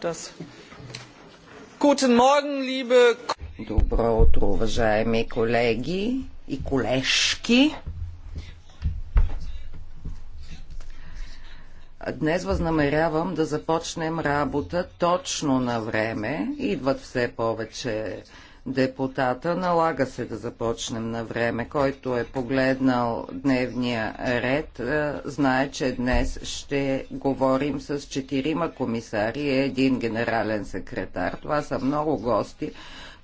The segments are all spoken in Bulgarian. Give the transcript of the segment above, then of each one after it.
Das. Guten Morgen, liebe... Добро утро, уважаеми колеги и колежки. Днес възнамерявам да започнем работа точно на време. Идват все повече депутата. Налага се да започнем на време. Който е погледнал дневния ред, е, знае, че днес ще говорим с четирима комисари и един генерален секретар. Това са много гости,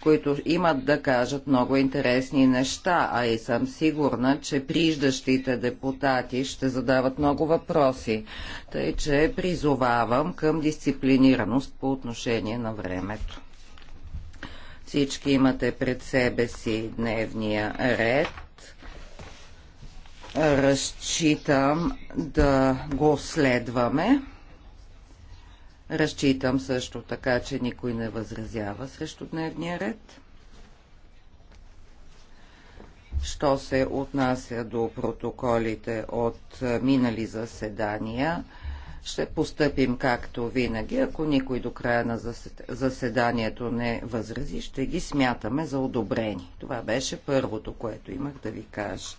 които имат да кажат много интересни неща, а и съм сигурна, че приждащите депутати ще задават много въпроси. Тъй, че призовавам към дисциплинираност по отношение на времето. Всички имате пред себе си дневния ред. Разчитам да го следваме. Разчитам също така, че никой не възразява срещу дневния ред. Що се отнася до протоколите от минали заседания, ще постъпим както винаги. Ако никой до края на заседанието не възрази, ще ги смятаме за одобрени. Това беше първото, което имах да ви кажа.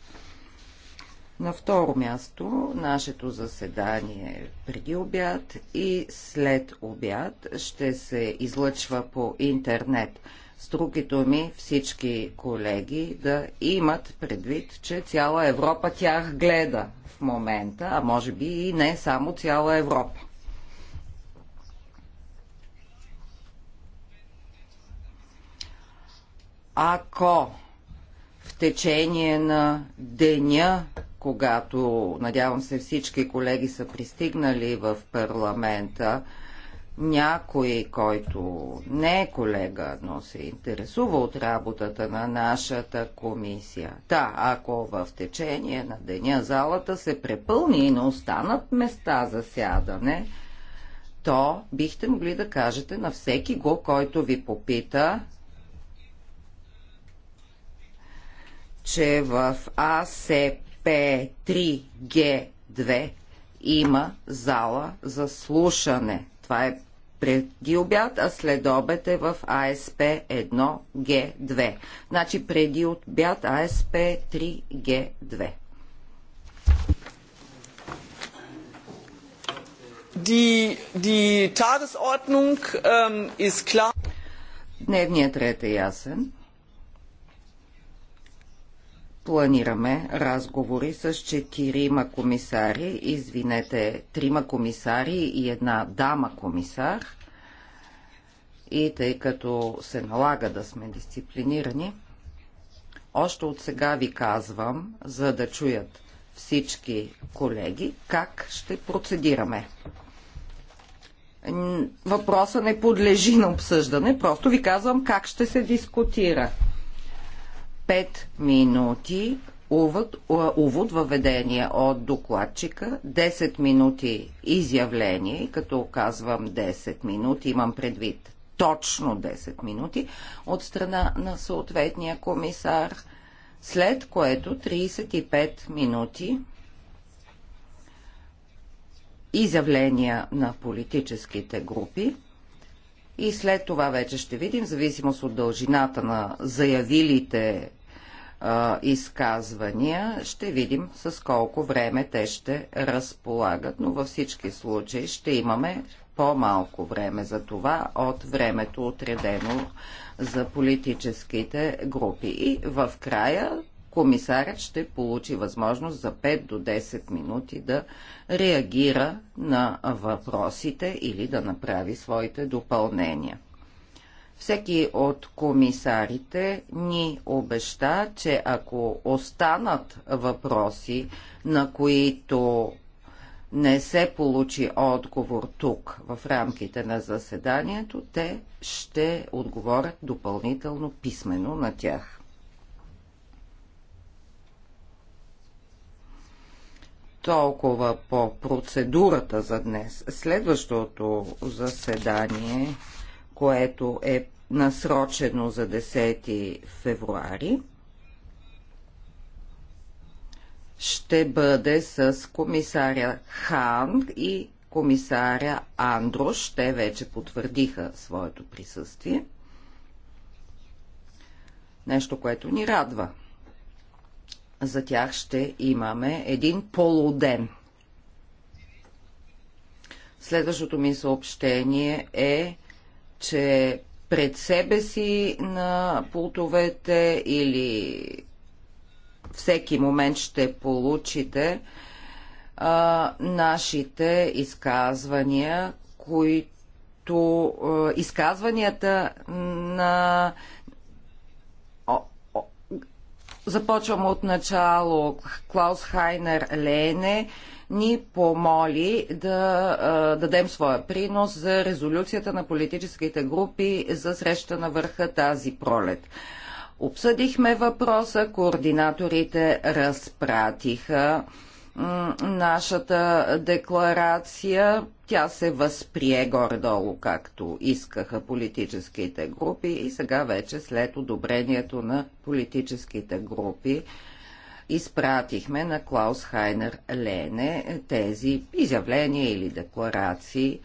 На второ място, нашето заседание преди обяд и след обяд ще се излъчва по интернет. С други думи, всички колеги да имат предвид, че цяла Европа тях гледа в момента, а може би и не само цяла Европа. Ако в течение на деня, когато, надявам се, всички колеги са пристигнали в парламента, някой, който не е колега, но се интересува от работата на нашата комисия. Та, ако в течение на деня залата се препълни и не останат места за сядане, то бихте могли да кажете на всеки го, който ви попита, че в АСП 3G2 има зала за слушане – това е преди обяд, а след обед е в АСП 1Г2. Значи преди обяд АСП 3Г2. Die, die ähm, ist klar. Дневният ред е ясен планираме разговори с четирима комисари, извинете, трима комисари и една дама комисар. И тъй като се налага да сме дисциплинирани, още от сега ви казвам, за да чуят всички колеги, как ще процедираме. Въпроса не подлежи на обсъждане, просто ви казвам как ще се дискутира. 5 минути увод, увод въведение от докладчика, 10 минути изявление, като казвам 10 минути, имам предвид точно 10 минути, от страна на съответния комисар, след което 35 минути изявления на политическите групи и след това вече ще видим, в зависимост от дължината на заявилите изказвания. Ще видим с колко време те ще разполагат, но във всички случаи ще имаме по-малко време за това от времето отредено за политическите групи. И в края комисарят ще получи възможност за 5 до 10 минути да реагира на въпросите или да направи своите допълнения. Всеки от комисарите ни обеща, че ако останат въпроси, на които не се получи отговор тук в рамките на заседанието, те ще отговорят допълнително писменно на тях. Толкова по процедурата за днес. Следващото заседание което е насрочено за 10 февруари, ще бъде с комисаря Хан и комисаря Андрош. Те вече потвърдиха своето присъствие. Нещо, което ни радва. За тях ще имаме един полуден. Следващото ми съобщение е че пред себе си на пултовете или всеки момент ще получите а, нашите изказвания, които а, изказванията на Започвам от начало. Клаус Хайнер Лене, ни помоли да а, дадем своя принос за резолюцията на политическите групи за среща на върха тази пролет. Обсъдихме въпроса, координаторите разпратиха нашата декларация. Тя се възприе горе-долу, както искаха политическите групи и сега вече след одобрението на политическите групи изпратихме на Клаус Хайнер Лене тези изявления или декларации.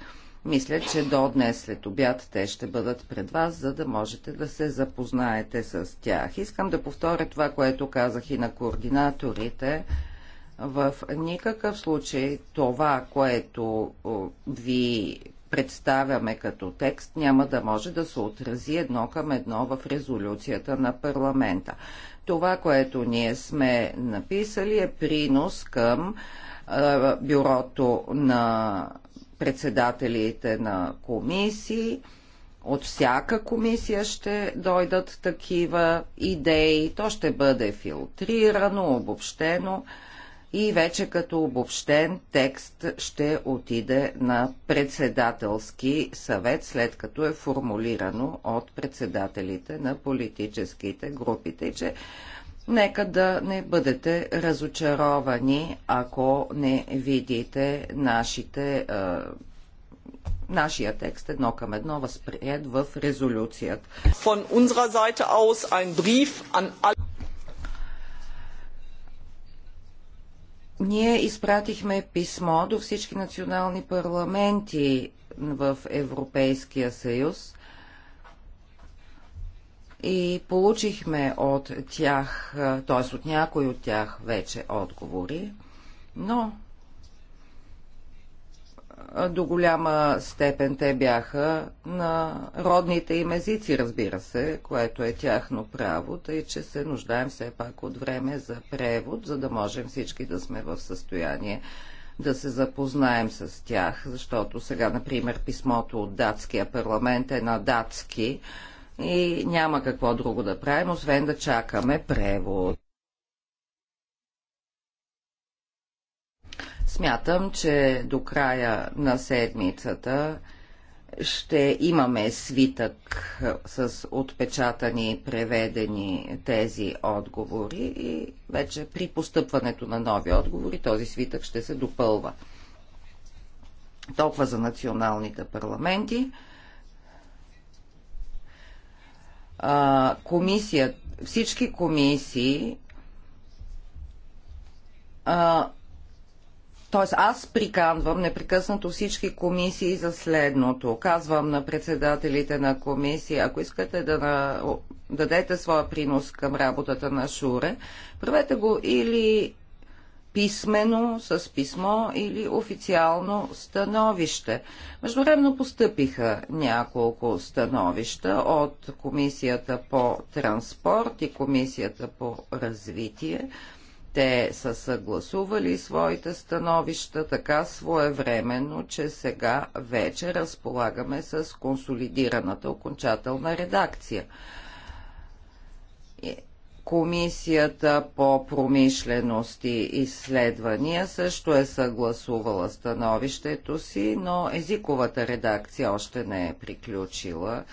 Мисля, че до днес след обяд те ще бъдат пред вас, за да можете да се запознаете с тях. Искам да повторя това, което казах и на координаторите. В никакъв случай това, което ви представяме като текст, няма да може да се отрази едно към едно в резолюцията на парламента. Това, което ние сме написали е принос към е, бюрото на председателите на комисии. От всяка комисия ще дойдат такива идеи. То ще бъде филтрирано, обобщено и вече като обобщен текст ще отиде на председателски съвет, след като е формулирано от председателите на политическите Тъй, че Нека да не бъдете разочаровани, ако не видите нашите, а, нашия текст едно към едно възприят в резолюцията. Aus, Ние изпратихме писмо до всички национални парламенти в Европейския съюз и получихме от тях, т.е. от някои от тях вече отговори, но до голяма степен те бяха на родните им езици, разбира се, което е тяхно право, тъй че се нуждаем все пак от време за превод, за да можем всички да сме в състояние да се запознаем с тях, защото сега, например, писмото от датския парламент е на датски и няма какво друго да правим, освен да чакаме превод. Смятам, че до края на седмицата ще имаме свитък е, с отпечатани и преведени тези отговори и вече при постъпването на нови отговори този свитък ще се допълва. Толкова за националните парламенти. комисия, всички комисии а, Тоест аз приканвам непрекъснато всички комисии за следното. Казвам на председателите на комисии, ако искате да на... дадете своя принос към работата на Шуре, правете го или писмено, с писмо или официално становище. Междувременно постъпиха няколко становища от Комисията по транспорт и Комисията по развитие. Те са съгласували своите становища така своевременно, че сега вече разполагаме с консолидираната окончателна редакция. Комисията по промишленост и изследвания също е съгласувала становището си, но езиковата редакция още не е приключила.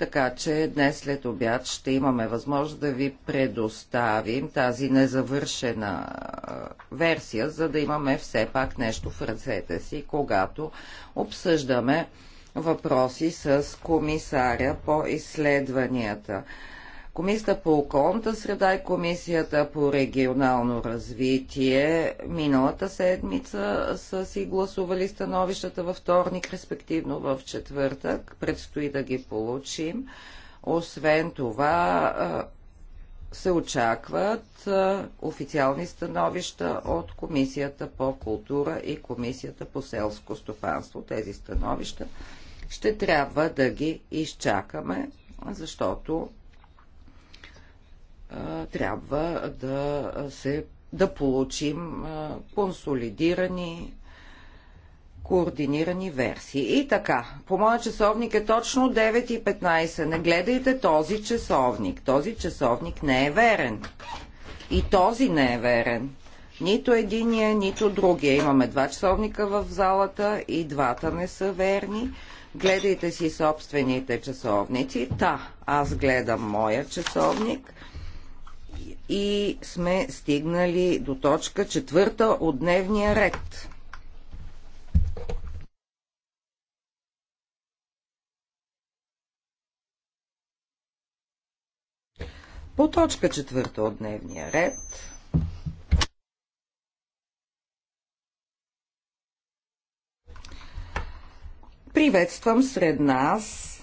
Така че днес след обяд ще имаме възможност да ви предоставим тази незавършена версия, за да имаме все пак нещо в ръцете си, когато обсъждаме въпроси с комисаря по изследванията. Комисията по околната среда и Комисията по регионално развитие миналата седмица са си гласували становищата във вторник, респективно в четвъртък. Предстои да ги получим. Освен това, се очакват официални становища от Комисията по култура и Комисията по селско стопанство. Тези становища ще трябва да ги изчакаме, защото трябва да, се, да получим консолидирани координирани версии. И така, по моя часовник е точно 9.15. Не гледайте този часовник. Този часовник не е верен. И този не е верен. Нито единия, нито другия. Имаме два часовника в залата и двата не са верни. Гледайте си собствените часовници. Та, аз гледам моя часовник – и сме стигнали до точка четвърта от дневния ред. По точка четвърта от дневния ред приветствам сред нас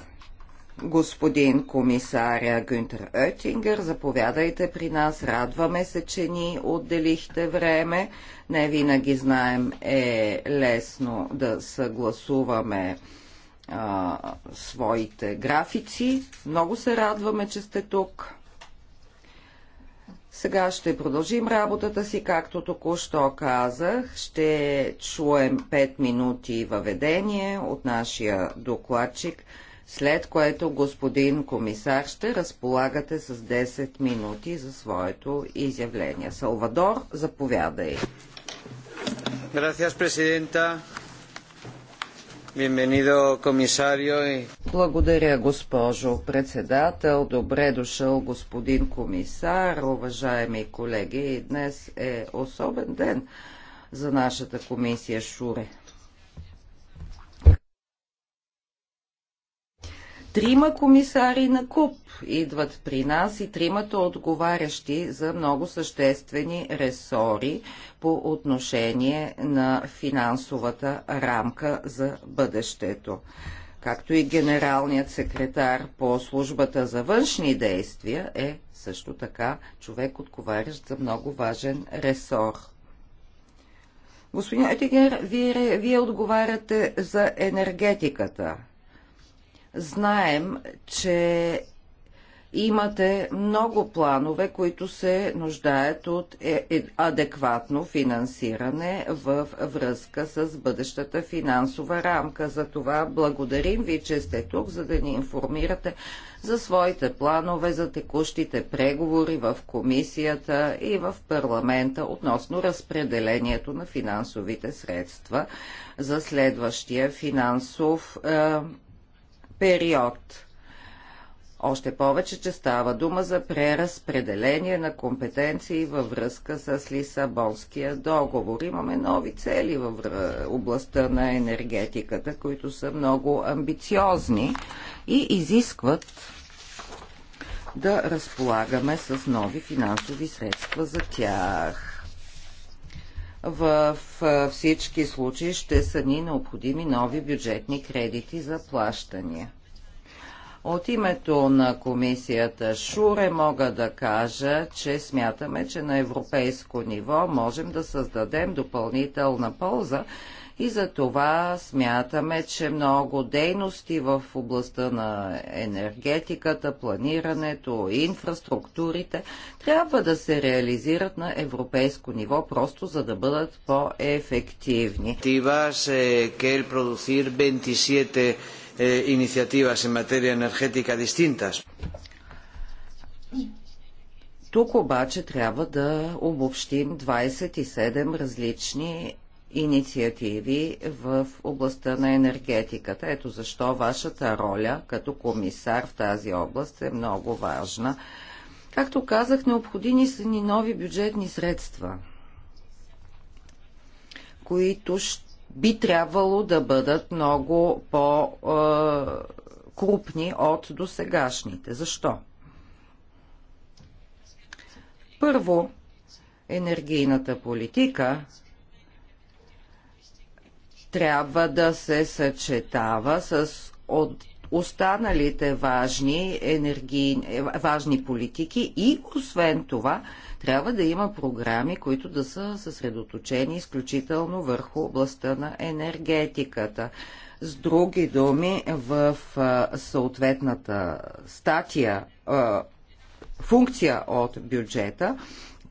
господин комисаря Гюнтер Оттингер. Заповядайте при нас. Радваме се, че ни отделихте време. Не винаги знаем е лесно да съгласуваме а, своите графици. Много се радваме, че сте тук. Сега ще продължим работата си, както току-що казах. Ще чуем 5 минути въведение от нашия докладчик – след което господин комисар ще разполагате с 10 минути за своето изявление. Салвадор, заповядай. Благодаря, госпожо председател. Добре дошъл, господин комисар, уважаеми колеги. Днес е особен ден за нашата комисия Шуре. Трима комисари на куп идват при нас и тримата отговарящи за много съществени ресори по отношение на финансовата рамка за бъдещето. Както и генералният секретар по службата за външни действия е също така човек отговарящ за много важен ресор. Господин Етигер, вие, вие отговаряте за енергетиката – Знаем, че имате много планове, които се нуждаят от е, е, адекватно финансиране в връзка с бъдещата финансова рамка. За това благодарим ви, че сте тук, за да ни информирате за своите планове, за текущите преговори в комисията и в парламента относно разпределението на финансовите средства за следващия финансов е, период. Още повече, че става дума за преразпределение на компетенции във връзка с Лисабонския договор. Имаме нови цели в областта на енергетиката, които са много амбициозни и изискват да разполагаме с нови финансови средства за тях в всички случаи ще са ни необходими нови бюджетни кредити за плащания. От името на комисията Шуре мога да кажа, че смятаме, че на европейско ниво можем да създадем допълнителна полза и за това смятаме, че много дейности в областта на енергетиката, планирането, инфраструктурите трябва да се реализират на европейско ниво, просто за да бъдат по-ефективни. Е, е, Тук обаче трябва да обобщим 27 различни инициативи в областта на енергетиката. Ето защо вашата роля като комисар в тази област е много важна. Както казах, необходими са ни нови бюджетни средства, които би трябвало да бъдат много по-крупни от досегашните. Защо? Първо, енергийната политика трябва да се съчетава с от останалите важни, енергии, важни политики и освен това трябва да има програми, които да са съсредоточени изключително върху областта на енергетиката. С други думи, в съответната статия, функция от бюджета,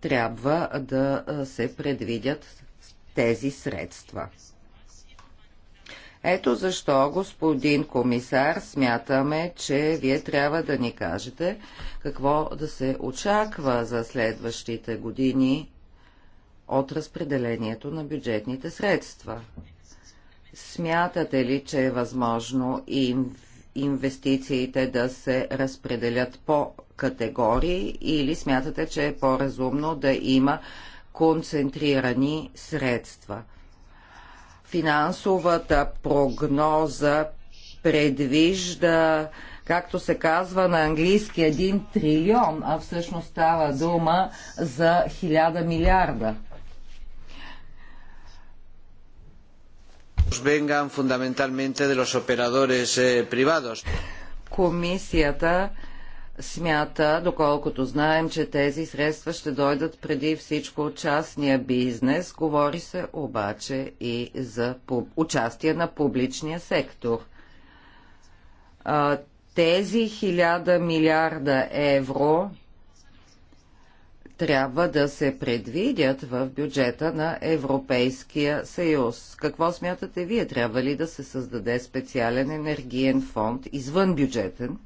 трябва да се предвидят тези средства. Ето защо, господин комисар, смятаме, че вие трябва да ни кажете какво да се очаква за следващите години от разпределението на бюджетните средства. Смятате ли, че е възможно и инвестициите да се разпределят по категории или смятате, че е по-разумно да има концентрирани средства? Финансовата прогноза предвижда, както се казва на английски, 1 трилион, а всъщност става дума за хиляда милиарда. vengan fundamentalmente de los operadores eh, privados. Комисията смята, доколкото знаем, че тези средства ще дойдат преди всичко от частния бизнес. Говори се обаче и за участие на публичния сектор. Тези хиляда милиарда евро трябва да се предвидят в бюджета на Европейския съюз. Какво смятате вие? Трябва ли да се създаде специален енергиен фонд извън бюджетен?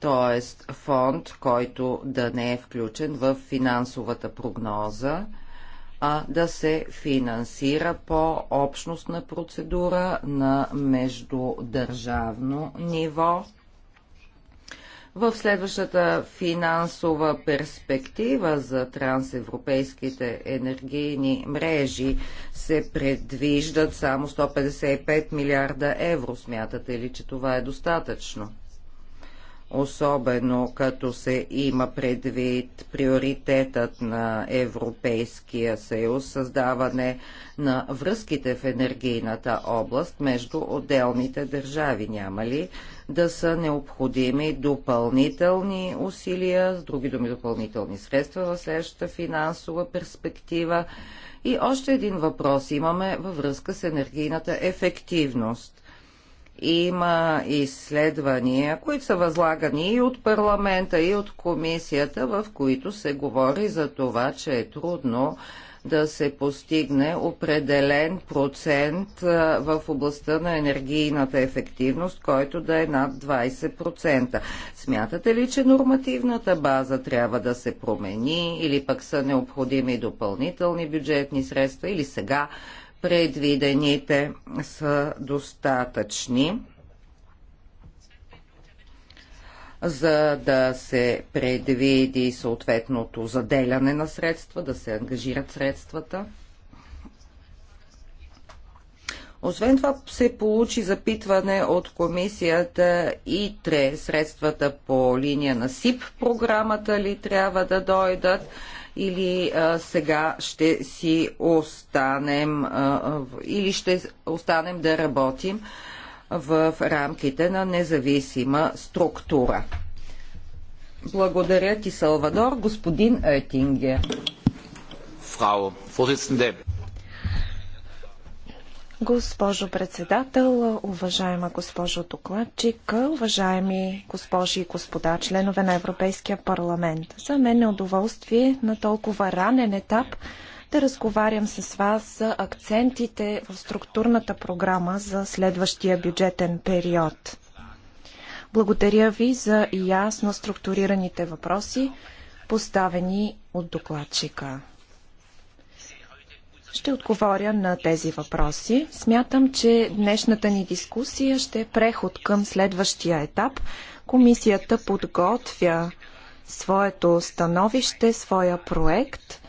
т.е. фонд, който да не е включен в финансовата прогноза, а да се финансира по общностна процедура на междудържавно ниво. В следващата финансова перспектива за трансевропейските енергийни мрежи се предвиждат само 155 милиарда евро. Смятате ли, че това е достатъчно? особено като се има предвид приоритетът на Европейския съюз, създаване на връзките в енергийната област между отделните държави. Няма ли да са необходими допълнителни усилия, с други думи допълнителни средства в следващата финансова перспектива? И още един въпрос имаме във връзка с енергийната ефективност – има изследвания, които са възлагани и от парламента, и от комисията, в които се говори за това, че е трудно да се постигне определен процент в областта на енергийната ефективност, който да е над 20%. Смятате ли, че нормативната база трябва да се промени или пък са необходими допълнителни бюджетни средства или сега предвидените са достатъчни, за да се предвиди съответното заделяне на средства, да се ангажират средствата. Освен това се получи запитване от комисията ИТРЕ, средствата по линия на СИП програмата ли трябва да дойдат или а, сега ще си останем а, или ще останем да работим в рамките на независима структура. Благодаря ти, Салвадор. Господин Оетингер. Фрау Госпожо председател, уважаема госпожо докладчик, уважаеми госпожи и господа, членове на Европейския парламент. За мен е удоволствие на толкова ранен етап да разговарям с вас за акцентите в структурната програма за следващия бюджетен период. Благодаря ви за ясно структурираните въпроси, поставени от докладчика. Ще отговоря на тези въпроси. Смятам, че днешната ни дискусия ще е преход към следващия етап. Комисията подготвя своето становище, своя проект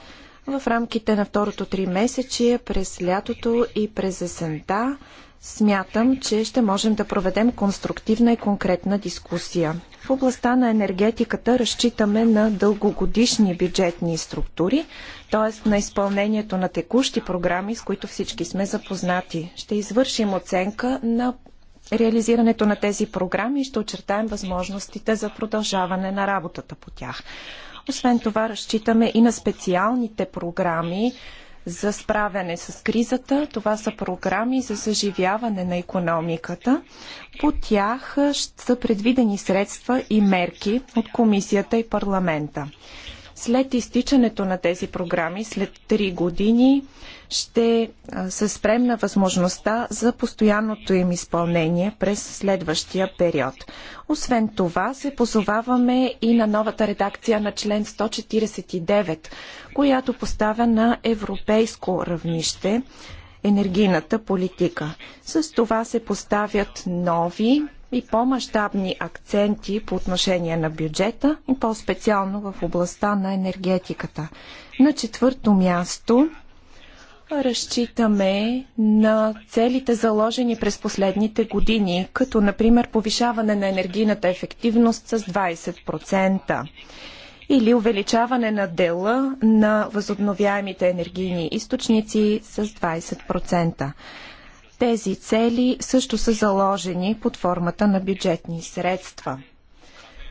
в рамките на второто три месечие, през лятото и през есента. Смятам, че ще можем да проведем конструктивна и конкретна дискусия. В областта на енергетиката разчитаме на дългогодишни бюджетни структури, т.е. на изпълнението на текущи програми, с които всички сме запознати. Ще извършим оценка на реализирането на тези програми и ще очертаем възможностите за продължаване на работата по тях. Освен това, разчитаме и на специалните програми, за справяне с кризата. Това са програми за съживяване на економиката. По тях са предвидени средства и мерки от комисията и парламента. След изтичането на тези програми, след 3 години, ще се спрем на възможността за постоянното им изпълнение през следващия период. Освен това, се позоваваме и на новата редакция на член 149, която поставя на европейско равнище енергийната политика. С това се поставят нови и по-масштабни акценти по отношение на бюджета и по-специално в областта на енергетиката. На четвърто място разчитаме на целите заложени през последните години, като например повишаване на енергийната ефективност с 20% или увеличаване на дела на възобновяемите енергийни източници с 20%. Тези цели също са заложени под формата на бюджетни средства.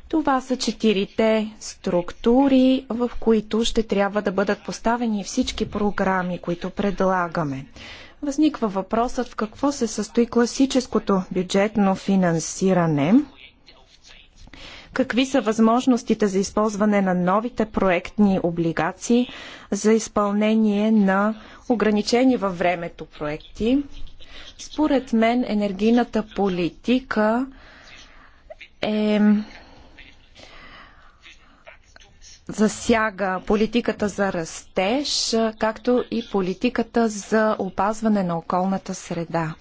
Това са четирите структури, в които ще трябва да бъдат поставени всички програми, които предлагаме. Възниква въпросът в какво се състои класическото бюджетно финансиране, какви са възможностите за използване на новите проектни облигации за изпълнение на ограничени във времето проекти, според мен енергийната политика е засяга политиката за растеж, както и политиката за опазване на околната среда.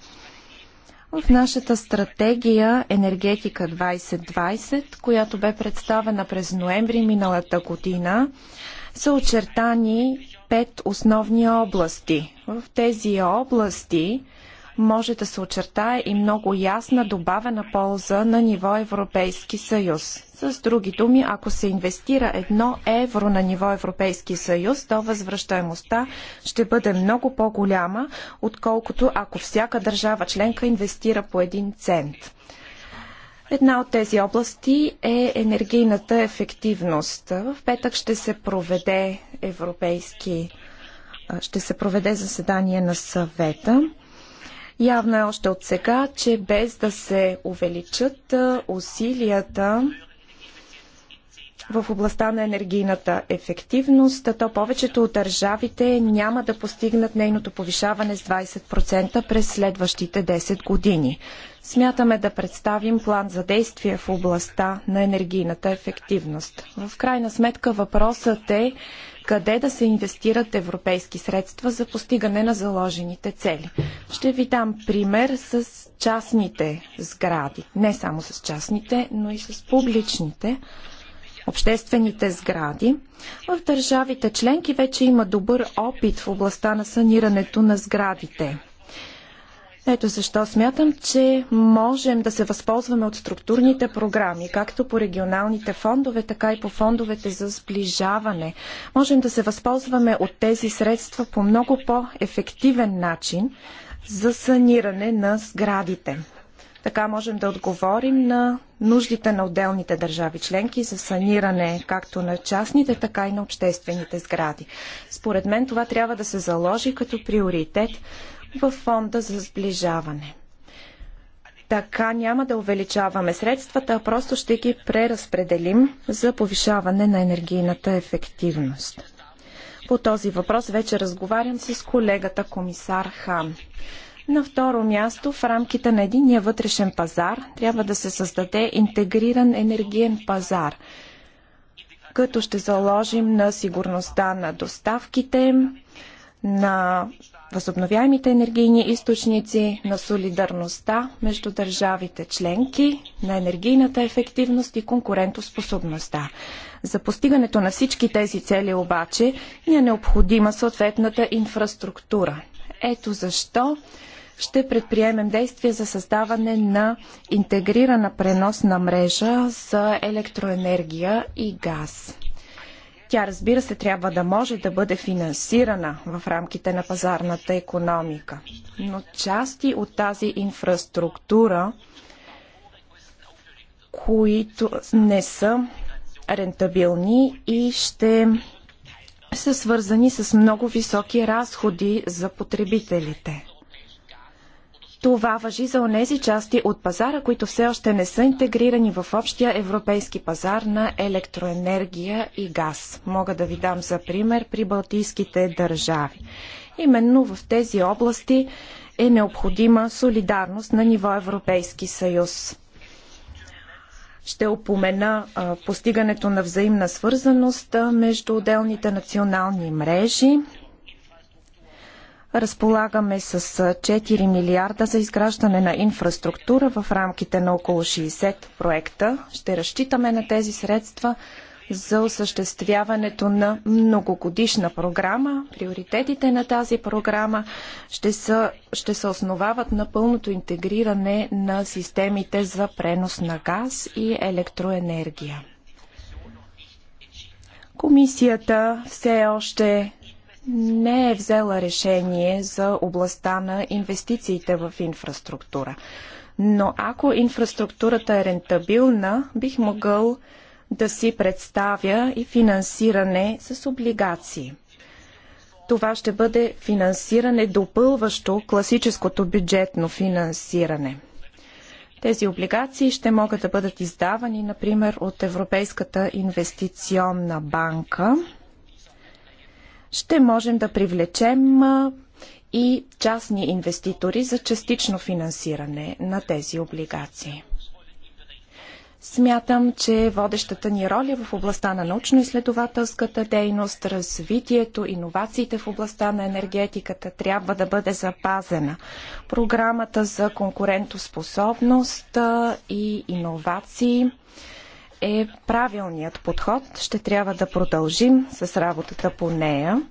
В нашата стратегия Енергетика 2020, която бе представена през ноември миналата година, са очертани пет основни области. В тези области може да се очертае и много ясна добавена полза на ниво Европейски съюз. С други думи, ако се инвестира едно евро на ниво Европейски съюз, то възвръщаемостта ще бъде много по-голяма, отколкото ако всяка държава членка инвестира по един цент. Една от тези области е енергийната ефективност. В петък ще се проведе европейски ще се проведе заседание на съвета. Явно е още от сега, че без да се увеличат усилията в областта на енергийната ефективност, то повечето от държавите няма да постигнат нейното повишаване с 20% през следващите 10 години. Смятаме да представим план за действие в областта на енергийната ефективност. В крайна сметка въпросът е къде да се инвестират европейски средства за постигане на заложените цели. Ще ви дам пример с частните сгради. Не само с частните, но и с публичните обществените сгради. В държавите членки вече има добър опит в областта на санирането на сградите. Ето защо смятам, че можем да се възползваме от структурните програми, както по регионалните фондове, така и по фондовете за сближаване. Можем да се възползваме от тези средства по много по-ефективен начин за саниране на сградите. Така можем да отговорим на нуждите на отделните държави членки за саниране както на частните, така и на обществените сгради. Според мен това трябва да се заложи като приоритет в фонда за сближаване. Така няма да увеличаваме средствата, а просто ще ги преразпределим за повишаване на енергийната ефективност. По този въпрос вече разговарям с колегата комисар Хан. На второ място, в рамките на единния вътрешен пазар трябва да се създаде интегриран енергиен пазар, като ще заложим на сигурността на доставките, на възобновяемите енергийни източници, на солидарността между държавите членки, на енергийната ефективност и конкурентоспособността. За постигането на всички тези цели обаче ни е необходима съответната инфраструктура. Ето защо ще предприемем действия за създаване на интегрирана преносна мрежа за електроенергия и газ. Тя, разбира се, трябва да може да бъде финансирана в рамките на пазарната економика. Но части от тази инфраструктура, които не са рентабилни и ще са свързани с много високи разходи за потребителите. Това въжи за онези части от пазара, които все още не са интегрирани в общия европейски пазар на електроенергия и газ. Мога да ви дам за пример при Балтийските държави. Именно в тези области е необходима солидарност на ниво Европейски съюз. Ще опомена постигането на взаимна свързаност между отделните национални мрежи, Разполагаме с 4 милиарда за изграждане на инфраструктура в рамките на около 60 проекта. Ще разчитаме на тези средства за осъществяването на многогодишна програма. Приоритетите на тази програма ще, са, ще се основават на пълното интегриране на системите за пренос на газ и електроенергия. Комисията все още не е взела решение за областта на инвестициите в инфраструктура. Но ако инфраструктурата е рентабилна, бих могъл да си представя и финансиране с облигации. Това ще бъде финансиране допълващо класическото бюджетно финансиране. Тези облигации ще могат да бъдат издавани, например, от Европейската инвестиционна банка ще можем да привлечем и частни инвеститори за частично финансиране на тези облигации. Смятам, че водещата ни роля в областта на научно-изследователската дейност, развитието, иновациите в областта на енергетиката трябва да бъде запазена. Програмата за конкурентоспособност и иновации – е правилният подход. Ще трябва да продължим с работата по нея.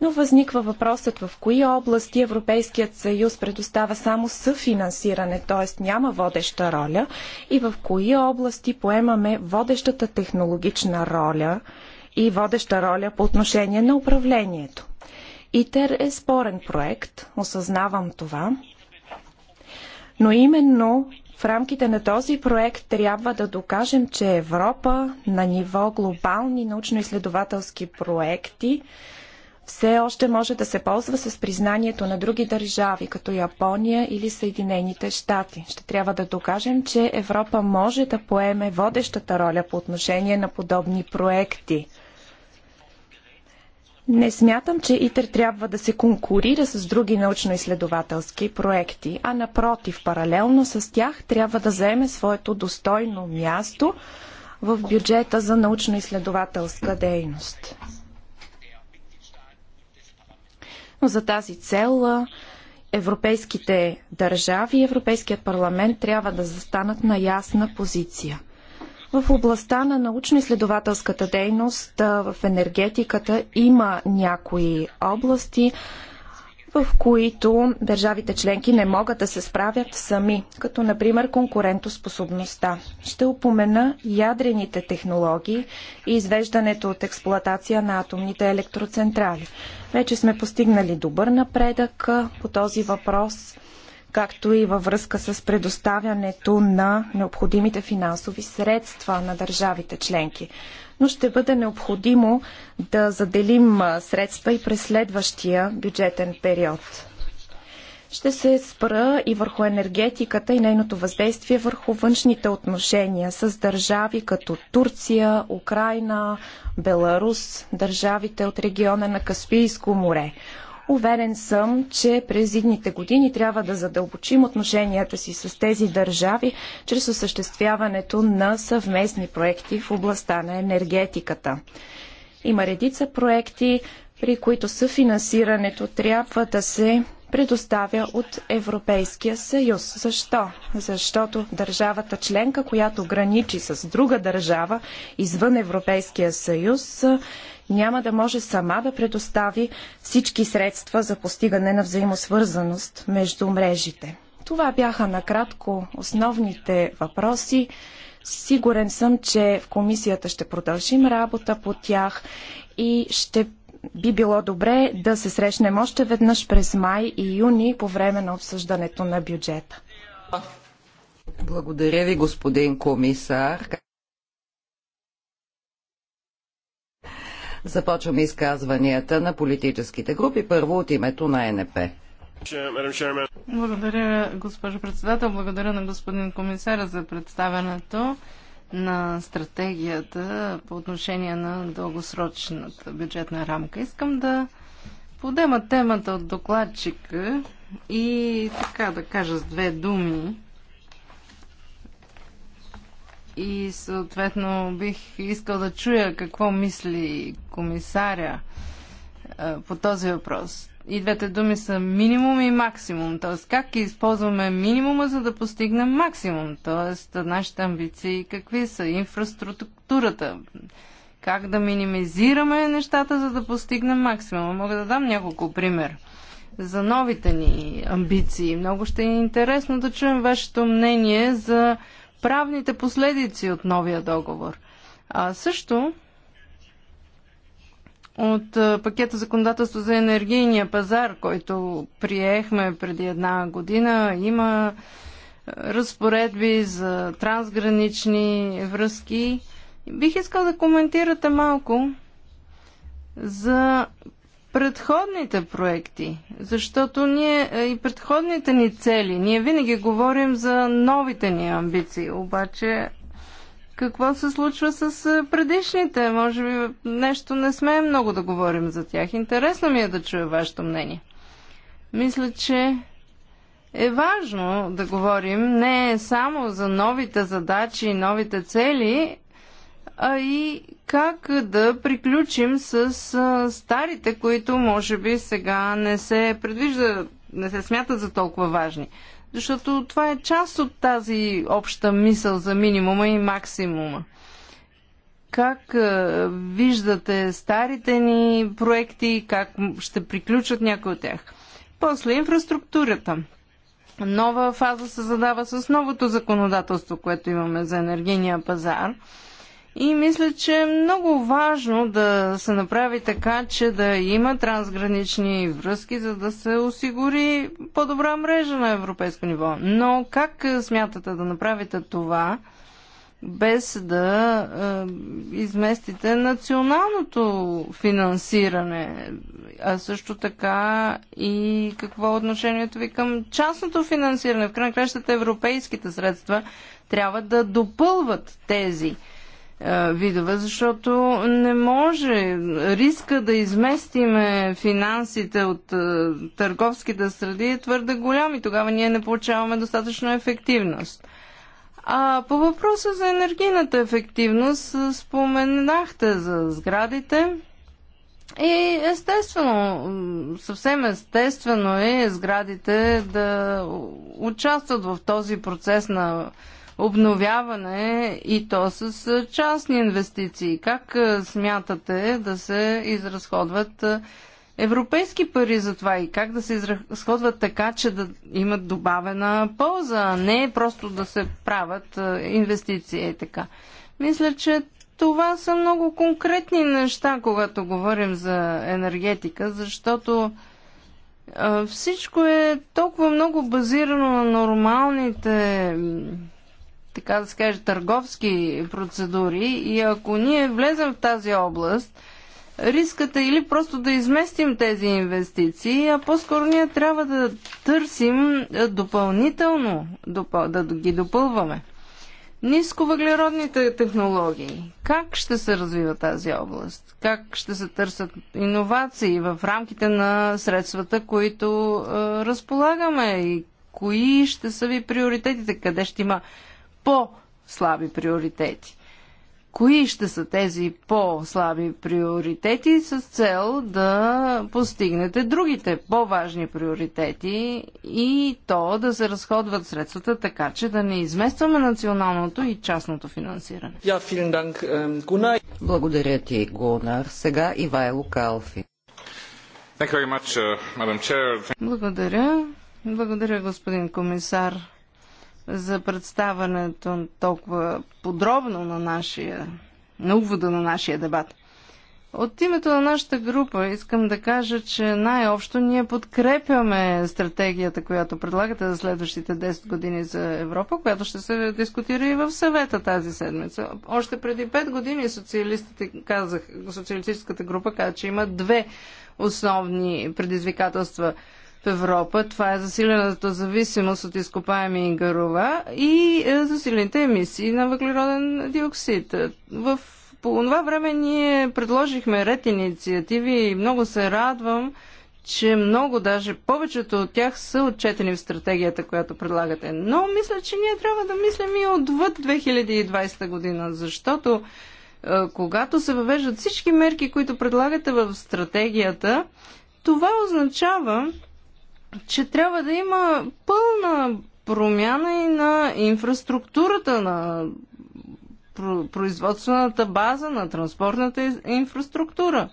Но възниква въпросът в кои области Европейският съюз предоставя само съфинансиране, т.е. няма водеща роля, и в кои области поемаме водещата технологична роля и водеща роля по отношение на управлението. ИТЕР е спорен проект, осъзнавам това, но именно в рамките на този проект трябва да докажем, че Европа на ниво глобални научно-изследователски проекти все още може да се ползва с признанието на други държави, като Япония или Съединените щати. Ще трябва да докажем, че Европа може да поеме водещата роля по отношение на подобни проекти – не смятам, че ИТЕР трябва да се конкурира с други научно-изследователски проекти, а напротив, паралелно с тях трябва да заеме своето достойно място в бюджета за научно-изследователска дейност. Но за тази цел европейските държави и Европейският парламент трябва да застанат на ясна позиция – в областта на научно-изследователската дейност в енергетиката има някои области, в които държавите членки не могат да се справят сами, като например конкурентоспособността. Ще упомена ядрените технологии и извеждането от експлоатация на атомните електроцентрали. Вече сме постигнали добър напредък по този въпрос както и във връзка с предоставянето на необходимите финансови средства на държавите членки. Но ще бъде необходимо да заделим средства и през следващия бюджетен период. Ще се спра и върху енергетиката и нейното въздействие върху външните отношения с държави като Турция, Украина, Беларус, държавите от региона на Каспийско море. Уверен съм, че през идните години трябва да задълбочим отношенията си с тези държави чрез осъществяването на съвместни проекти в областта на енергетиката. Има редица проекти, при които съфинансирането трябва да се предоставя от Европейския съюз. Защо? Защото държавата членка, която граничи с друга държава извън Европейския съюз, няма да може сама да предостави всички средства за постигане на взаимосвързаност между мрежите. Това бяха накратко основните въпроси. Сигурен съм, че в комисията ще продължим работа по тях и ще би било добре да се срещнем още веднъж през май и юни по време на обсъждането на бюджета. Благодаря ви, господин комисар. Започваме изказванията на политическите групи. Първо от името на НП. Благодаря, госпожо председател. Благодаря на господин комисаря за представянето на стратегията по отношение на дългосрочната бюджетна рамка. Искам да подема темата от докладчика и така да кажа с две думи и съответно бих искал да чуя какво мисли комисаря е, по този въпрос. И двете думи са минимум и максимум. Т.е. как използваме минимума, за да постигнем максимум. Т.е. нашите амбиции какви са? Инфраструктурата. Как да минимизираме нещата, за да постигнем максимума. Мога да дам няколко пример за новите ни амбиции. Много ще е интересно да чуем вашето мнение за правните последици от новия договор. А също от пакета законодателство за енергийния пазар, който приехме преди една година, има разпоредби за трансгранични връзки. Бих искал да коментирате малко за предходните проекти, защото ние е, и предходните ни цели, ние винаги говорим за новите ни амбиции, обаче какво се случва с е, предишните? Може би нещо не сме много да говорим за тях. Интересно ми е да чуя вашето мнение. Мисля, че е важно да говорим не само за новите задачи и новите цели, а и как да приключим с старите, които може би сега не се предвижда, не се смятат за толкова важни. Защото това е част от тази обща мисъл за минимума и максимума. Как виждате старите ни проекти, как ще приключат някои от тях? После инфраструктурата. Нова фаза се задава с новото законодателство, което имаме за енергийния пазар. И мисля, че е много важно да се направи така, че да има трансгранични връзки, за да се осигури по-добра мрежа на европейско ниво. Но как смятате да направите това, без да е, изместите националното финансиране, а също така и какво е отношението ви към частното финансиране? В край на кращата европейските средства трябва да допълват тези е, видове, защото не може риска да изместиме финансите от е, търговските среди е твърде голям и тогава ние не получаваме достатъчно ефективност. А по въпроса за енергийната ефективност е, споменахте за сградите. И естествено, съвсем естествено е сградите да участват в този процес на обновяване и то с частни инвестиции. Как смятате да се изразходват европейски пари за това и как да се изразходват така, че да имат добавена полза, а не просто да се правят инвестиции и така. Мисля, че това са много конкретни неща, когато говорим за енергетика, защото всичко е толкова много базирано на нормалните така да се каже, търговски процедури и ако ние влезем в тази област, рискът е или просто да изместим тези инвестиции, а по-скоро ние трябва да търсим допълнително, да ги допълваме. Нисковъглеродните технологии. Как ще се развива тази област? Как ще се търсят иновации в рамките на средствата, които е, разполагаме и кои ще са ви приоритетите? Къде ще има по-слаби приоритети. Кои ще са тези по-слаби приоритети с цел да постигнете другите по-важни приоритети и то да се разходват средствата така, че да не изместваме националното и частното финансиране? Благодаря ти, Гунар. Сега Ивайло Калфи. Uh, Благодаря. Благодаря, господин комисар, за представането толкова подробно на нашия, на увода на нашия дебат. От името на нашата група искам да кажа, че най-общо ние подкрепяме стратегията, която предлагате за следващите 10 години за Европа, която ще се дискутира и в съвета тази седмица. Още преди 5 години социалистите казах, социалистическата група каза, че има две основни предизвикателства – в Европа. Това е засилената зависимост от изкопаеми гарова и е, засилените емисии на въглероден диоксид. В по това време ние предложихме ред инициативи и много се радвам, че много, даже повечето от тях са отчетени в стратегията, която предлагате. Но мисля, че ние трябва да мислим и отвъд 2020 година, защото е, когато се въвеждат всички мерки, които предлагате в стратегията, това означава, че трябва да има пълна промяна и на инфраструктурата, на производствената база, на транспортната инфраструктура.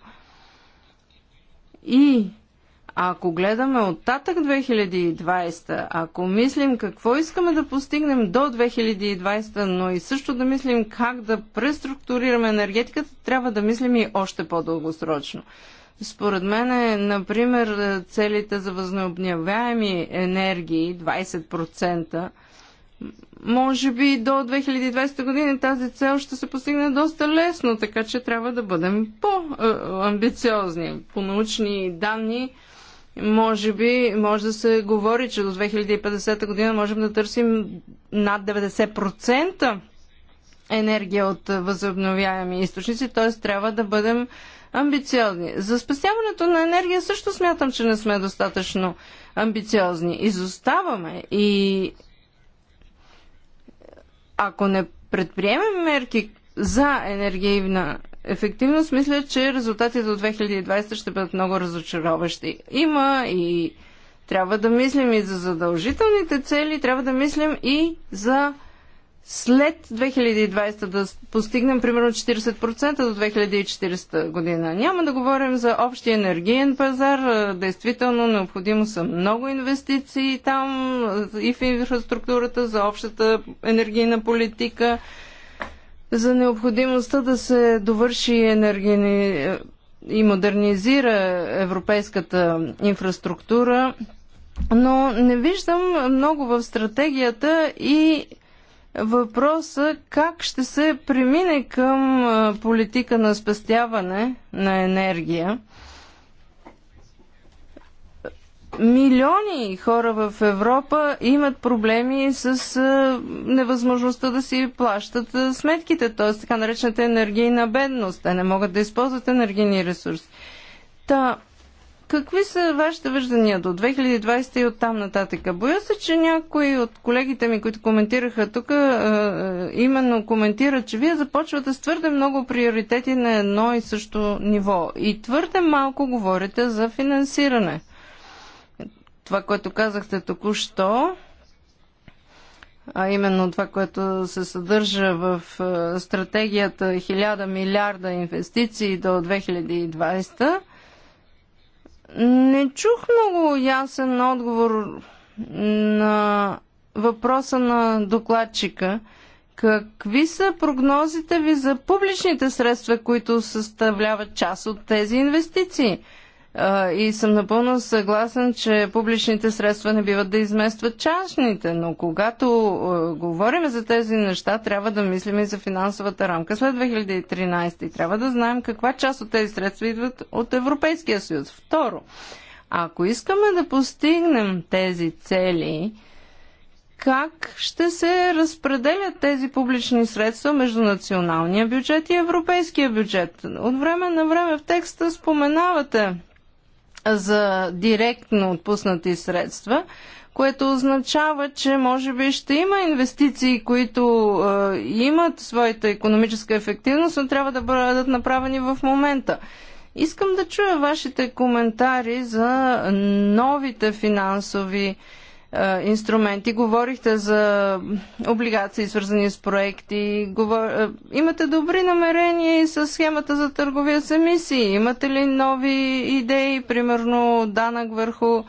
И ако гледаме оттатък 2020, ако мислим какво искаме да постигнем до 2020, но и също да мислим как да преструктурираме енергетиката, трябва да мислим и още по-дългосрочно. Според мен, е, например, е, целите за възобновяеми енергии 20%, може би до 2020 година тази цел ще се постигне доста лесно, така че трябва да бъдем по-амбициозни. По научни данни, може би, може да се говори, че до 2050 година можем да търсим над 90% енергия от възобновяеми източници, т.е. трябва да бъдем амбициозни. За спасяването на енергия също смятам, че не сме достатъчно амбициозни. Изоставаме и ако не предприемем мерки за енергийна ефективност, мисля, че резултатите от 2020 ще бъдат много разочароващи. Има и трябва да мислим и за задължителните цели, трябва да мислим и за след 2020 да постигнем примерно 40% до 2040 година. Няма да говорим за общия енергиен пазар. Действително необходимо са много инвестиции там и в инфраструктурата за общата енергийна политика, за необходимостта да се довърши енергийни и модернизира европейската инфраструктура. Но не виждам много в стратегията и въпроса как ще се премине към политика на спестяване на енергия. Милиони хора в Европа имат проблеми с невъзможността да си плащат сметките, т.е. така наречената енергийна бедност. Те не могат да използват енергийни ресурси. Та, Какви са вашите виждания до 2020 и оттам нататък? Боя се, че някои от колегите ми, които коментираха тук, именно коментират, че вие започвате с твърде много приоритети на едно и също ниво и твърде малко говорите за финансиране. Това, което казахте току-що, а именно това, което се съдържа в стратегията 1000 милиарда инвестиции до 2020, не чух много ясен отговор на въпроса на докладчика. Какви са прогнозите ви за публичните средства, които съставляват част от тези инвестиции? и съм напълно съгласен, че публичните средства не биват да изместват частните, но когато говорим за тези неща, трябва да мислим и за финансовата рамка след 2013 и трябва да знаем каква част от тези средства идват от Европейския съюз. Второ, ако искаме да постигнем тези цели, как ще се разпределят тези публични средства между националния бюджет и европейския бюджет. От време на време в текста споменавате за директно отпуснати средства, което означава, че може би ще има инвестиции, които е, имат своята економическа ефективност, но трябва да бъдат направени в момента. Искам да чуя вашите коментари за новите финансови е, е, инструменти, говорихте за облигации, свързани с проекти, говор... Е, имате добри намерения и с схемата за търговия с емисии. Имате ли нови идеи, примерно данък върху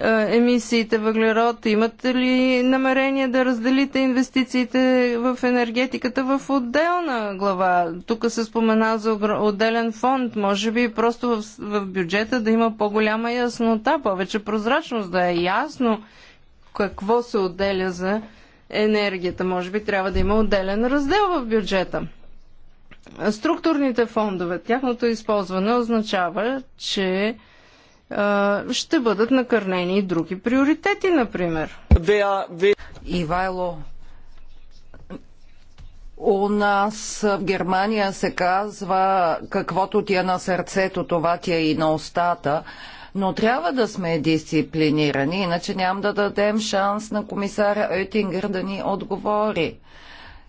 е, емисиите въглерод? Имате ли намерение да разделите инвестициите в енергетиката в отделна глава? Тук се спомена за отделен фонд. Може би просто в, в бюджета да има по-голяма яснота, повече прозрачност, да е ясно какво се отделя за енергията. Може би трябва да има отделен раздел в бюджета. Структурните фондове, тяхното използване означава, че ще бъдат накърнени и други приоритети, например. Ивайло, у нас в Германия се казва каквото ти е на сърцето, това ти е и на устата. Но трябва да сме дисциплинирани, иначе няма да дадем шанс на комисаря Ойтингър да ни отговори.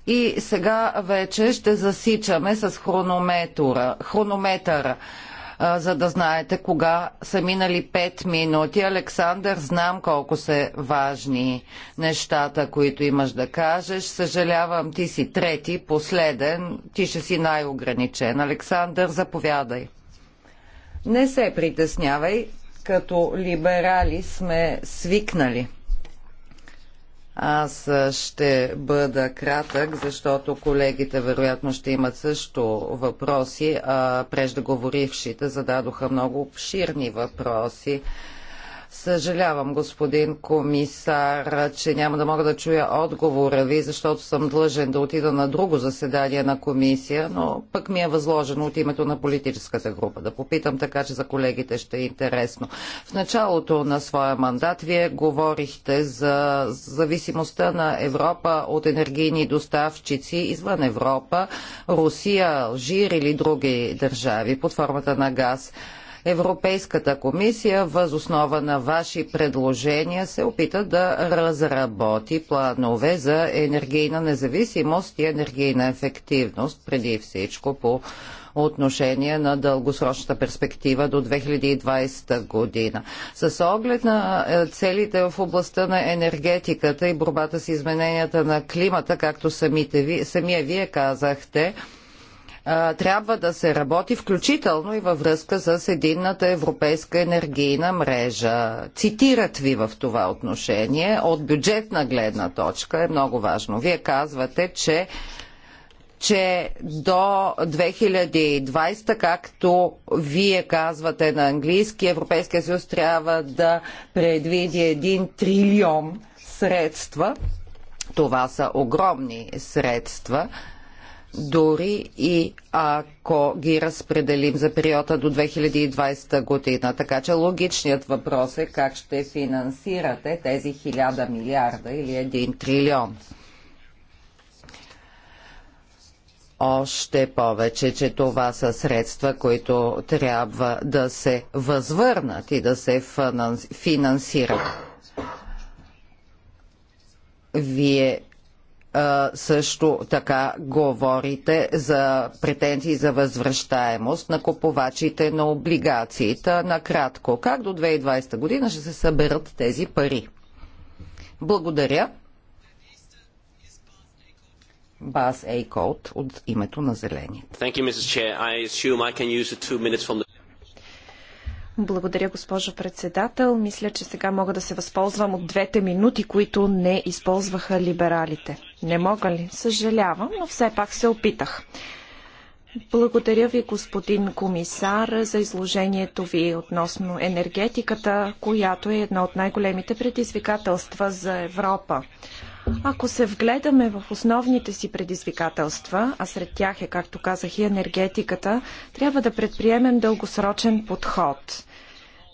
И сега вече ще засичаме с хронометъра. хронометъра за да знаете кога са минали 5 минути. Александър, знам колко са важни нещата, които имаш да кажеш. Съжалявам, ти си трети, последен, ти ще си най-ограничен. Александър, заповядай. Не се притеснявай, като либерали сме свикнали аз ще бъда кратък, защото колегите вероятно ще имат също въпроси, а преждеговорившите зададоха много обширни въпроси. Съжалявам, господин комисар, че няма да мога да чуя отговора ви, защото съм длъжен да отида на друго заседание на комисия, но пък ми е възложено от името на политическата група да попитам, така че за колегите ще е интересно. В началото на своя мандат вие говорихте за зависимостта на Европа от енергийни доставчици извън Европа, Русия, Алжир или други държави под формата на газ. Европейската комисия въз основа на ваши предложения се опита да разработи планове за енергийна независимост и енергийна ефективност, преди всичко по отношение на дългосрочната перспектива до 2020 година. С оглед на е, целите в областта на енергетиката и борбата с измененията на климата, както самите ви, самия вие казахте, трябва да се работи включително и във връзка с единната европейска енергийна мрежа. Цитират ви в това отношение. От бюджетна гледна точка е много важно. Вие казвате, че че до 2020, както вие казвате на английски, Европейския съюз трябва да предвиди един трилион средства. Това са огромни средства дори и ако ги разпределим за периода до 2020 година. Така че логичният въпрос е как ще финансирате тези 1000 милиарда или 1 трилион. Още повече, че това са средства, които трябва да се възвърнат и да се финансират. Вие също така говорите за претензии за възвръщаемост на купувачите на облигациите. Накратко, как до 2020 година ще се съберат тези пари? Благодаря. Бас Ейкот от името на Зелените. Благодаря, госпожо председател. Мисля, че сега мога да се възползвам от двете минути, които не използваха либералите. Не мога ли? Съжалявам, но все пак се опитах. Благодаря ви, господин комисар, за изложението ви относно енергетиката, която е едно от най-големите предизвикателства за Европа. Ако се вгледаме в основните си предизвикателства, а сред тях е, както казах, и енергетиката, трябва да предприемем дългосрочен подход.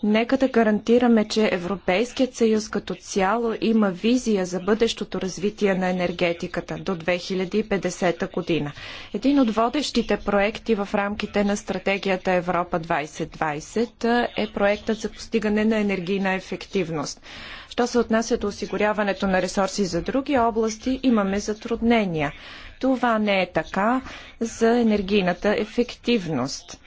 Нека да гарантираме, че Европейският съюз като цяло има визия за бъдещото развитие на енергетиката до 2050 година. Един от водещите проекти в рамките на стратегията Европа 2020 е проектът за постигане на енергийна ефективност. Що се отнася до осигуряването на ресурси за други области, имаме затруднения. Това не е така за енергийната ефективност.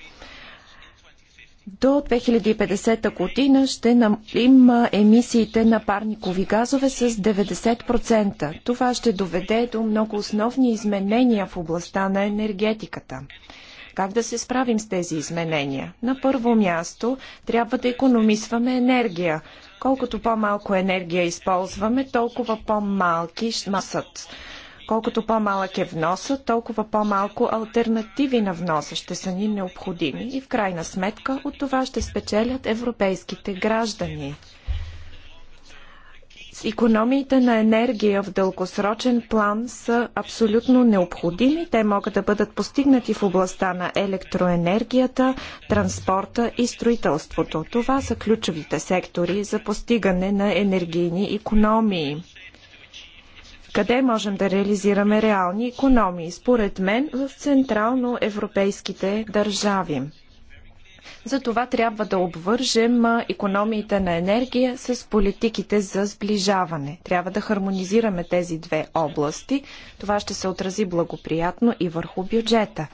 До 2050 година ще намалим емисиите на парникови газове с 90%. Това ще доведе до много основни изменения в областта на енергетиката. Как да се справим с тези изменения? На първо място трябва да економисваме енергия. Колкото по-малко енергия използваме, толкова по-малки масът. Колкото по-малък е вноса, толкова по-малко альтернативи на вноса ще са ни необходими и в крайна сметка от това ще спечелят европейските граждани. Економиите на енергия в дългосрочен план са абсолютно необходими. Те могат да бъдат постигнати в областта на електроенергията, транспорта и строителството. Това са ключовите сектори за постигане на енергийни економии. Къде можем да реализираме реални економии? Според мен в централно европейските държави. Затова трябва да обвържем економиите на енергия с политиките за сближаване. Трябва да хармонизираме тези две области. Това ще се отрази благоприятно и върху бюджета.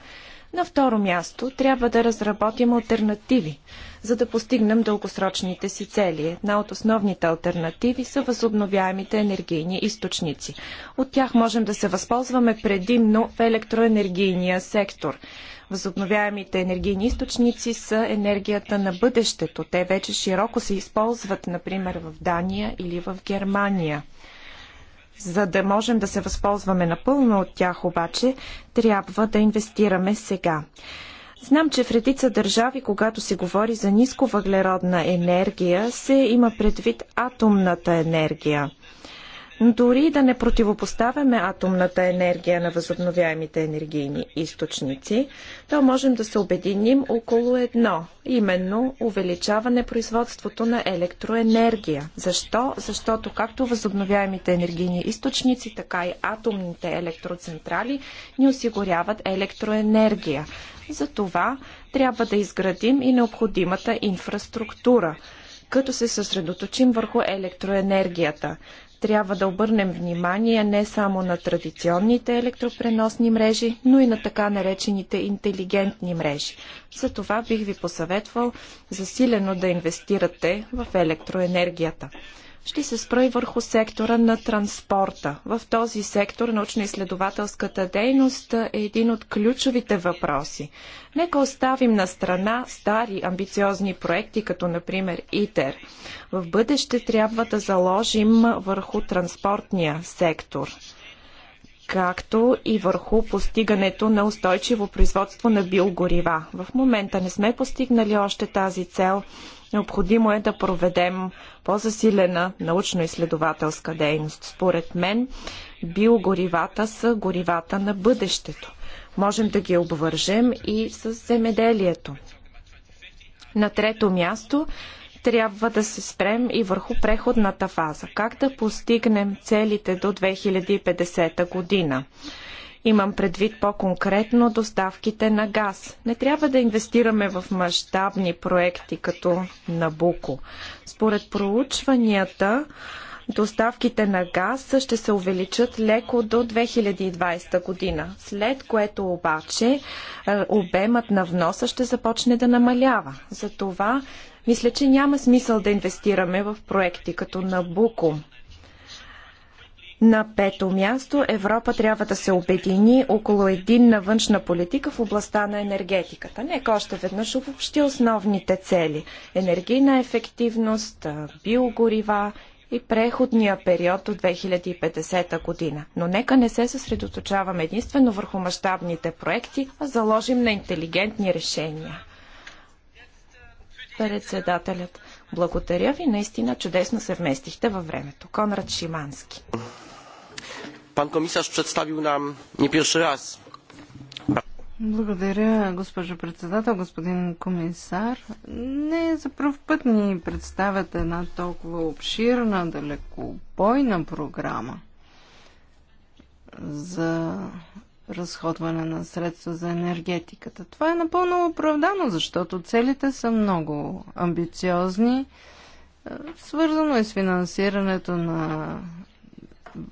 На второ място трябва да разработим альтернативи за да постигнем дългосрочните си цели. Една от основните альтернативи са възобновяемите енергийни източници. От тях можем да се възползваме предимно в електроенергийния сектор. Възобновяемите енергийни източници са енергията на бъдещето. Те вече широко се използват, например, в Дания или в Германия. За да можем да се възползваме напълно от тях обаче, трябва да инвестираме сега. Знам, че в редица държави, когато се говори за нисковъглеродна енергия, се има предвид атомната енергия. Дори да не противопоставяме атомната енергия на възобновяемите енергийни източници, то можем да се обединим около едно, именно увеличаване производството на електроенергия. Защо? Защото както възобновяемите енергийни източници, така и атомните електроцентрали ни осигуряват електроенергия. За това трябва да изградим и необходимата инфраструктура като се съсредоточим върху електроенергията трябва да обърнем внимание не само на традиционните електропреносни мрежи, но и на така наречените интелигентни мрежи. За това бих ви посъветвал засилено да инвестирате в електроенергията. Ще се спра и върху сектора на транспорта. В този сектор научно-изследователската дейност е един от ключовите въпроси. Нека оставим на страна стари амбициозни проекти, като например ИТЕР. В бъдеще трябва да заложим върху транспортния сектор както и върху постигането на устойчиво производство на биогорива. В момента не сме постигнали още тази цел, Необходимо е да проведем по-засилена научно-изследователска дейност. Според мен, биогоривата са горивата на бъдещето. Можем да ги обвържем и с земеделието. На трето място трябва да се спрем и върху преходната фаза. Как да постигнем целите до 2050 година? Имам предвид по-конкретно доставките на газ. Не трябва да инвестираме в мащабни проекти като Набуко. Според проучванията, доставките на газ ще се увеличат леко до 2020 година, след което обаче е, обемът на вноса ще започне да намалява. Затова мисля, че няма смисъл да инвестираме в проекти като Набуко. На пето място Европа трябва да се обедини около единна външна политика в областта на енергетиката. Нека още веднъж обобщи основните цели. Енергийна ефективност, биогорива и преходния период от 2050 година. Но нека не се съсредоточаваме единствено върху мащабните проекти, а заложим на интелигентни решения. Председателят. Благодаря ви, наистина чудесно се вместихте във времето. Конрад Шимански. Пан комисар представил нам не пирши раз. Благодаря, госпожо председател, господин комисар. Не за първ път ни представят една толкова обширна, далекобойна програма за разходване на средства за енергетиката. Това е напълно оправдано, защото целите са много амбициозни. Е, свързано е с финансирането на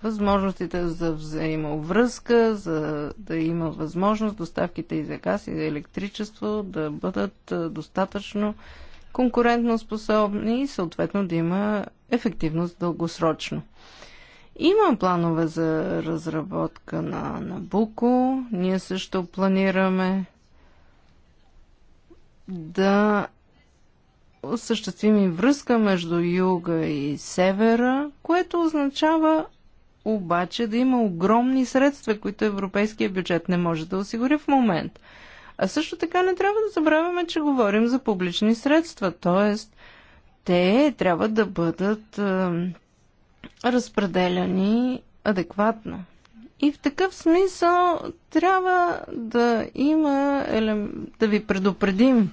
възможностите за взаимовръзка, за да има възможност доставките и за газ и за електричество да бъдат е, достатъчно конкурентно способни и съответно да има ефективност дългосрочно. Има планове за разработка на Набуко. Ние също планираме да осъществим и връзка между юга и севера, което означава обаче да има огромни средства, които европейския бюджет не може да осигури в момент. А също така не трябва да забравяме, че говорим за публични средства, т.е. те трябва да бъдат разпределяни адекватно. И в такъв смисъл трябва да има, да ви предупредим,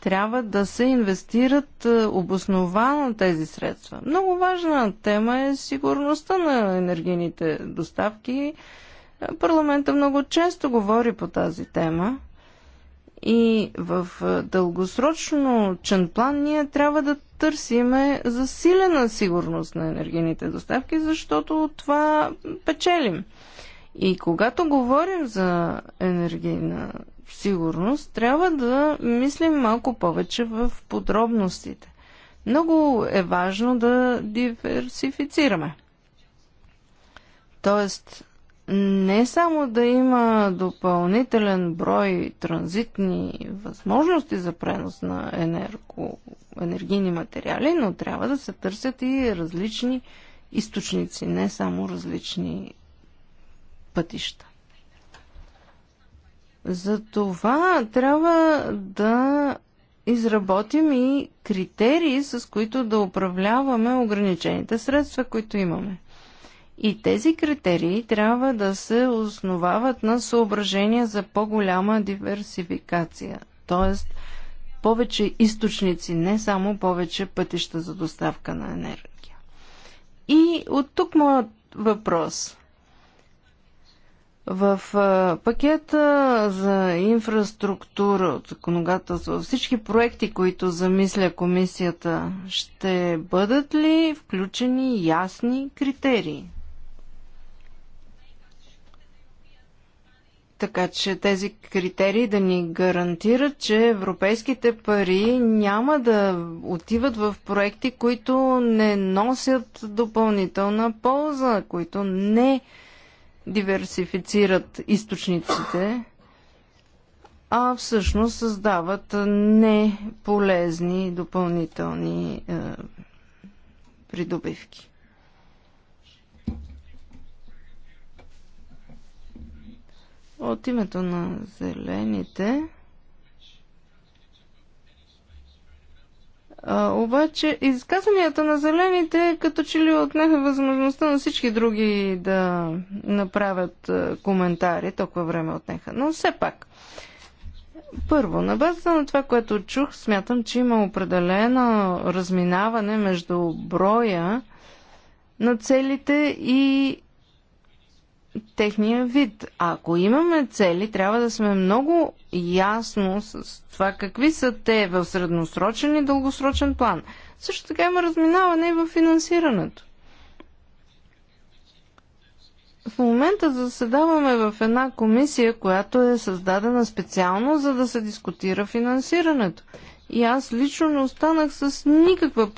трябва да се инвестират е, обосновано тези средства. Много важна тема е сигурността на енергийните доставки. Парламента много често говори по тази тема. И в е, дългосрочно чен план ние трябва да търсиме засилена сигурност на енергийните доставки, защото от това печелим. И когато говорим за енергийна сигурност, трябва да мислим малко повече в подробностите. Много е важно да диверсифицираме. Тоест, не само да има допълнителен брой транзитни възможности за пренос на енерго, енергийни материали, но трябва да се търсят и различни източници, не само различни пътища. За това трябва да изработим и критерии, с които да управляваме ограничените средства, които имаме. И тези критерии трябва да се основават на съображения за по-голяма диверсификация, т.е. повече източници, не само повече пътища за доставка на енергия. И от тук моят въпрос. В пакета за инфраструктура от законодателство, всички проекти, които замисля комисията, ще бъдат ли включени ясни критерии? Така че тези критерии да ни гарантират, че европейските пари няма да отиват в проекти, които не носят допълнителна полза, които не диверсифицират източниците, а всъщност създават неполезни допълнителни е, придобивки. От името на зелените. А, обаче изказанията на зелените като че ли отнеха възможността на всички други да направят а, коментари, толкова време отнеха. Но все пак, първо, на базата на това, което чух, смятам, че има определено разминаване между броя на целите и техния вид. А ако имаме цели, трябва да сме много ясно с това какви са те в средносрочен и дългосрочен план. Също така има разминаване и в финансирането. В момента заседаваме в една комисия, която е създадена специално за да се дискутира финансирането. И аз лично не останах с никаква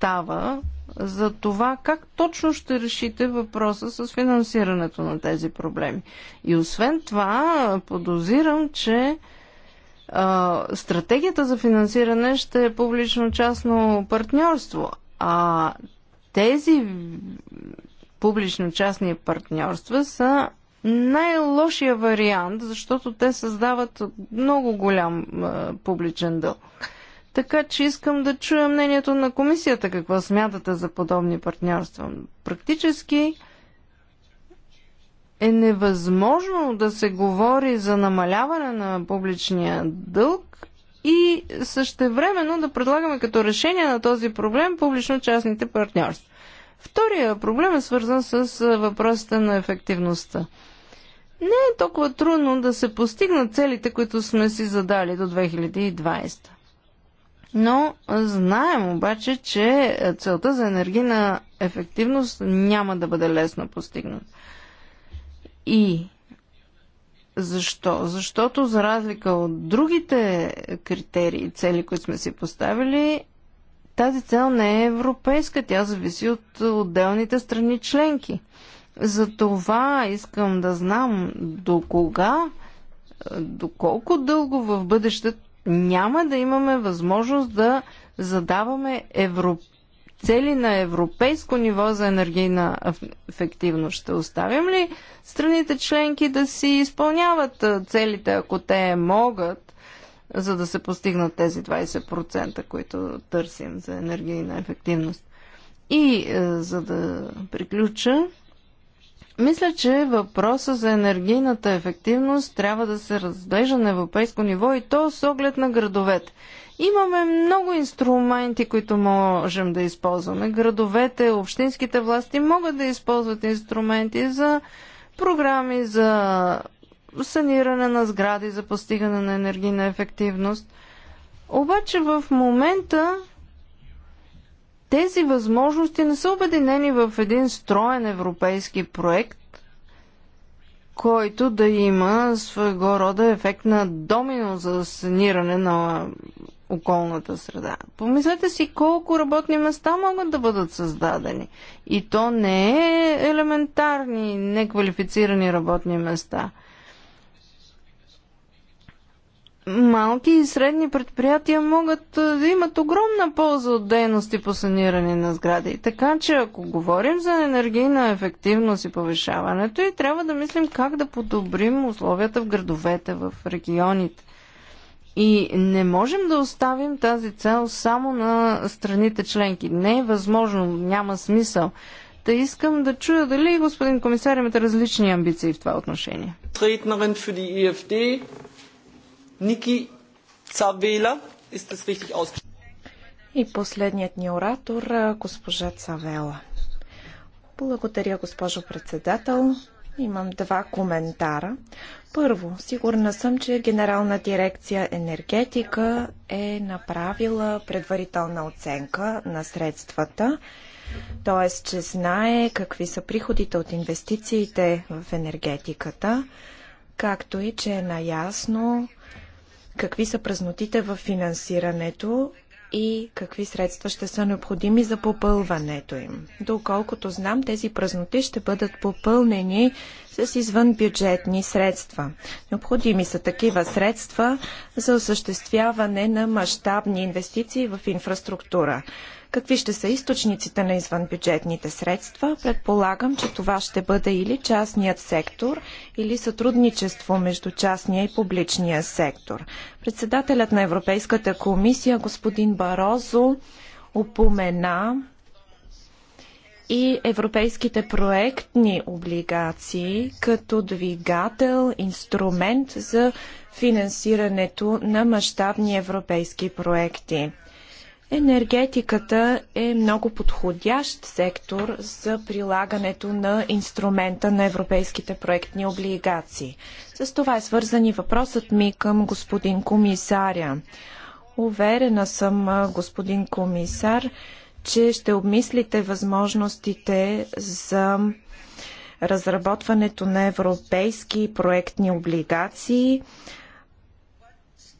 остава за това как точно ще решите въпроса с финансирането на тези проблеми. И освен това, подозирам, че а, стратегията за финансиране ще е публично-частно партньорство, а тези публично-частни партньорства са най-лошия вариант, защото те създават много голям а, публичен дълг. Така че искам да чуя мнението на комисията, какво смятате за подобни партньорства. Практически е невъзможно да се говори за намаляване на публичния дълг и същевременно да предлагаме като решение на този проблем публично-частните партньорства. Втория проблем е свързан с въпросите на ефективността. Не е толкова трудно да се постигнат целите, които сме си задали до 2020. Но знаем обаче, че целта за енергийна ефективност няма да бъде лесно постигната. И защо? Защото за разлика от другите критерии и цели, които сме си поставили, тази цел не е европейска, тя зависи от отделните страни членки. За това искам да знам до кога, доколко дълго в бъдеще няма да имаме възможност да задаваме евро... цели на европейско ниво за енергийна ефективност. Ще оставим ли страните членки да си изпълняват целите, ако те могат, за да се постигнат тези 20%, които търсим за енергийна ефективност? И е, за да приключа, мисля, че въпроса за енергийната ефективност трябва да се разглежда на европейско ниво и то с оглед на градовете. Имаме много инструменти, които можем да използваме. Градовете, общинските власти могат да използват инструменти за програми за саниране на сгради, за постигане на енергийна ефективност. Обаче в момента тези възможности не са обединени в един строен европейски проект, който да има своего рода ефект на домино за саниране на околната среда. Помислете си колко работни места могат да бъдат създадени. И то не е елементарни, неквалифицирани работни места – малки и средни предприятия могат да имат огромна полза от дейности по саниране на сгради. Така че ако говорим за енергийна ефективност и повишаването и трябва да мислим как да подобрим условията в градовете, в регионите. И не можем да оставим тази цел само на страните членки. Не е възможно, няма смисъл. Та искам да чуя дали господин комисар имате различни амбиции в това отношение. Ники Цавела. И последният ни оратор, госпожа Цавела. Благодаря, госпожо председател. Имам два коментара. Първо, сигурна съм, че Генерална дирекция енергетика е направила предварителна оценка на средствата, т.е. че знае какви са приходите от инвестициите в енергетиката, както и че е наясно Какви са празнотите в финансирането и какви средства ще са необходими за попълването им. Доколкото знам, тези празноти ще бъдат попълнени с извънбюджетни средства. Необходими са такива средства за осъществяване на мащабни инвестиции в инфраструктура. Какви ще са източниците на извънбюджетните средства? Предполагам, че това ще бъде или частният сектор, или сътрудничество между частния и публичния сектор. Председателят на Европейската комисия, господин Барозо, упомена и европейските проектни облигации като двигател, инструмент за финансирането на мащабни европейски проекти. Енергетиката е много подходящ сектор за прилагането на инструмента на европейските проектни облигации. С това е свързан и въпросът ми към господин комисаря. Уверена съм, господин комисар, че ще обмислите възможностите за разработването на европейски проектни облигации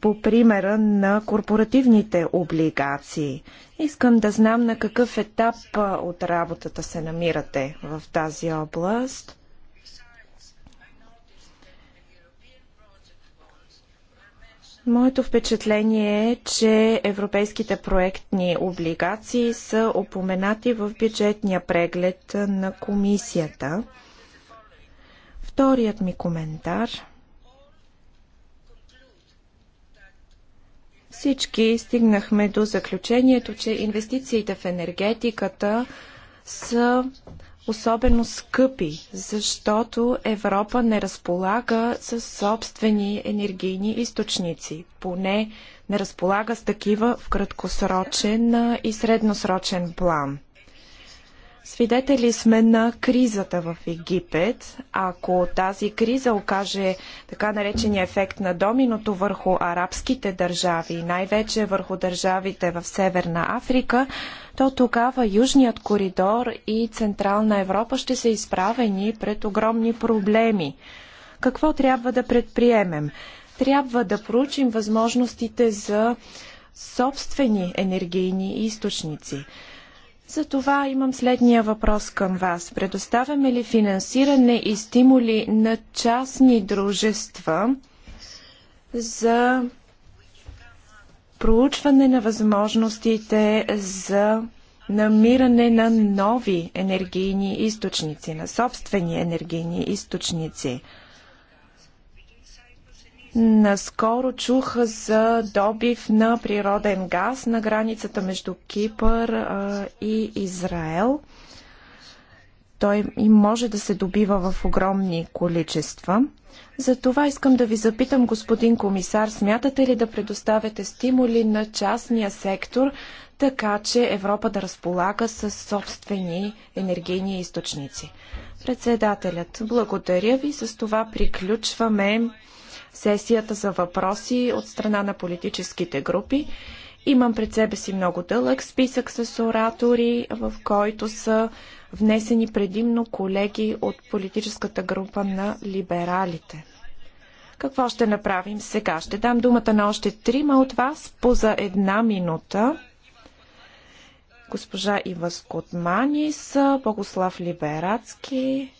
по примера на корпоративните облигации. Искам да знам на какъв етап от работата се намирате в тази област. Моето впечатление е, че европейските проектни облигации са опоменати в бюджетния преглед на комисията. Вторият ми коментар – Всички стигнахме до заключението, че инвестициите в енергетиката са особено скъпи, защото Европа не разполага с собствени енергийни източници, поне не разполага с такива в краткосрочен и средносрочен план – Свидетели сме на кризата в Египет. Ако тази криза окаже така наречения ефект на доминото върху арабските държави, най-вече върху държавите в Северна Африка, то тогава Южният коридор и Централна Европа ще са изправени пред огромни проблеми. Какво трябва да предприемем? Трябва да проучим възможностите за собствени енергийни източници. Затова имам следния въпрос към вас. Предоставяме ли финансиране и стимули на частни дружества за проучване на възможностите за намиране на нови енергийни източници, на собствени енергийни източници? Наскоро чух за добив на природен газ на границата между Кипър а, и Израел. Той и може да се добива в огромни количества. За това искам да ви запитам, господин комисар, смятате ли да предоставяте стимули на частния сектор, така че Европа да разполага с собствени енергийни източници? Председателят, благодаря ви. С това приключваме сесията за въпроси от страна на политическите групи. Имам пред себе си много дълъг списък с оратори, в който са внесени предимно колеги от политическата група на либералите. Какво ще направим сега? Ще дам думата на още трима от вас по за една минута. Госпожа Ива Скотманис, Богослав Либерацки,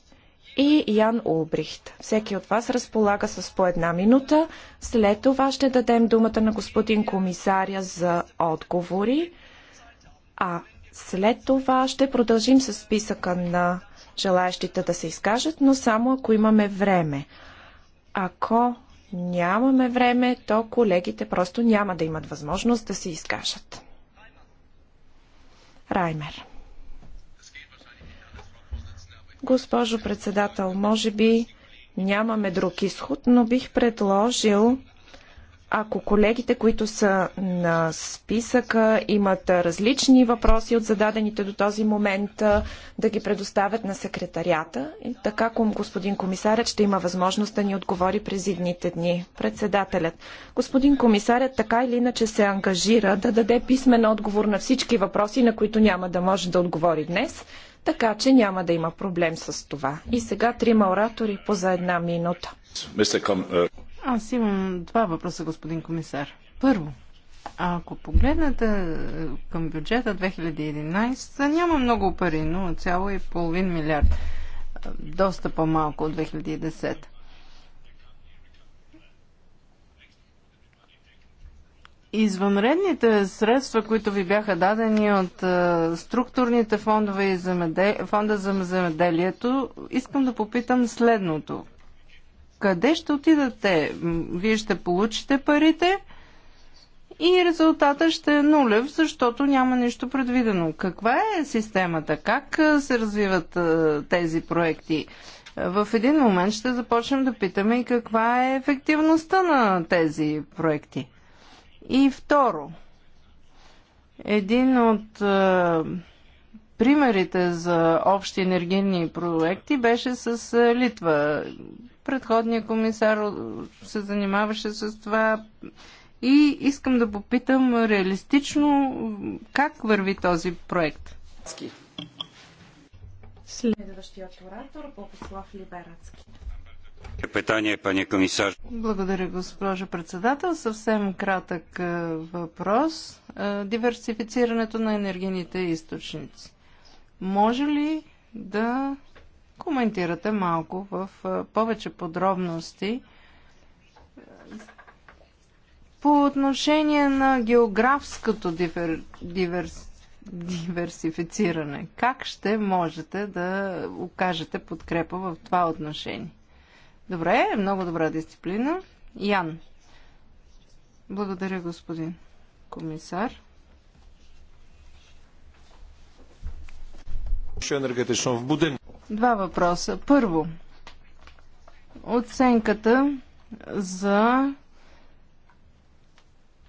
и Ян Улбрихт. Всеки от вас разполага с по една минута. След това ще дадем думата на господин комисаря за отговори. А след това ще продължим с списъка на желаящите да се изкажат, но само ако имаме време. Ако нямаме време, то колегите просто няма да имат възможност да се изкажат. Раймер. Госпожо председател, може би нямаме друг изход, но бих предложил, ако колегите, които са на списъка, имат различни въпроси от зададените до този момент, да ги предоставят на секретарията. И така, господин комисарят ще има възможност да ни отговори през идните дни. Председателят. Господин комисарят така или иначе се ангажира да даде писмен отговор на всички въпроси, на които няма да може да отговори днес. Така че няма да има проблем с това. И сега трима оратори по за една минута. Е, Аз имам два въпроса, господин комисар. Първо, ако погледнете е, към бюджета 2011, няма много пари, 0,5 милиард. Е, доста по-малко от 2010. Извънредните средства, които ви бяха дадени от е, структурните фондове и фонда за земеделието, искам да попитам следното. Къде ще отидете? Вие ще получите парите и резултата ще е нулев, защото няма нищо предвидено. Каква е системата? Как е, се развиват е, тези проекти? В един момент ще започнем да питаме и каква е ефективността на тези проекти. И второ, един от а, е, примерите за общи енергийни проекти беше с а, е, Литва. Предходният комисар се занимаваше с това и искам да попитам реалистично как върви този проект. Следващият оратор Богослав Либерацки. Благодаря, госпожо председател. Съвсем кратък е, въпрос. Е, диверсифицирането на енергийните източници. Може ли да коментирате малко в е, повече подробности по отношение на географското дивер... диверс... диверсифициране? Как ще можете да окажете подкрепа в това отношение? Добре, много добра дисциплина. Ян. Благодаря, господин комисар. Е енергетично в Буден. Два въпроса. Първо, оценката за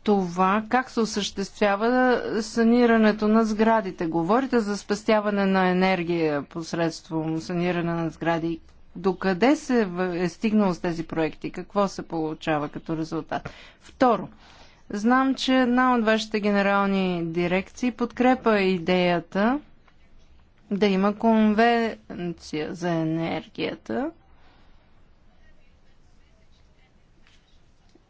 това как се осъществява санирането на сградите. Говорите за спестяване на енергия посредством саниране на сгради. Докъде се е стигнало с тези проекти? Какво се получава като резултат? Второ, знам, че една от вашите генерални дирекции подкрепа идеята да има конвенция за енергията.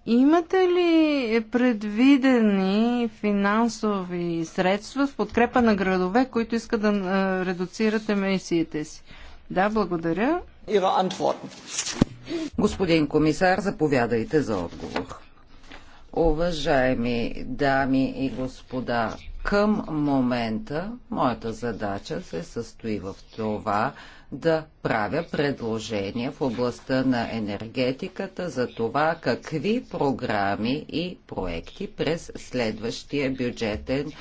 Имате ли предвидени финансови средства в подкрепа на градове, които искат да редуцират емисиите си? Да, благодаря. Господин комисар, заповядайте за отговор. Уважаеми дами и господа, към момента моята задача се състои в това да правя предложения в областта на енергетиката за това какви програми и проекти през следващия бюджетен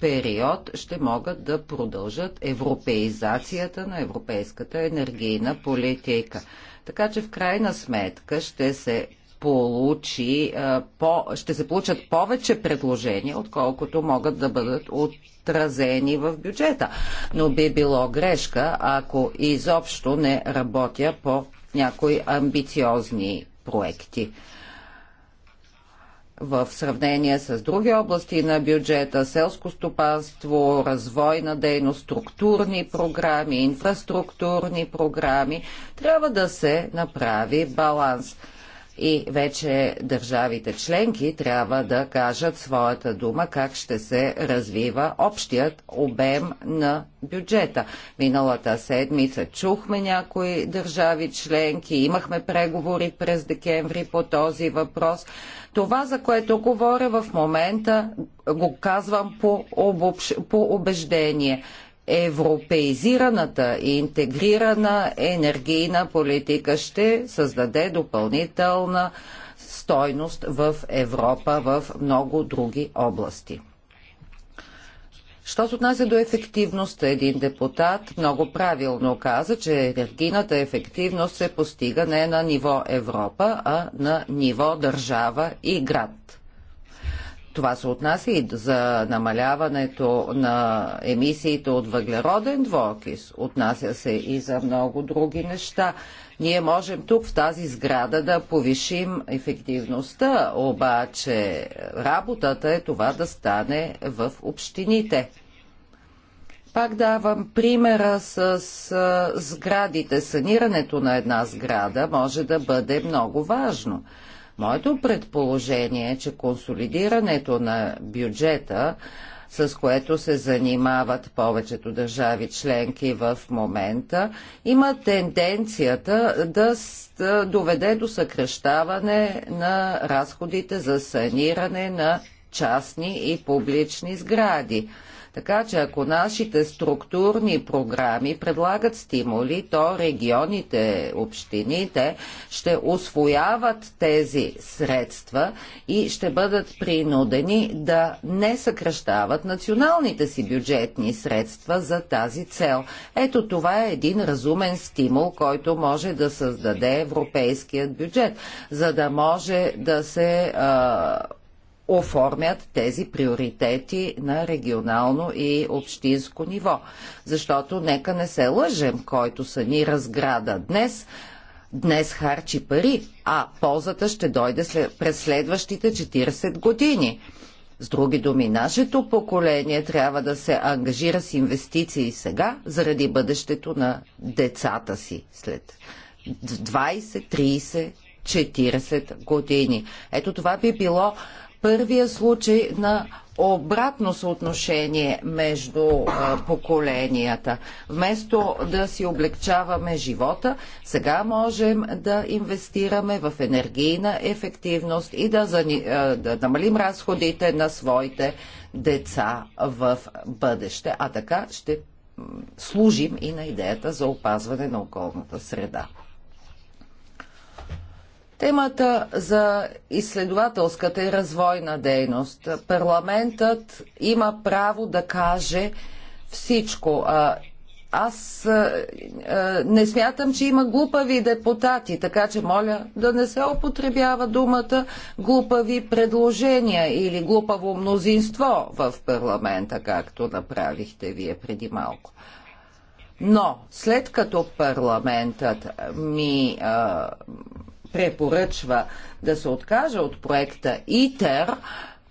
период ще могат да продължат европеизацията на европейската енергийна политика. Така че в крайна сметка ще се получи, по, ще се получат повече предложения, отколкото могат да бъдат отразени в бюджета. Но би било грешка, ако изобщо не работя по някои амбициозни проекти в сравнение с други области на бюджета, селско стопанство, развойна дейност, структурни програми, инфраструктурни програми, трябва да се направи баланс и вече държавите членки трябва да кажат своята дума как ще се развива общият обем на бюджета. Миналата седмица чухме някои държави членки, имахме преговори през декември по този въпрос. Това, за което говоря в момента, го казвам по, обобщ... по убеждение европеизираната и интегрирана енергийна политика ще създаде допълнителна стойност в Европа в много други области. Що се отнася до ефективността, един депутат много правилно каза, че енергийната ефективност се постига не на ниво Европа, а на ниво държава и град. Това се отнася и за намаляването на емисиите от въглероден двуокис. Отнася се и за много други неща. Ние можем тук в тази сграда да повишим ефективността, обаче работата е това да стане в общините. Пак давам примера с, сградите. Санирането на една сграда може да бъде много важно. Моето предположение е, че консолидирането на бюджета с което се занимават повечето държави членки в момента, има тенденцията да доведе до съкръщаване на разходите за саниране на частни и публични сгради. Така че ако нашите структурни програми предлагат стимули, то регионите, общините ще освояват тези средства и ще бъдат принудени да не съкръщават националните си бюджетни средства за тази цел. Ето това е един разумен стимул, който може да създаде европейският бюджет, за да може да се а, оформят тези приоритети на регионално и общинско ниво. Защото нека не се лъжем, който са ни разграда днес, днес харчи пари, а ползата ще дойде след, през следващите 40 години. С други думи, нашето поколение трябва да се ангажира с инвестиции сега, заради бъдещето на децата си след 20, 30, 40 години. Ето това би било първия случай на обратно съотношение между поколенията. Вместо да си облегчаваме живота, сега можем да инвестираме в енергийна ефективност и да, зани... да намалим разходите на своите деца в бъдеще. А така ще служим и на идеята за опазване на околната среда. Темата за изследователската и развойна дейност. Парламентът има право да каже всичко. Аз не смятам, че има глупави депутати, така че моля да не се употребява думата глупави предложения или глупаво мнозинство в парламента, както направихте вие преди малко. Но след като парламентът ми а, препоръчва да се откаже от проекта ИТЕР,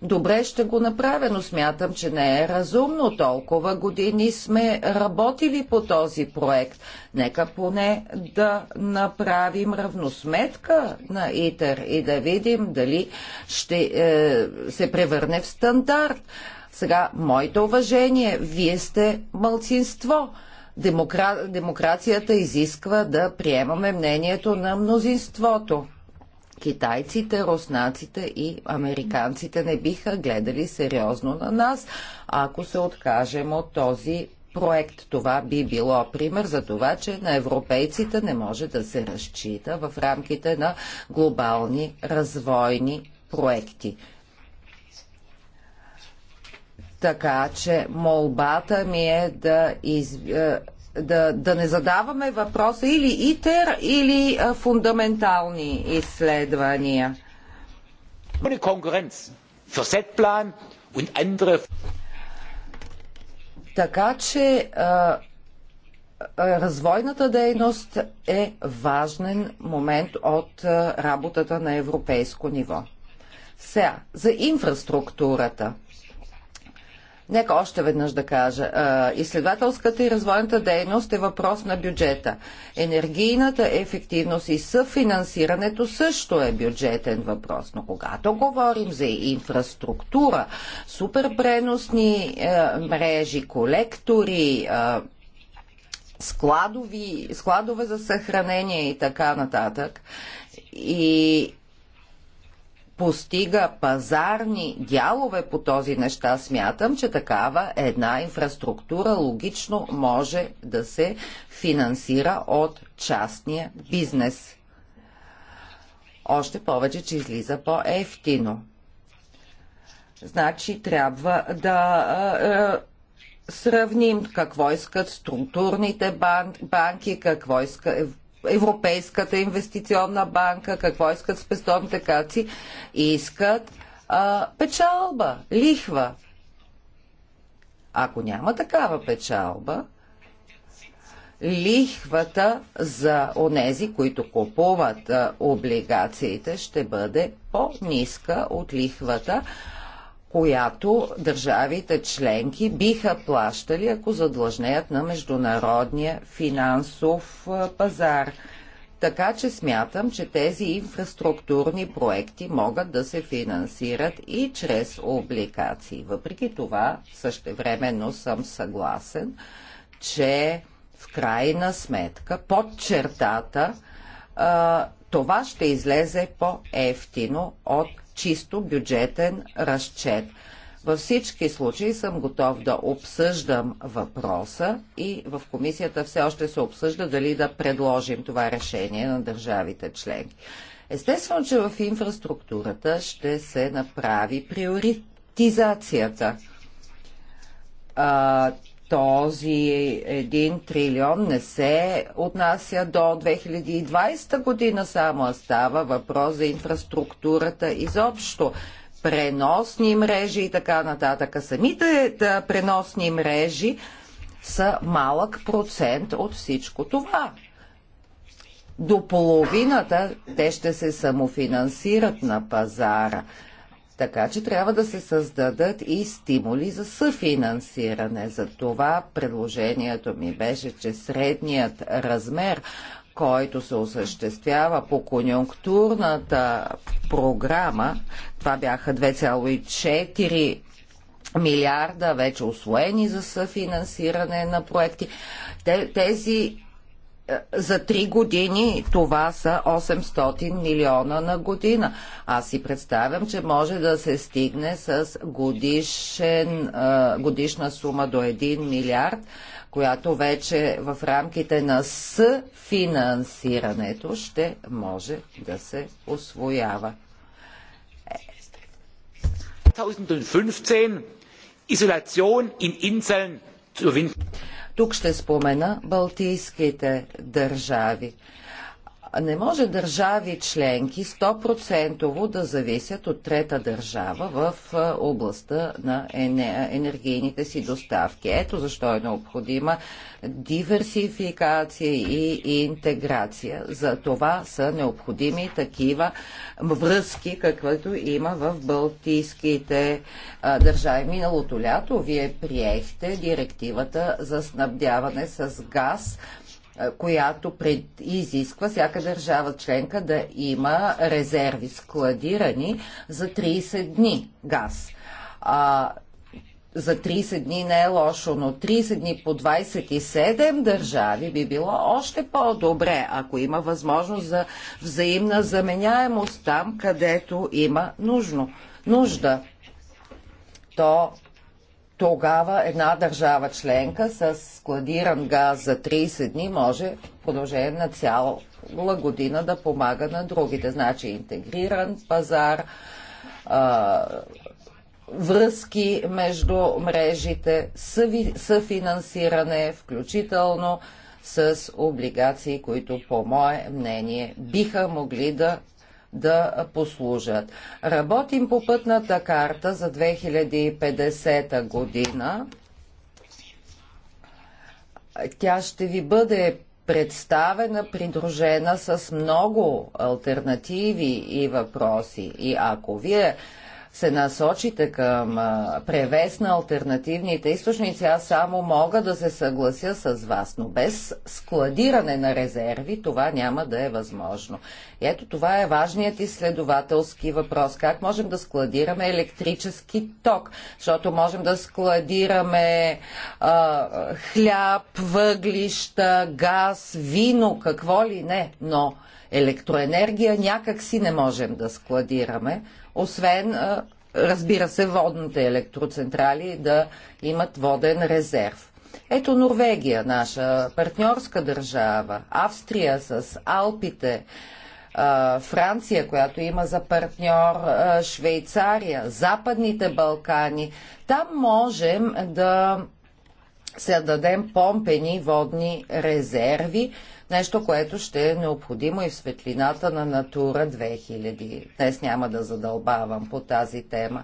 добре ще го направя, но смятам, че не е разумно. Толкова години сме работили по този проект. Нека поне да направим равносметка на ИТЕР и да видим дали ще е, се превърне в стандарт. Сега, моите уважение, вие сте мълцинство. Демокра... Демокрацията изисква да приемаме мнението на мнозинството. Китайците, руснаците и американците не биха гледали сериозно на нас, ако се откажем от този проект. Това би било пример за това, че на европейците не може да се разчита в рамките на глобални развойни проекти. Така че молбата ми е да, из, е, да, да не задаваме въпроса или ИТЕР, или е, фундаментални изследвания. Така че е, развойната дейност е важен момент от работата на европейско ниво. Сега, за инфраструктурата – Нека още веднъж да кажа. Изследователската и развойната дейност е въпрос на бюджета. Енергийната ефективност и съфинансирането също е бюджетен въпрос. Но когато говорим за инфраструктура, суперпреносни е, мрежи, колектори, е, складови, складове за съхранение и така нататък, и постига пазарни дялове по този неща, смятам, че такава една инфраструктура логично може да се финансира от частния бизнес. Още повече, че излиза по-ефтино. Значи трябва да сравним какво искат структурните банки, какво иска Европейската инвестиционна банка, какво искат спестовните каци? Искат а, печалба, лихва. Ако няма такава печалба, лихвата за онези, които купуват а, облигациите, ще бъде по-ниска от лихвата, която държавите членки биха плащали, ако задлъжнеят на международния финансов пазар. Така че смятам, че тези инфраструктурни проекти могат да се финансират и чрез обликации. Въпреки това, същевременно съм съгласен, че в крайна сметка под чертата това ще излезе по-ефтино от чисто бюджетен разчет. Във всички случаи съм готов да обсъждам въпроса и в комисията все още се обсъжда дали да предложим това решение на държавите членки. Естествено, че в инфраструктурата ще се направи приоритизацията този 1 трилион не се отнася до 2020 година само, а става въпрос за инфраструктурата изобщо. Преносни мрежи и така нататък. Самите е, е, преносни мрежи са малък процент от всичко това. До половината те ще се самофинансират на пазара. Така че трябва да се създадат и стимули за съфинансиране. За това предложението ми беше, че средният размер, който се осъществява по конюнктурната програма, това бяха 2,4 милиарда вече освоени за съфинансиране на проекти. Тези за три години това са 800 милиона на година. Аз си представям, че може да се стигне с годишен, годишна сума до 1 милиард, която вече в рамките на съфинансирането ще може да се освоява. 2015 изоляцион in Inseln zu тук ще спомена Балтийските държави. Не може държави членки 100% да зависят от трета държава в областта на енергийните си доставки. Ето защо е необходима диверсификация и интеграция. За това са необходими такива връзки, каквито има в балтийските държави. Миналото лято вие приехте директивата за снабдяване с газ – която пред, изисква всяка държава членка да има резерви складирани за 30 дни газ. А, за 30 дни не е лошо, но 30 дни по 27 държави би било още по-добре, ако има възможност за взаимна заменяемост там, където има нужно, нужда. То тогава една държава членка с складиран газ за 30 дни може в продължение на цяла година да помага на другите. Значи интегриран пазар, а, връзки между мрежите, съфинансиране, включително с облигации, които по мое мнение биха могли да да послужат. Работим по пътната карта за 2050 година. Тя ще ви бъде представена, придружена с много альтернативи и въпроси. И ако вие се насочите към превес на альтернативните източници, аз само мога да се съглася с вас, но без складиране на резерви това няма да е възможно. И ето това е важният изследователски въпрос. Как можем да складираме електрически ток? Защото можем да складираме а, хляб, въглища, газ, вино, какво ли не, но електроенергия някак си не можем да складираме освен разбира се, водните електроцентрали да имат воден резерв. Ето Норвегия, наша партньорска държава, Австрия с Алпите, Франция, която има за партньор Швейцария, Западните Балкани. Там можем да се дадем помпени водни резерви, нещо, което ще е необходимо и в светлината на Натура 2000. Днес няма да задълбавам по тази тема.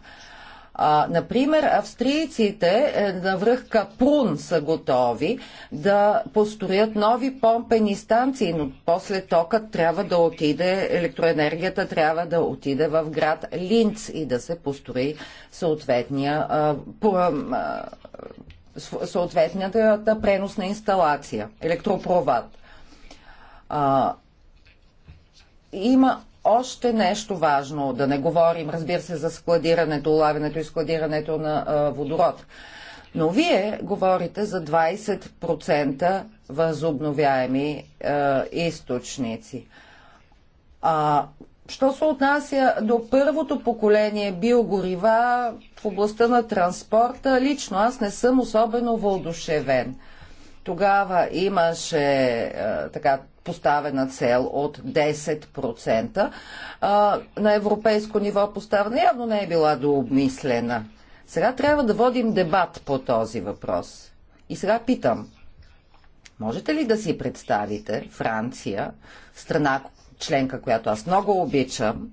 А, например, австрийците е, на връх Капун са готови да построят нови помпени станции, но после токът трябва да отиде, електроенергията трябва да отиде в град Линц и да се построи съответния а, по, а, съответната преносна инсталация, електропровод. А, има още нещо важно, да не говорим, разбира се, за складирането, улавянето и складирането на а, водород. Но вие говорите за 20% възобновяеми а, източници. А, Що се отнася до първото поколение биогорива в областта на транспорта, лично аз не съм особено вълдушевен. Тогава имаше е, така поставена цел от 10% а, е, на европейско ниво поставена. Явно не е била дообмислена. Сега трябва да водим дебат по този въпрос. И сега питам, можете ли да си представите Франция, страна, членка, която аз много обичам,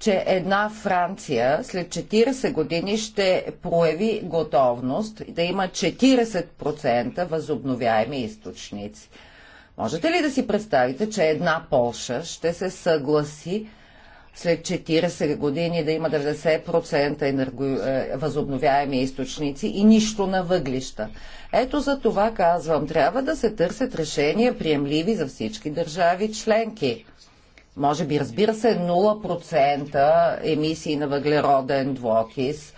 че една Франция след 40 години ще прояви готовност да има 40% възобновяеми източници. Можете ли да си представите, че една Полша ще се съгласи след 40 години да има 90% енерго... Е, възобновяеми източници и нищо на въглища. Ето за това казвам, трябва да се търсят решения приемливи за всички държави членки. Може би, разбира се, 0% емисии на въглероден двокис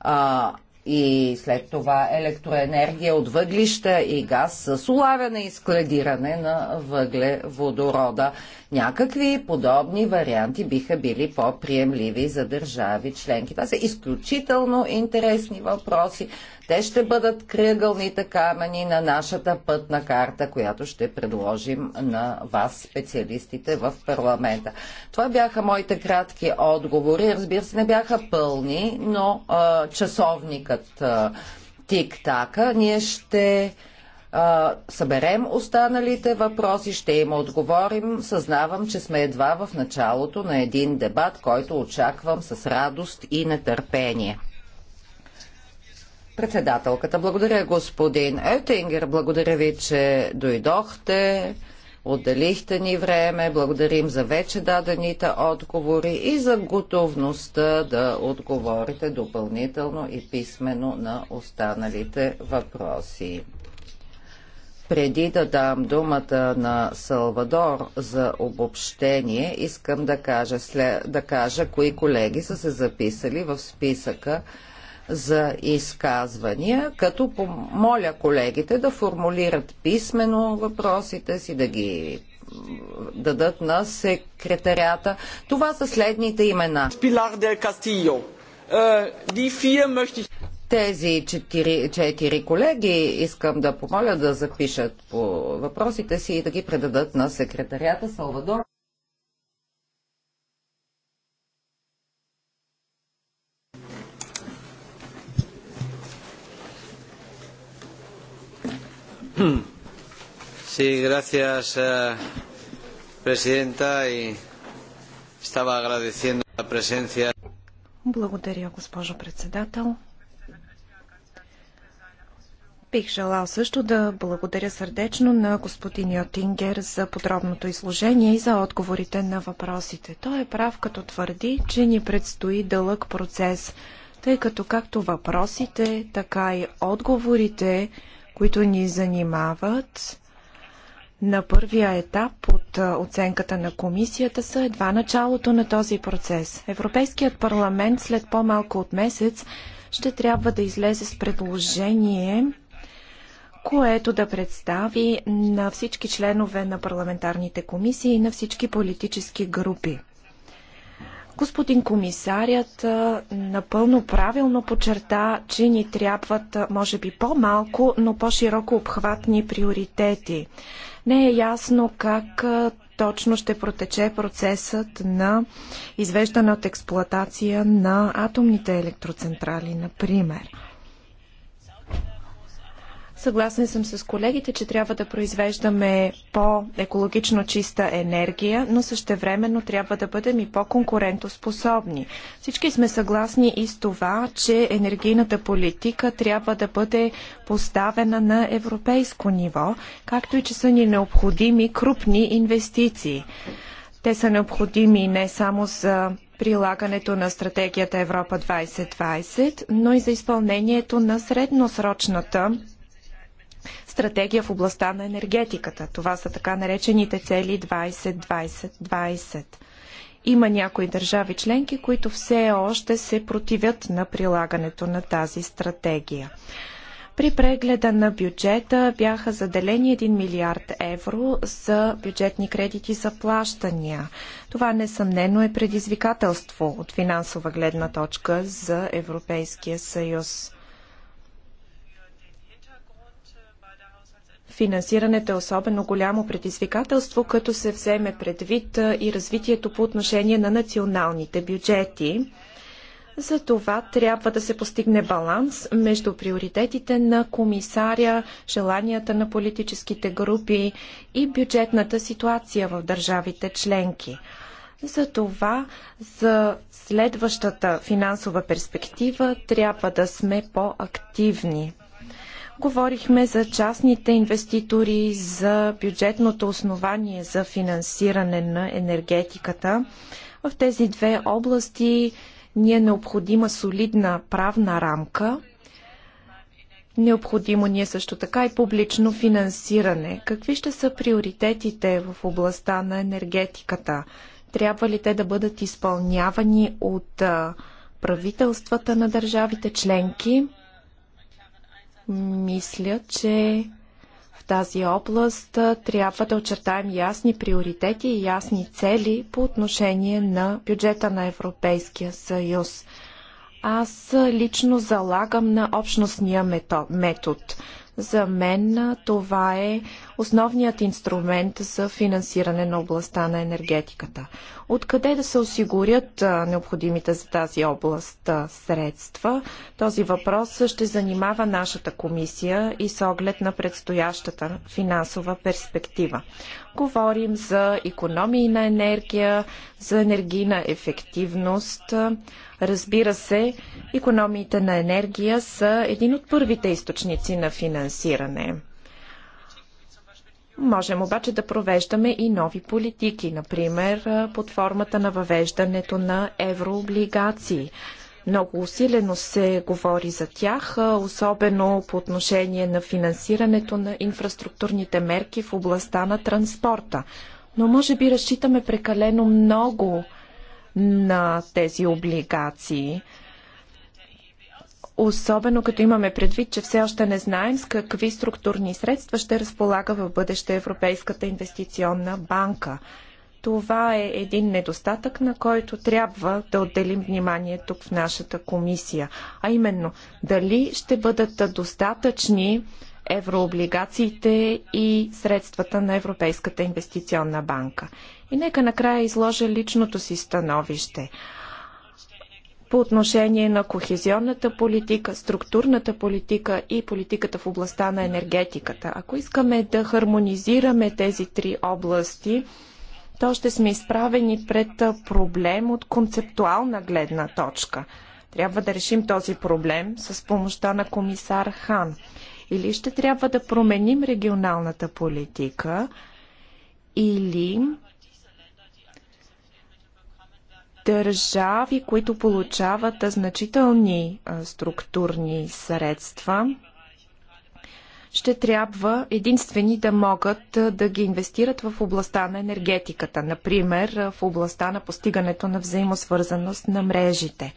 а, и след това електроенергия от въглища и газ с улавяне и складиране на въглеводорода. Някакви подобни варианти биха били по-приемливи за държави членки. Това са изключително интересни въпроси. Те ще бъдат кръгълните камъни на нашата пътна карта, която ще предложим на вас, специалистите в парламента. Това бяха моите кратки отговори. Разбира се, не бяха пълни, но а, часовникът а, тик-така. Ние ще а съберем останалите въпроси, ще им отговорим. Съзнавам, че сме едва в началото на един дебат, който очаквам с радост и нетърпение. Председателката, благодаря господин Етингер, благодаря ви, че дойдохте, отделихте ни време, благодарим за вече дадените отговори и за готовността да отговорите допълнително и писменно на останалите въпроси. Преди да дам думата на Салвадор за обобщение, искам да кажа, да кажа кои колеги са се записали в списъка за изказвания, като помоля колегите да формулират писменно въпросите си, да ги дадат на секретарята. Това са следните имена. Пилар Дел Кастио. Die vier möchte ich... Тези четири, четири колеги искам да помоля да запишат по въпросите си и да ги предадат на секретарията Салвадор. Sí, gracias, eh, presidenta, y estaba agradeciendo la presencia. Благодаря, госпожо председател. Бих желал също да благодаря сърдечно на господин Йотингер за подробното изложение и за отговорите на въпросите. Той е прав, като твърди, че ни предстои дълъг процес, тъй като както въпросите, така и отговорите, които ни занимават на първия етап от оценката на комисията са едва началото на този процес. Европейският парламент след по-малко от месец ще трябва да излезе с предложение което да представи на всички членове на парламентарните комисии и на всички политически групи. Господин комисарят напълно правилно подчерта, че ни трябват, може би, по-малко, но по-широко обхватни приоритети. Не е ясно как точно ще протече процесът на извеждане от експлоатация на атомните електроцентрали, например. Съгласен съм с колегите, че трябва да произвеждаме по-екологично чиста енергия, но същевременно трябва да бъдем и по-конкурентоспособни. Всички сме съгласни и с това, че енергийната политика трябва да бъде поставена на европейско ниво, както и че са ни необходими крупни инвестиции. Те са необходими не само за прилагането на стратегията Европа 2020, но и за изпълнението на средносрочната стратегия в областта на енергетиката. Това са така наречените цели 20-20-20. Има някои държави членки, които все още се противят на прилагането на тази стратегия. При прегледа на бюджета бяха заделени 1 милиард евро за бюджетни кредити за плащания. Това несъмнено е предизвикателство от финансова гледна точка за Европейския съюз. Финансирането е особено голямо предизвикателство, като се вземе предвид и развитието по отношение на националните бюджети. За това трябва да се постигне баланс между приоритетите на комисаря, желанията на политическите групи и бюджетната ситуация в държавите членки. За това за следващата финансова перспектива трябва да сме по-активни. Говорихме за частните инвеститори, за бюджетното основание за финансиране на енергетиката. В тези две области ни е необходима солидна правна рамка. Необходимо ни е също така и публично финансиране. Какви ще са приоритетите в областта на енергетиката? Трябва ли те да бъдат изпълнявани от правителствата на държавите членки? Мисля, че в тази област трябва да очертаем ясни приоритети и ясни цели по отношение на бюджета на Европейския съюз. Аз лично залагам на общностния метод. За мен това е основният инструмент за финансиране на областта на енергетиката. Откъде да се осигурят необходимите за тази област средства? Този въпрос ще занимава нашата комисия и с оглед на предстоящата финансова перспектива. Говорим за економии на енергия, за енергийна ефективност. Разбира се, економиите на енергия са един от първите източници на финансиране. Можем обаче да провеждаме и нови политики, например под формата на въвеждането на еврооблигации. Много усилено се говори за тях, особено по отношение на финансирането на инфраструктурните мерки в областта на транспорта. Но може би разчитаме прекалено много на тези облигации. Особено като имаме предвид, че все още не знаем с какви структурни средства ще разполага в бъдеще Европейската инвестиционна банка. Това е един недостатък, на който трябва да отделим внимание тук в нашата комисия. А именно, дали ще бъдат достатъчни еврооблигациите и средствата на Европейската инвестиционна банка. И нека накрая изложа личното си становище по отношение на кохезионната политика, структурната политика и политиката в областта на енергетиката. Ако искаме да хармонизираме тези три области, то ще сме изправени пред проблем от концептуална гледна точка. Трябва да решим този проблем с помощта на комисар Хан. Или ще трябва да променим регионалната политика, или държави, които получават значителни структурни средства, ще трябва единствени да могат да ги инвестират в областта на енергетиката, например в областта на постигането на взаимосвързаност на мрежите.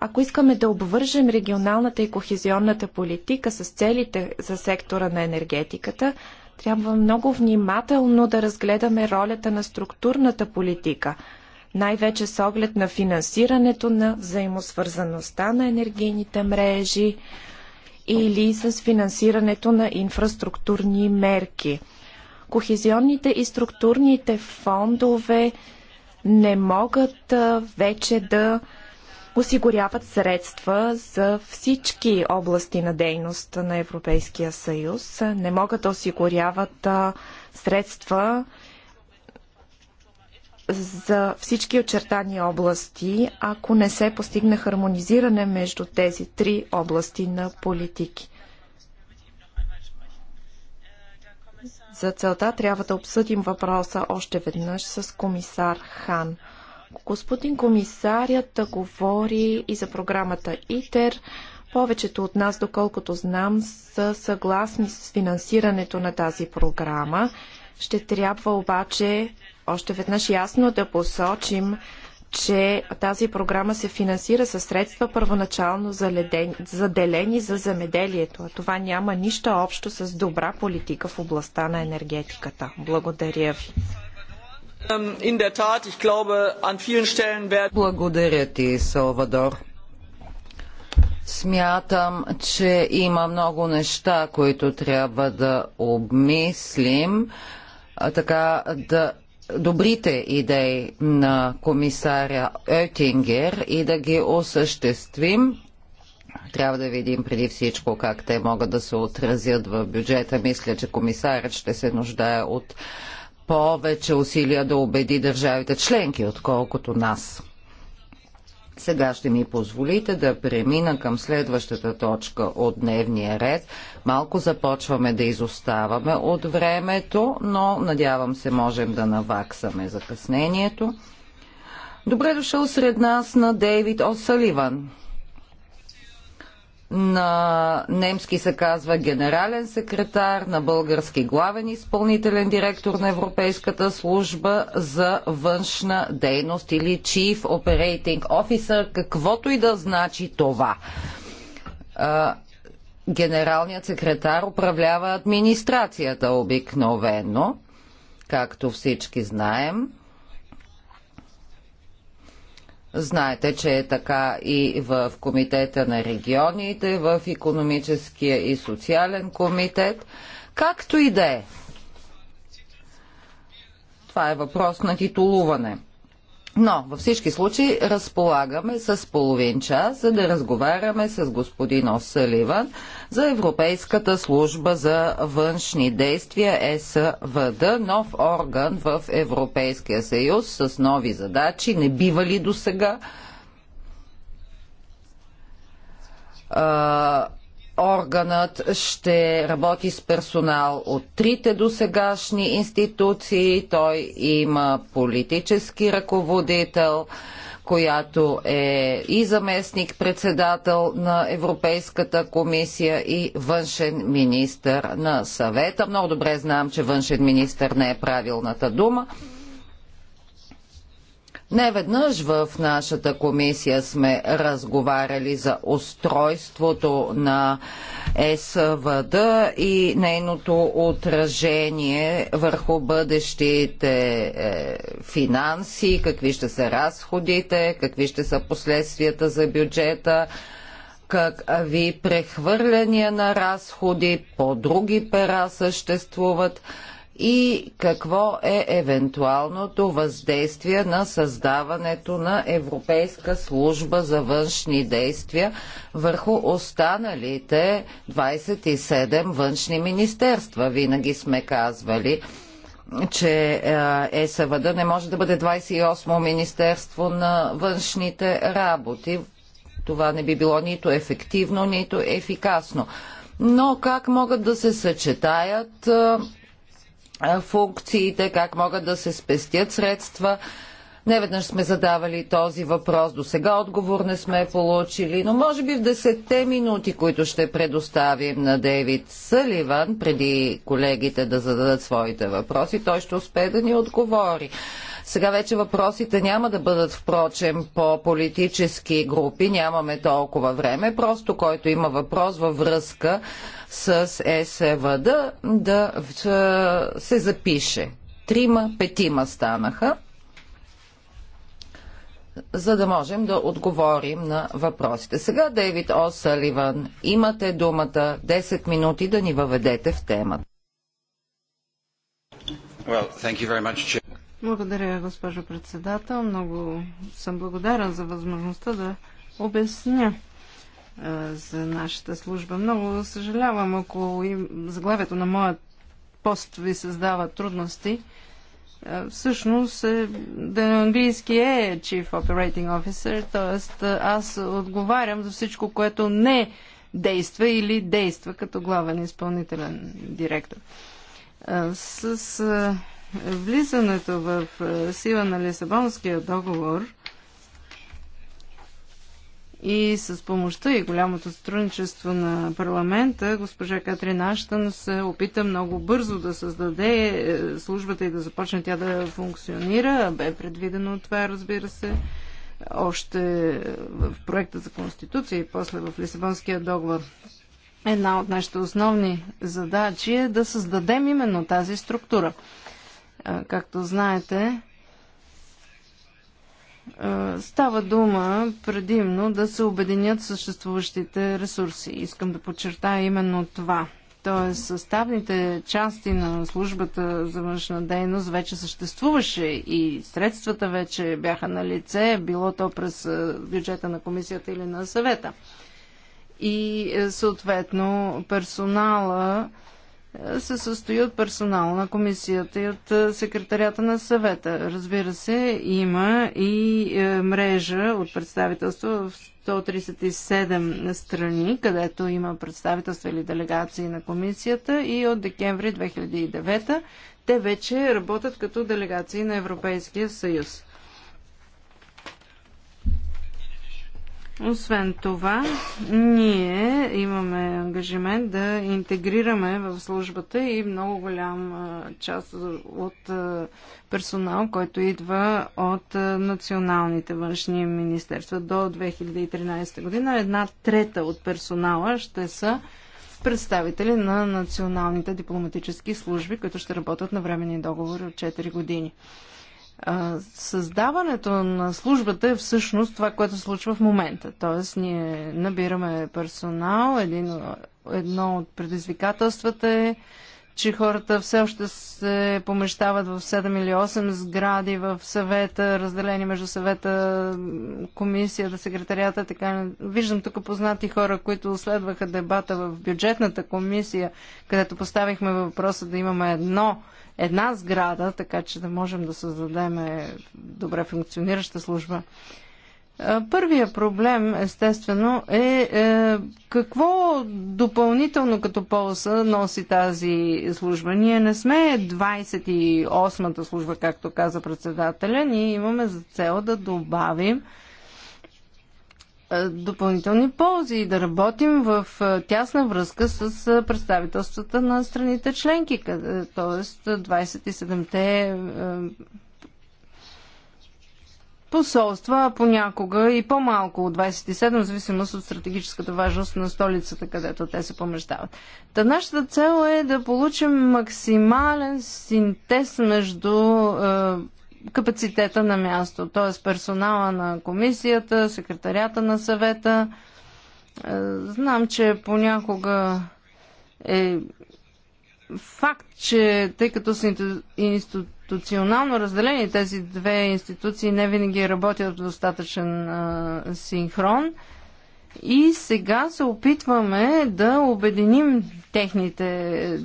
Ако искаме да обвържем регионалната и кохезионната политика с целите за сектора на енергетиката, трябва много внимателно да разгледаме ролята на структурната политика – най-вече с оглед на финансирането на взаимосвързаността на енергийните мрежи или с финансирането на инфраструктурни мерки. Кохезионните и структурните фондове не могат вече да осигуряват средства за всички области на дейност на Европейския съюз. Не могат да осигуряват средства за всички очертани области, ако не се постигне хармонизиране между тези три области на политики. За целта трябва да обсъдим въпроса още веднъж с комисар Хан. Господин комисарят да говори и за програмата ИТЕР. Повечето от нас, доколкото знам, са съгласни с финансирането на тази програма. Ще трябва обаче още веднъж ясно да посочим, че тази програма се финансира със средства първоначално заделени за земеделието, а това няма нищо общо с добра политика в областта на енергетиката. Благодаря ви. Благодаря ти, Салвадор. Смятам, че има много неща, които трябва да обмислим, така да добрите идеи на комисаря Оетингер и да ги осъществим. Трябва да видим преди всичко как те могат да се отразят в бюджета. Мисля, че комисарят ще се нуждае от повече усилия да убеди държавите членки, отколкото нас. Сега ще ми позволите да премина към следващата точка от дневния ред. Малко започваме да изоставаме от времето, но надявам се можем да наваксаме закъснението. Добре дошъл сред нас на Дейвид О'Саливан на немски се казва генерален секретар, на български главен изпълнителен директор на Европейската служба за външна дейност или Chief Operating Officer, каквото и да значи това. Генералният секретар управлява администрацията обикновено, както всички знаем – Знаете, че е така и в Комитета на регионите, в Економическия и социален комитет, както и да е. Това е въпрос на титулуване. Но във всички случаи разполагаме с половин час, за да разговаряме с господин Осъливан за Европейската служба за външни действия ЕСВД, нов орган в Европейския съюз с нови задачи, не ли до сега органът ще работи с персонал от трите досегашни институции. Той има политически ръководител, която е и заместник председател на Европейската комисия и външен министър на съвета. Много добре знам, че външен министър не е правилната дума. Не веднъж в нашата комисия сме разговаряли за устройството на СВД и нейното отражение върху бъдещите е, финанси, какви ще са разходите, какви ще са последствията за бюджета, какви прехвърляния на разходи по други пера съществуват и какво е евентуалното въздействие на създаването на Европейска служба за външни действия върху останалите 27 външни министерства. Винаги сме казвали, че е, ЕСВД не може да бъде 28 Министерство на външните работи. Това не би било нито ефективно, нито ефикасно. Но как могат да се съчетаят е, функциите, как могат да се спестят средства. Неведнъж сме задавали този въпрос, до сега отговор не сме получили, но може би в 10-те минути, които ще предоставим на Дейвид Съливан, преди колегите да зададат своите въпроси, той ще успее да ни отговори. Сега вече въпросите няма да бъдат впрочем по политически групи, нямаме толкова време, просто който има въпрос във връзка с СВД да се запише. Трима, петима станаха за да можем да отговорим на въпросите. Сега, Дейвид О. Саливан, имате думата 10 минути да ни въведете в темата. Well, much, благодаря, госпожо председател. Много съм благодарен за възможността да обясня е, за нашата служба. Много съжалявам, ако им, заглавието на моя пост ви създава трудности. Е, всъщност, е, да на английски е Chief Operating Officer, т.е. аз отговарям за всичко, което не действа или действа като главен изпълнителен директор. С влизането в е, сила на Лисабонския договор и с помощта и голямото сътрудничество на парламента, госпожа Катрин Аштън се опита много бързо да създаде е, службата и да започне тя да функционира. Бе предвидено това, разбира се, още в проекта за Конституция и после в Лисабонския договор. Една от нашите основни задачи е да създадем именно тази структура. Както знаете, става дума предимно да се обединят съществуващите ресурси. Искам да подчертая именно това. Тоест, съставните части на службата за външна дейност вече съществуваше и средствата вече бяха на лице, било то през бюджета на комисията или на съвета. И е, съответно персонала се състои от персонал на комисията и от е, секретарята на съвета. Разбира се, има и е, мрежа от представителства в 137 страни, където има представителства или делегации на комисията и от декември 2009 те вече работят като делегации на Европейския съюз. Освен това, ние имаме ангажимент да интегрираме в службата и много голям част от персонал, който идва от националните външни министерства до 2013 година. Една трета от персонала ще са представители на националните дипломатически служби, които ще работят на временни договори от 4 години. Създаването на службата е всъщност това, което случва в момента. Тоест, ние набираме персонал, един, едно от предизвикателствата е че хората все още се помещават в 7 или 8 сгради в съвета, разделени между съвета, комисията, секретарията, така. Виждам тук познати хора, които следваха дебата в бюджетната комисия, където поставихме въпроса да имаме едно, една сграда, така че да можем да създадем добре функционираща служба. Първия проблем, естествено, е, е какво допълнително като полза носи тази служба. Ние не сме 28-та служба, както каза председателя. Ние имаме за цел да добавим е, допълнителни ползи и да работим в е, тясна връзка с е, представителствата на страните членки, т.е. 27-те посолства, а понякога и по-малко от 27, в зависимост от стратегическата важност на столицата, където те се помещават. Та нашата цел е да получим максимален синтез между е, капацитета на място, т.е. персонала на комисията, секретарята на съвета. Е, знам, че понякога е факт, че тъй като са институт институционално разделени. Тези две институции не винаги работят в достатъчен а, синхрон. И сега се опитваме да обединим техните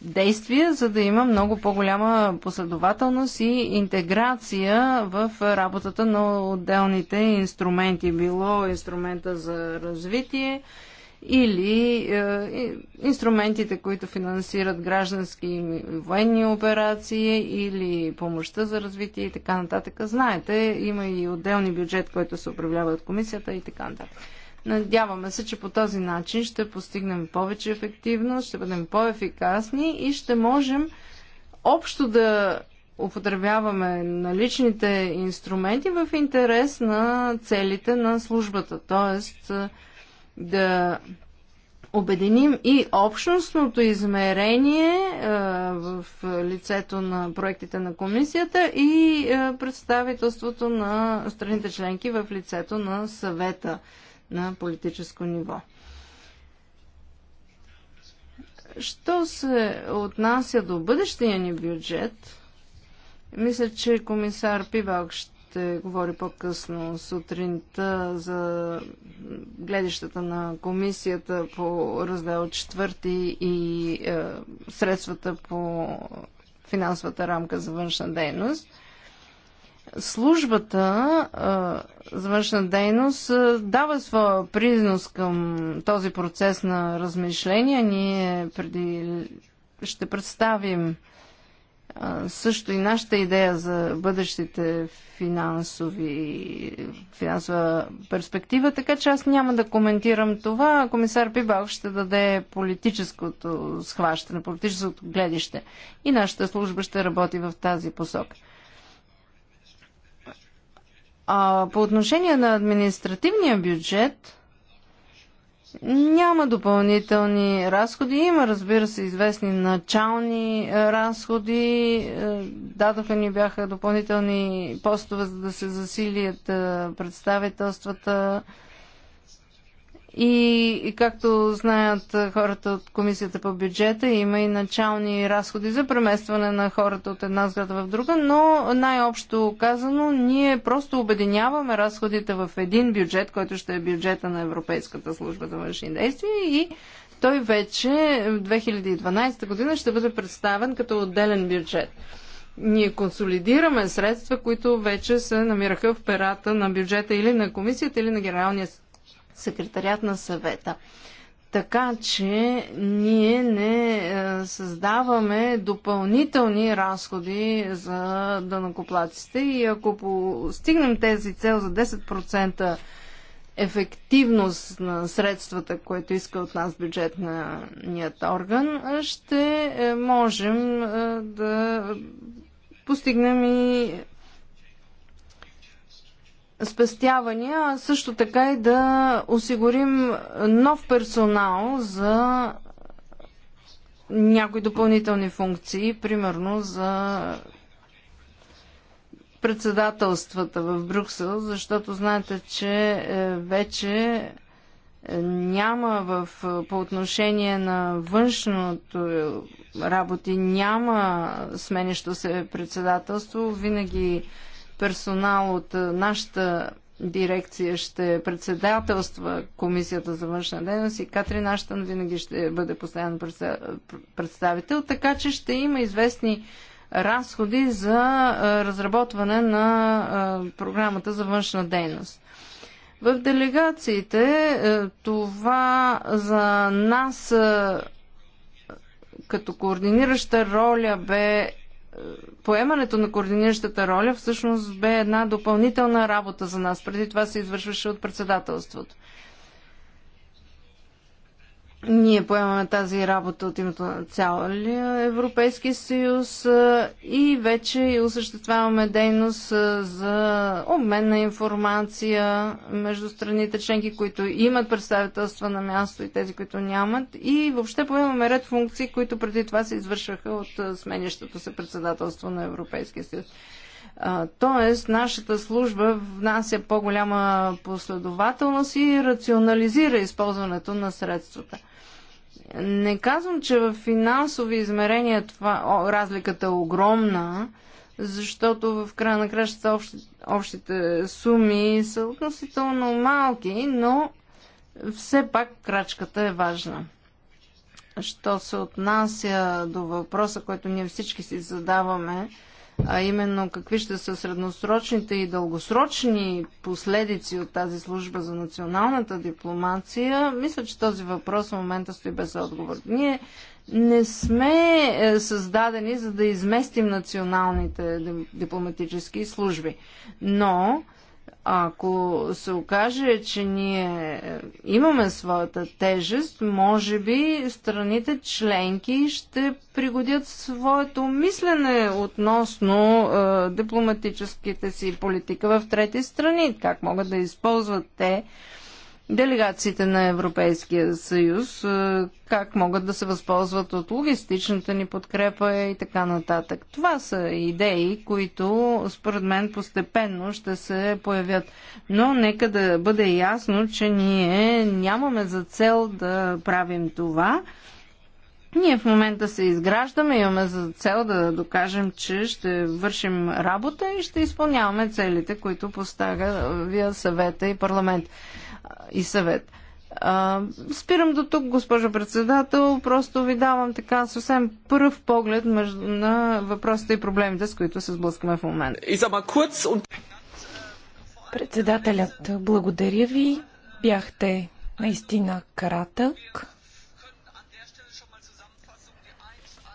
действия, за да има много по-голяма последователност и интеграция в работата на отделните инструменти. Било инструмента за развитие, или е, инструментите, които финансират граждански и военни операции или помощта за развитие и така нататък. Знаете, има и отделни бюджет, който се управлява от комисията и така нататък. Надяваме се, че по този начин ще постигнем повече ефективност, ще бъдем по-ефикасни и ще можем общо да употребяваме наличните инструменти в интерес на целите на службата. Тоест, да обединим и общностното измерение е, в лицето на проектите на комисията и е, представителството на страните членки в лицето на съвета на политическо ниво. Що се отнася до бъдещия ни бюджет, мисля, че комисар Пибалк ще ще говори по-късно сутринта за гледащата на комисията по раздел 4 и е, средствата по финансовата рамка за външна дейност. Службата е, за външна дейност е, дава своя признос към този процес на размишления. Ние преди ще представим също и нашата идея за бъдещите финансови, финансова перспектива, така че аз няма да коментирам това. Комисар Пибал ще даде политическото схващане, политическото гледище и нашата служба ще работи в тази посока. А по отношение на административния бюджет, няма допълнителни разходи. Има, разбира се, известни начални е, разходи. Е, дадоха ни бяха допълнителни постове, за да се засилият е, представителствата и, и както знаят хората от комисията по бюджета, има и начални разходи за преместване на хората от една сграда в друга, но най-общо казано, ние просто обединяваме разходите в един бюджет, който ще е бюджета на Европейската служба за външни действия и той вече в 2012 година ще бъде представен като отделен бюджет. Ние консолидираме средства, които вече се намираха в перата на бюджета или на комисията, или на генералния секретарят на съвета. Така че ние не е, създаваме допълнителни разходи за дънакоплаците и ако постигнем тези цел за 10% ефективност на средствата, което иска от нас бюджетният орган, ще е, можем е, да постигнем и спестявания, а също така и да осигурим нов персонал за някои допълнителни функции, примерно за председателствата в Брюксел, защото знаете, че е, вече е, няма в, е, по отношение на външното работи, няма сменещо се председателство. Винаги персонал от нашата дирекция ще председателства Комисията за външна дейност и Катрин Аштан винаги ще бъде постоянно представител, така че ще има известни разходи за разработване на програмата за външна дейност. В делегациите това за нас като координираща роля бе поемането на координиращата роля всъщност бе една допълнителна работа за нас. Преди това се извършваше от председателството. Ние поемаме тази работа от името на цялия Европейски съюз и вече осъществяваме дейност за обмен на информация между страните членки, които имат представителства на място и тези, които нямат. И въобще поемаме ред функции, които преди това се извършваха от сменящото се председателство на Европейския съюз. Тоест, нашата служба внася по-голяма последователност и рационализира използването на средствата. Не казвам, че в финансови измерения това, о, разликата е огромна, защото в края на кращата общ, общите суми са относително малки, но все пак крачката е важна. Що се отнася до въпроса, който ние всички си задаваме, а именно какви ще са средносрочните и дългосрочни последици от тази служба за националната дипломация, мисля, че този въпрос в момента стои без отговор. Ние не сме е, създадени за да изместим националните дипломатически служби, но ако се окаже, че ние имаме своята тежест, може би страните членки ще пригодят своето мислене относно е, дипломатическите си политика в трети страни. Как могат да използват те делегациите на Европейския съюз, е, как могат да се възползват от логистичната ни подкрепа и така нататък. Това са идеи, които според мен постепенно ще се появят. Но нека да бъде ясно, че ние нямаме за цел да правим това. Ние в момента се изграждаме, имаме за цел да докажем, че ще вършим работа и ще изпълняваме целите, които поставя съвета и парламент и съвет. А, спирам до тук, госпожо председател. Просто ви давам така съвсем първ поглед между на въпросите и проблемите, с които се сблъскаме в момента. Председателят, благодаря ви. Бяхте наистина кратък.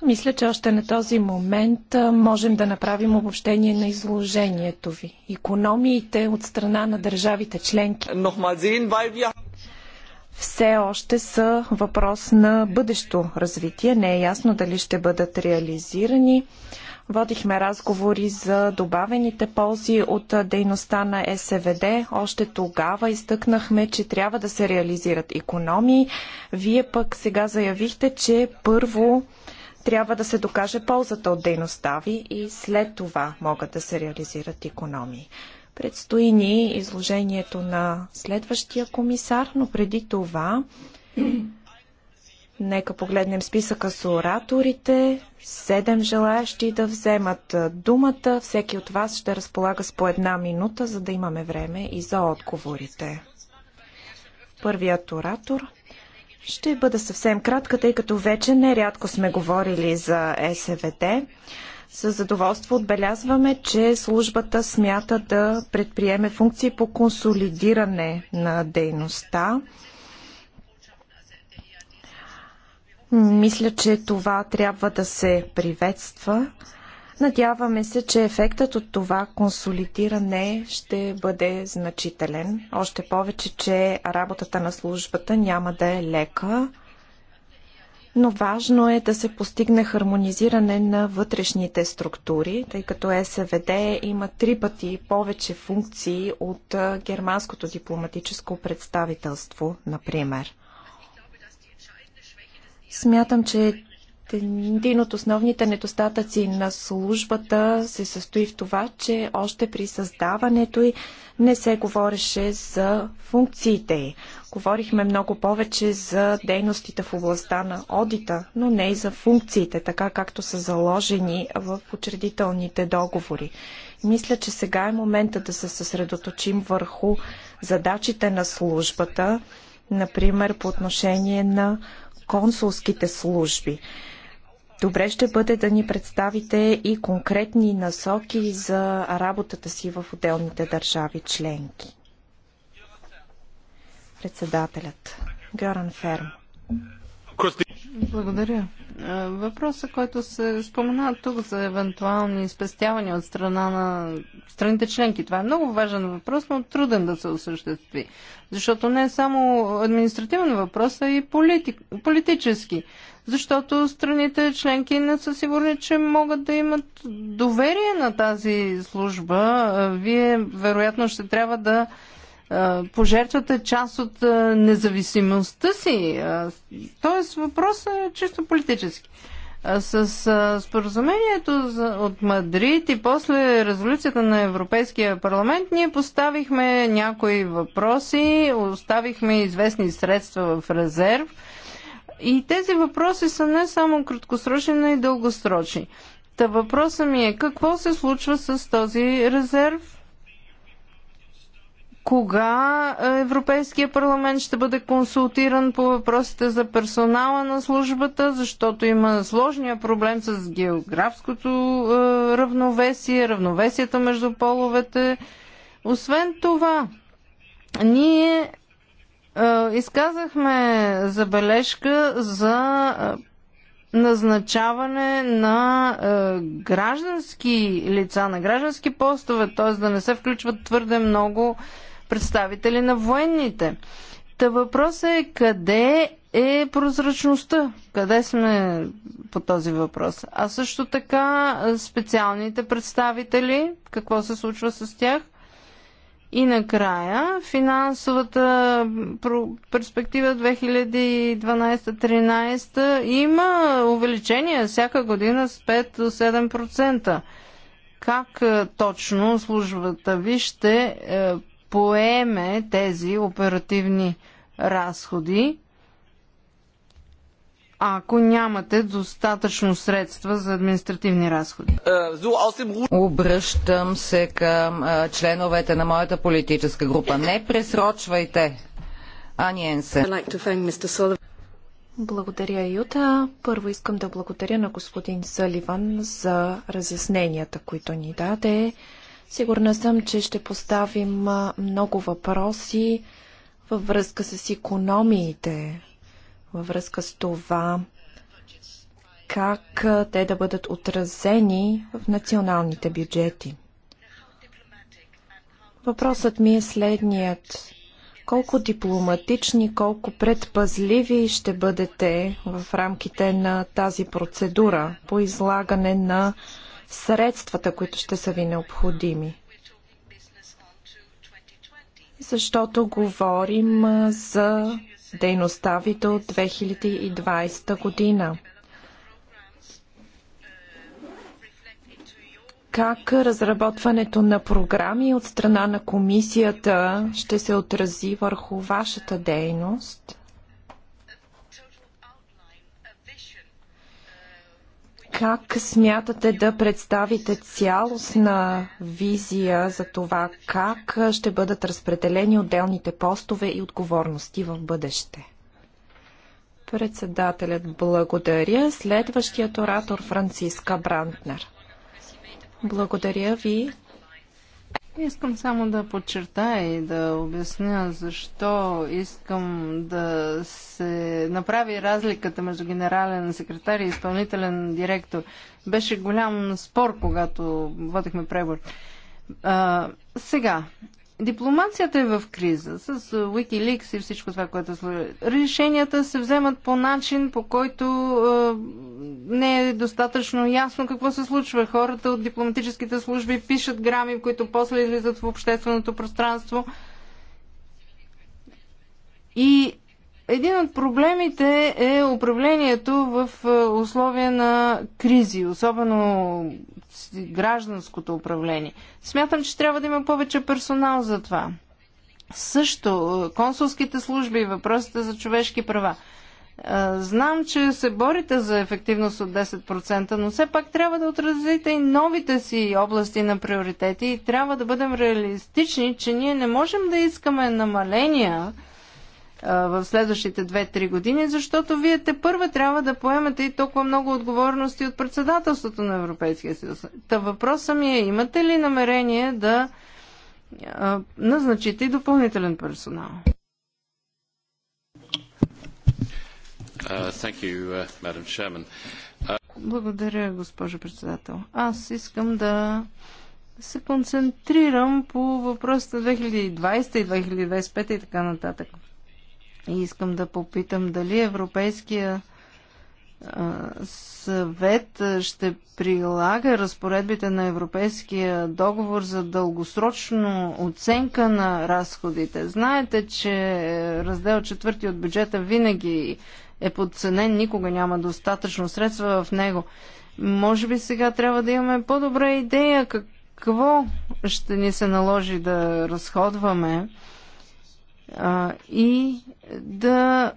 Мисля, че още на този момент можем да направим обобщение на изложението ви. Економиите от страна на държавите членки все още са въпрос на бъдещо развитие. Не е ясно дали ще бъдат реализирани. Водихме разговори за добавените ползи от дейността на СВД. Още тогава изтъкнахме, че трябва да се реализират економии. Вие пък сега заявихте, че първо трябва да се докаже ползата от дейността ви и след това могат да се реализират економии. Предстои ни изложението на следващия комисар, но преди това нека погледнем списъка с ораторите. Седем желаящи да вземат думата. Всеки от вас ще разполага с по една минута, за да имаме време и за отговорите. Първият оратор ще бъда съвсем кратка, тъй като вече нерядко сме говорили за СВТ. С задоволство отбелязваме, че службата смята да предприеме функции по консолидиране на дейността. Мисля, че това трябва да се приветства. Надяваме се, че ефектът от това консолидиране ще бъде значителен. Още повече, че работата на службата няма да е лека но важно е да се постигне хармонизиране на вътрешните структури, тъй като СВД има три пъти повече функции от германското дипломатическо представителство, например. Смятам, че един от основните недостатъци на службата се състои в това, че още при създаването й не се говореше за функциите й. Говорихме много повече за дейностите в областта на одита, но не и за функциите, така както са заложени в учредителните договори. Мисля, че сега е момента да се съсредоточим върху задачите на службата, например по отношение на консулските служби. Добре ще бъде да ни представите и конкретни насоки за работата си в отделните държави членки. Председателят Гьоран Ферм. Благодаря. Е, въпросът, който се спомена тук за евентуални спестявания от страна на страните членки, това е много важен въпрос, но труден да се осъществи. Защото не е само административен въпрос, а и политик, политически защото страните членки не са сигурни, че могат да имат доверие на тази служба. Вие вероятно ще трябва да пожертвате част от независимостта си. Тоест въпросът е чисто политически. С споразумението от Мадрид и после резолюцията на Европейския парламент ние поставихме някои въпроси, оставихме известни средства в резерв – и тези въпроси са не само краткосрочни, но и дългосрочни. Та въпросът ми е какво се случва с този резерв? Кога е, Европейския парламент ще бъде консултиран по въпросите за персонала на службата, защото има сложния проблем с географското е, равновесие, равновесието между половете. Освен това, ние е, изказахме забележка за е, назначаване на е, граждански лица, на граждански постове, т.е. да не се включват твърде много представители на военните. Та въпросът е къде е прозрачността? Къде сме по този въпрос? А също така специалните представители, какво се случва с тях – и накрая финансовата перспектива 2012-13 има увеличение всяка година с 5 7%. Как е, точно службата ви ще е, поеме тези оперативни разходи? ако нямате достатъчно средства за административни разходи. Е, Обръщам се към е, членовете на моята политическа група. Не пресрочвайте. Аниенсе. Благодаря, Юта. Първо искам да благодаря на господин Саливан за разясненията, които ни даде. Сигурна съм, че ще поставим много въпроси във връзка с економиите във връзка с това как те да бъдат отразени в националните бюджети. Въпросът ми е следният. Колко дипломатични, колко предпазливи ще бъдете в рамките на тази процедура по излагане на средствата, които ще са ви необходими? Защото говорим за дейността ви до 2020 година. Как разработването на програми от страна на комисията ще се отрази върху вашата дейност? Как смятате да представите цялостна визия за това как ще бъдат разпределени отделните постове и отговорности в бъдеще? Председателят благодаря. Следващият оратор Франциска Брантнер. Благодаря ви, Искам само да подчертая и да обясня защо искам да се направи разликата между генерален секретар и изпълнителен директор. Беше голям спор, когато водихме пребор. А, сега, Дипломацията е в криза с Wikileaks и всичко това, което служи. Решенията се вземат по начин, по който е, не е достатъчно ясно какво се случва. Хората от дипломатическите служби пишат грами, които после излизат в общественото пространство. И един от проблемите е управлението в условия на кризи, особено гражданското управление. Смятам, че трябва да има повече персонал за това. Също е, консулските служби и въпросите за човешки права. Е, знам, че се борите за ефективност от 10%, но все пак трябва да отразите и новите си области на приоритети и трябва да бъдем реалистични, че ние не можем да искаме намаления в следващите 2-3 години, защото вие те първа трябва да поемете и толкова много отговорности от председателството на Европейския съюз. Та въпросът ми е, имате ли намерение да назначите и допълнителен персонал? Uh, you, uh, uh... Благодаря, госпожо председател. Аз искам да се концентрирам по въпросите на 2020 и 2025 и така нататък. И искам да попитам дали Европейския съвет ще прилага разпоредбите на Европейския договор за дългосрочно оценка на разходите. Знаете, че раздел 4 от бюджета винаги е подценен, никога няма достатъчно средства в него. Може би сега трябва да имаме по-добра идея какво ще ни се наложи да разходваме а, и да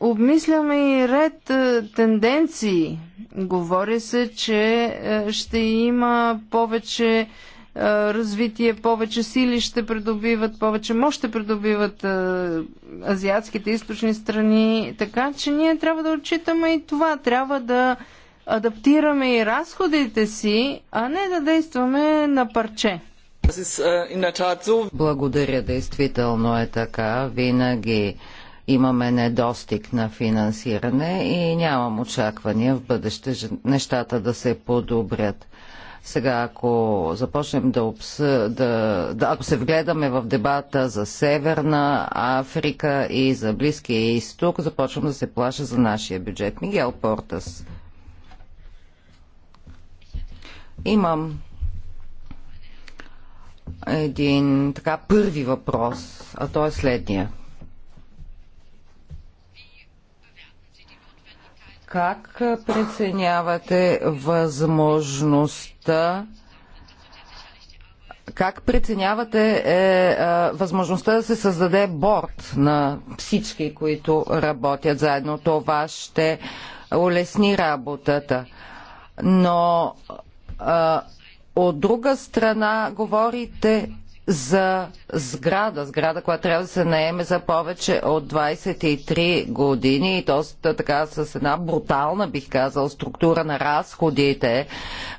обмисляме и ред а, тенденции. Говори се, че а, ще има повече а, развитие, повече сили ще придобиват, повече мощ ще придобиват а, азиатските източни страни. Така че ние трябва да отчитаме и това. Трябва да адаптираме и разходите си, а не да действаме на парче. Äh, Благодаря, действително е така. Винаги имаме недостиг на финансиране и нямам очаквания в бъдеще нещата да се подобрят. Сега, ако започнем да, обс... да... да ако се вгледаме в дебата за Северна Африка и за Близкия изток, започвам да се плаша за нашия бюджет. Мигел Портас. Имам един така първи въпрос, а той е следния. Как преценявате възможността как преценявате е, е, възможността да се създаде борт на всички, които работят заедно? Това ще улесни работата. Но е, от друга страна, говорите за сграда, сграда, която трябва да се наеме за повече от 23 години и то така с една брутална, бих казал, структура на разходите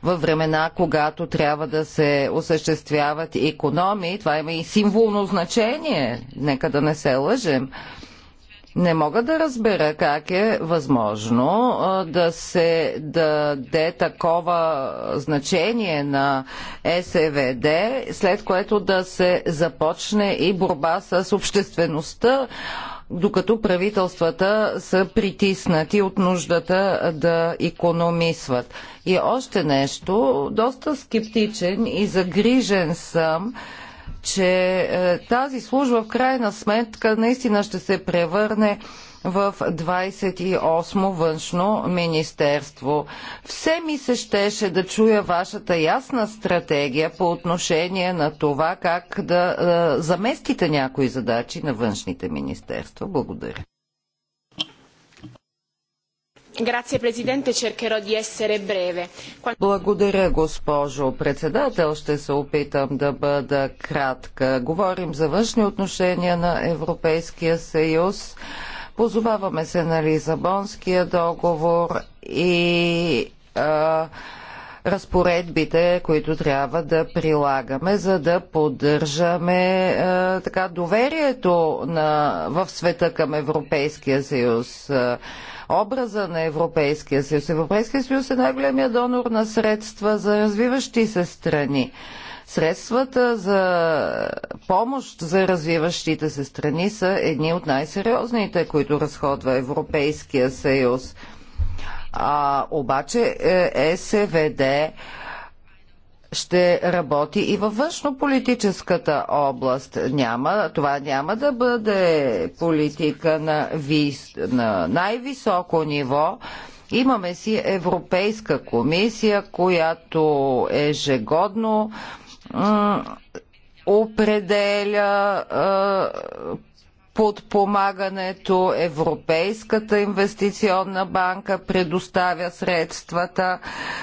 във времена, когато трябва да се осъществяват економии. Това има и символно значение, нека да не се лъжем. Не мога да разбера как е възможно да се даде такова значение на СВД, е след което да се започне и борба с обществеността, докато правителствата са притиснати от нуждата да економисват. И още нещо, доста скептичен и загрижен съм, че е, тази служба в крайна сметка наистина ще се превърне в 28-о външно министерство. Все ми се щеше да чуя вашата ясна стратегия по отношение на това как да е, заместите някои задачи на външните министерства. Благодаря. Благодаря, госпожо председател. Ще се опитам да бъда кратка. Говорим за външни отношения на Европейския съюз. Позоваваме се на Лизабонския договор и а, разпоредбите, които трябва да прилагаме, за да поддържаме а, така доверието на, в света към Европейския съюз. А, образа на Европейския съюз. Европейския съюз е най-големия донор на средства за развиващи се страни. Средствата за помощ за развиващите се страни са едни от най-сериозните, които разходва Европейския съюз. А, обаче е, ще работи и във външнополитическата област. Няма, това няма да бъде политика на, вис, на най-високо ниво. Имаме си Европейска комисия, която ежегодно определя подпомагането, Европейската инвестиционна банка предоставя средствата.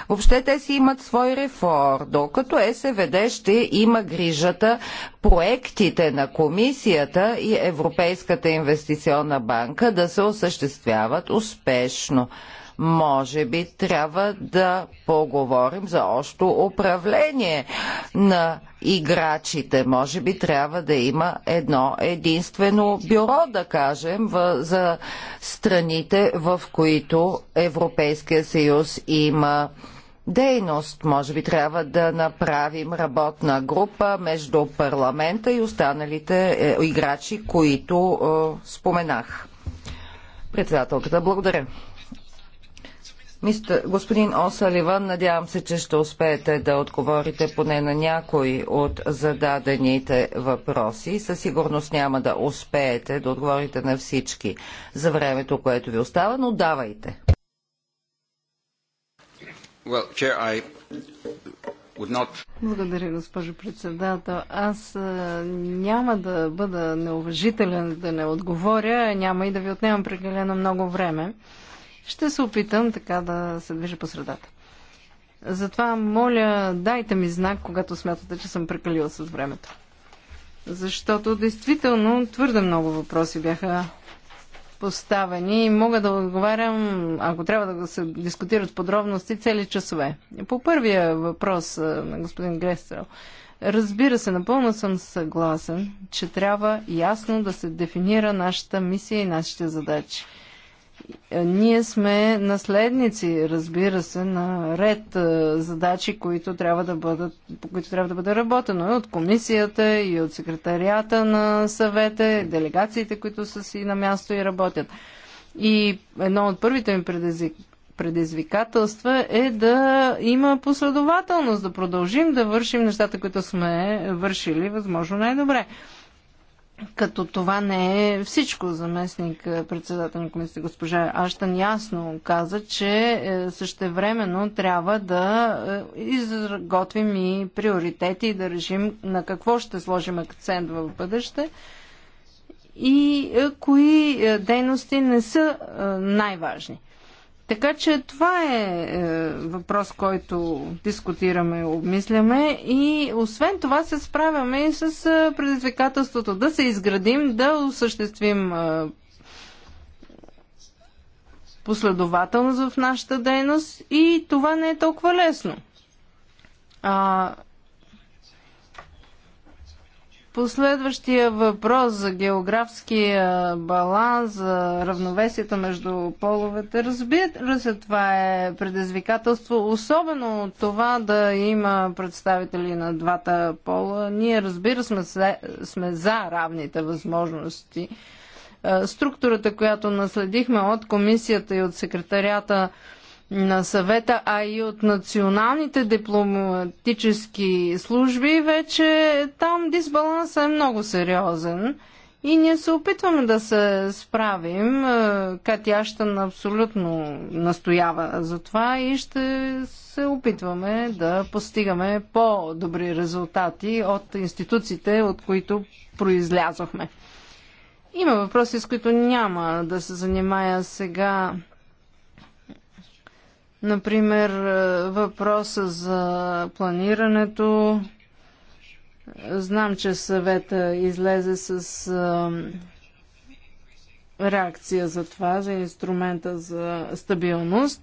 Въобще те си имат свой рефор, докато СВД ще има грижата проектите на комисията и Европейската инвестиционна банка да се осъществяват успешно. Може би трябва да поговорим за още управление на играчите. Може би трябва да има едно единствено бюро, да кажем, в, за страните, в които Европейския съюз има дейност. Може би трябва да направим работна група между парламента и останалите е, играчи, които е, споменах. Председателката, благодаря. Мистер, господин Осаливан, надявам се, че ще успеете да отговорите поне на някои от зададените въпроси. Със сигурност няма да успеете да отговорите на всички за времето, което ви остава, но давайте. Well, chair, I... Not... Благодаря, госпожо председател. Аз няма да бъда неуважителен да не отговоря, няма и да ви отнемам прекалено много време. Ще се опитам така да се движа по средата. Затова, моля, дайте ми знак, когато смятате, че съм прекалила с времето. Защото, действително, твърде много въпроси бяха поставени и мога да отговарям, ако трябва да се дискутират подробности, цели часове. По първия въпрос на господин Грестрел, разбира се, напълно съм съгласен, че трябва ясно да се дефинира нашата мисия и нашите задачи. Е, ние сме наследници, разбира се, на ред е, задачи, които трябва да бъдат, по които трябва да бъде работено и от комисията, и от секретарията на съвета, делегациите, които са си на място и работят. И едно от първите ми предизвикателства е да има последователност, да продължим да вършим нещата, които сме вършили възможно най-добре като това не е всичко, заместник е, председател на комисията госпожа Аштан ясно каза, че е, същевременно трябва да е, изготвим и приоритети и да решим на какво ще сложим акцент в бъдеще и кои дейности не са най-важни. Така че това е, е въпрос, който дискутираме, обмисляме и освен това се справяме и с е, предизвикателството да се изградим, да осъществим е, последователност в нашата дейност и това не е толкова лесно. А, Последващия въпрос за географския баланс, за равновесието между половете. Разбира се, това е предизвикателство, особено от това да има представители на двата пола. Ние, разбира сме, сме за равните възможности. Е, структурата, която наследихме от комисията и от секретарията на съвета, а и от националните дипломатически служби, вече там дисбалансът е много сериозен. И ние се опитваме да се справим. Е, Катяща абсолютно настоява за това и ще се опитваме да постигаме по-добри резултати от институциите, от които произлязохме. Има въпроси, с които няма да се занимая сега Например, е, въпроса за планирането. Знам, че съвета излезе с е, реакция за това, за инструмента за стабилност.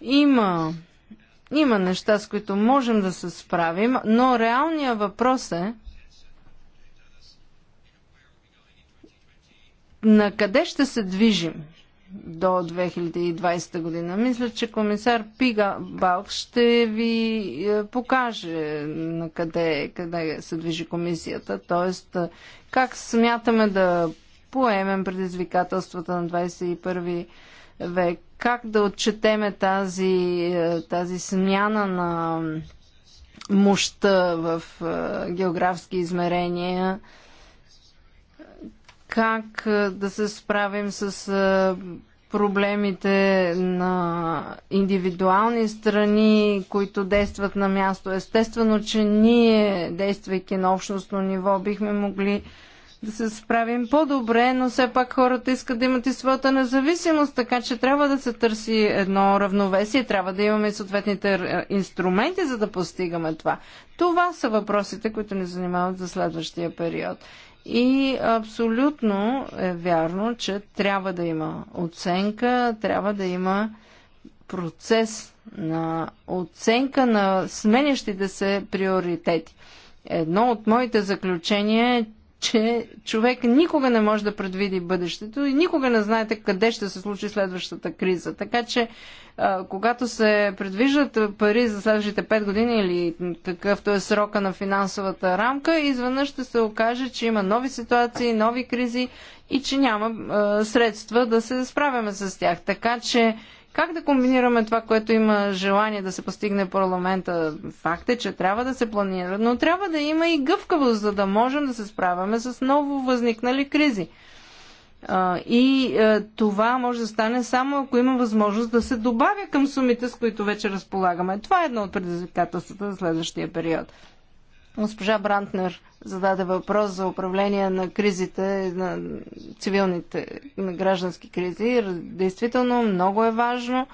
Има, има неща, с които можем да се справим, но реалният въпрос е на къде ще се движим до 2020 година. Мисля, че комисар Пига Балк ще ви е, покаже на къде, къде се движи комисията, т.е. как смятаме да поемем предизвикателствата на 21 век, как да отчетеме тази, е, тази смяна на мощта в е, географски измерения – как да се справим с проблемите на индивидуални страни, които действат на място. Естествено, че ние, действайки на общностно ниво, бихме могли да се справим по-добре, но все пак хората искат да имат и своята независимост, така че трябва да се търси едно равновесие, трябва да имаме и съответните инструменти, за да постигаме това. Това са въпросите, които ни занимават за следващия период. И абсолютно е вярно, че трябва да има оценка, трябва да има процес на оценка на сменящите се приоритети. Едно от моите заключения е, че човек никога не може да предвиди бъдещето и никога не знаете къде ще се случи следващата криза. Така че, когато се предвиждат пари за следващите 5 години или какъвто е срока на финансовата рамка, изведнъж ще се окаже, че има нови ситуации, нови кризи и че няма средства да се справяме с тях. Така че, как да комбинираме това, което има желание да се постигне парламента? Факт е, че трябва да се планира, но трябва да има и гъвкавост, за да можем да се справяме с ново възникнали кризи. И това може да стане само ако има възможност да се добавя към сумите, с които вече разполагаме. Това е едно от предизвикателствата за следващия период. Госпожа Брантнер зададе въпрос за управление на кризите, на цивилните, на граждански кризи. Действително много е важно.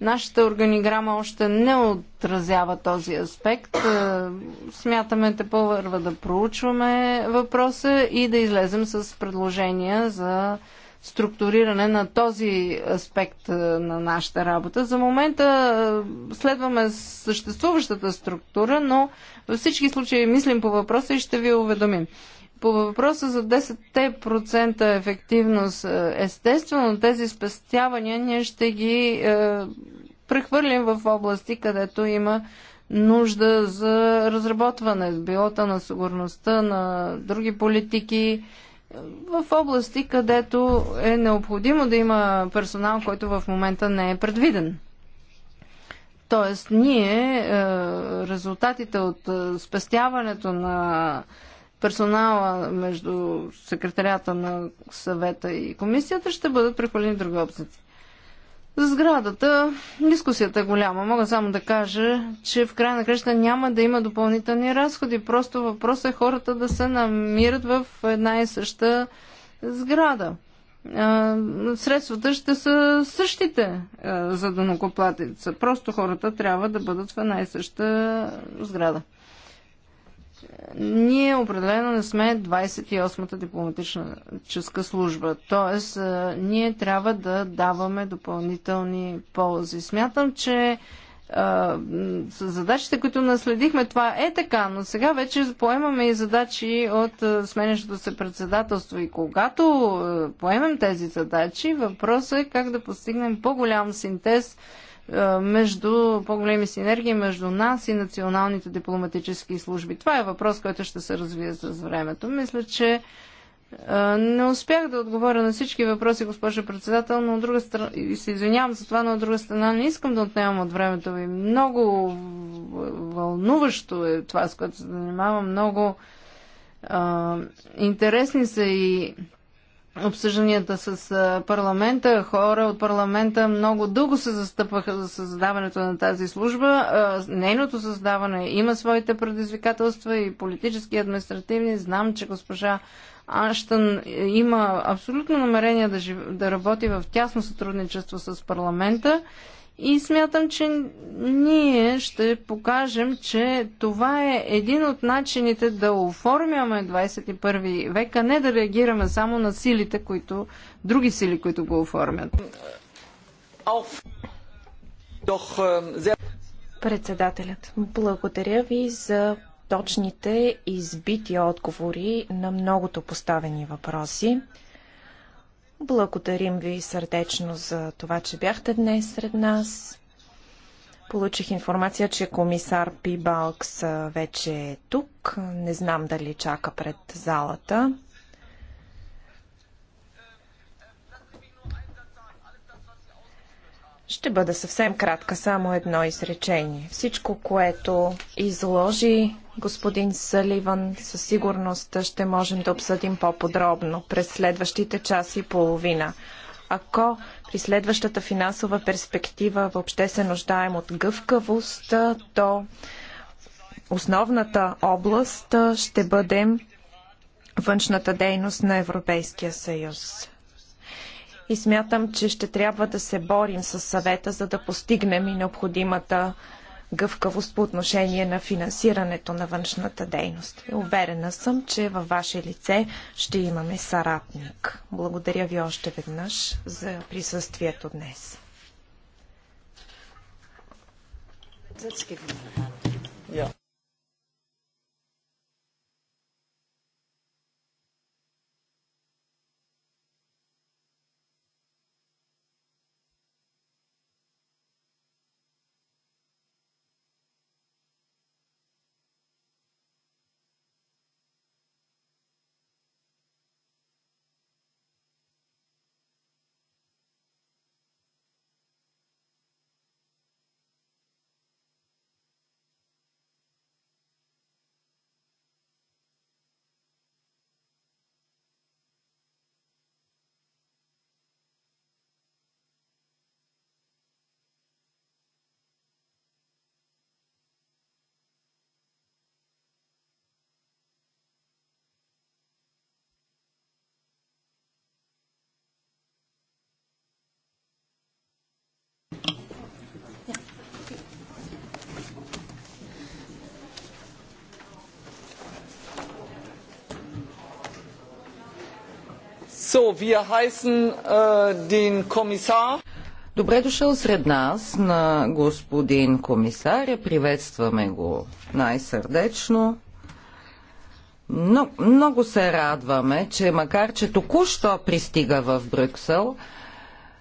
Нашата органиграма още не отразява този аспект. Е, смятаме те първа да проучваме въпроса и да излезем с предложения за структуриране на този аспект на нашата работа. За момента следваме съществуващата структура, но във всички случаи мислим по въпроса и ще ви уведомим. По въпроса за 10% ефективност, естествено тези спестявания ние ще ги е, прехвърлим в области, където има нужда за разработване, билота на сигурността, на други политики, в области, където е необходимо да има персонал, който в момента не е предвиден. Тоест, ние е, резултатите от е, спестяването на персонала между секретарята на съвета и комисията ще бъдат прехвалени в друга сградата дискусията е голяма. Мога само да кажа, че в края на креща няма да има допълнителни разходи. Просто въпрос е хората да се намират в една и съща сграда. Средствата ще са същите за данокоплатеца. Просто хората трябва да бъдат в една и съща сграда. Ние определено не сме 28-та ческа служба, т.е. ние трябва да даваме допълнителни ползи. Смятам, че с задачите, които наследихме, това е така, но сега вече поемаме и задачи от сменящото се председателство. И когато поемем тези задачи, въпросът е как да постигнем по-голям синтез между по-големи синергии между нас и националните дипломатически служби. Това е въпрос, който ще се развие с времето. Мисля, че не успях да отговоря на всички въпроси, госпожа председател, но от друга страна, и се извинявам за това, но от друга страна не искам да отнемам от времето ви. Много вълнуващо е това, с което се занимавам. Много а, интересни са и обсъжданията с парламента. Хора от парламента много дълго се застъпваха за създаването на тази служба. Нейното създаване има своите предизвикателства и политически, и административни. Знам, че госпожа Аштън има абсолютно намерение да, жив... да работи в тясно сътрудничество с парламента и смятам, че ние ще покажем, че това е един от начините да оформяме 21 век, а не да реагираме само на силите, които, други сили, които го оформят. Э, Председателят, благодаря ви за точните избити отговори на многото поставени въпроси. Благодарим ви сърдечно за това, че бяхте днес сред нас. Получих информация, че комисар Пибалкс вече е тук. Не знам дали чака пред залата. Ще бъда съвсем кратка, само едно изречение. Всичко, което изложи господин Саливан, със сигурност ще можем да обсъдим по-подробно през следващите час и половина. Ако при следващата финансова перспектива въобще се нуждаем от гъвкавост, то основната област ще бъде външната дейност на Европейския съюз. И смятам, че ще трябва да се борим с съвета, за да постигнем и необходимата гъвкавост по отношение на финансирането на външната дейност. Уверена съм, че във ваше лице ще имаме саратник. Благодаря ви още веднъж за присъствието днес. That's giving So, wir heißen äh, den Kommissar. Добре дошъл сред нас на господин комисаря. Приветстваме го най-сърдечно. Но, много се радваме, че макар, че току-що пристига в Брюксел,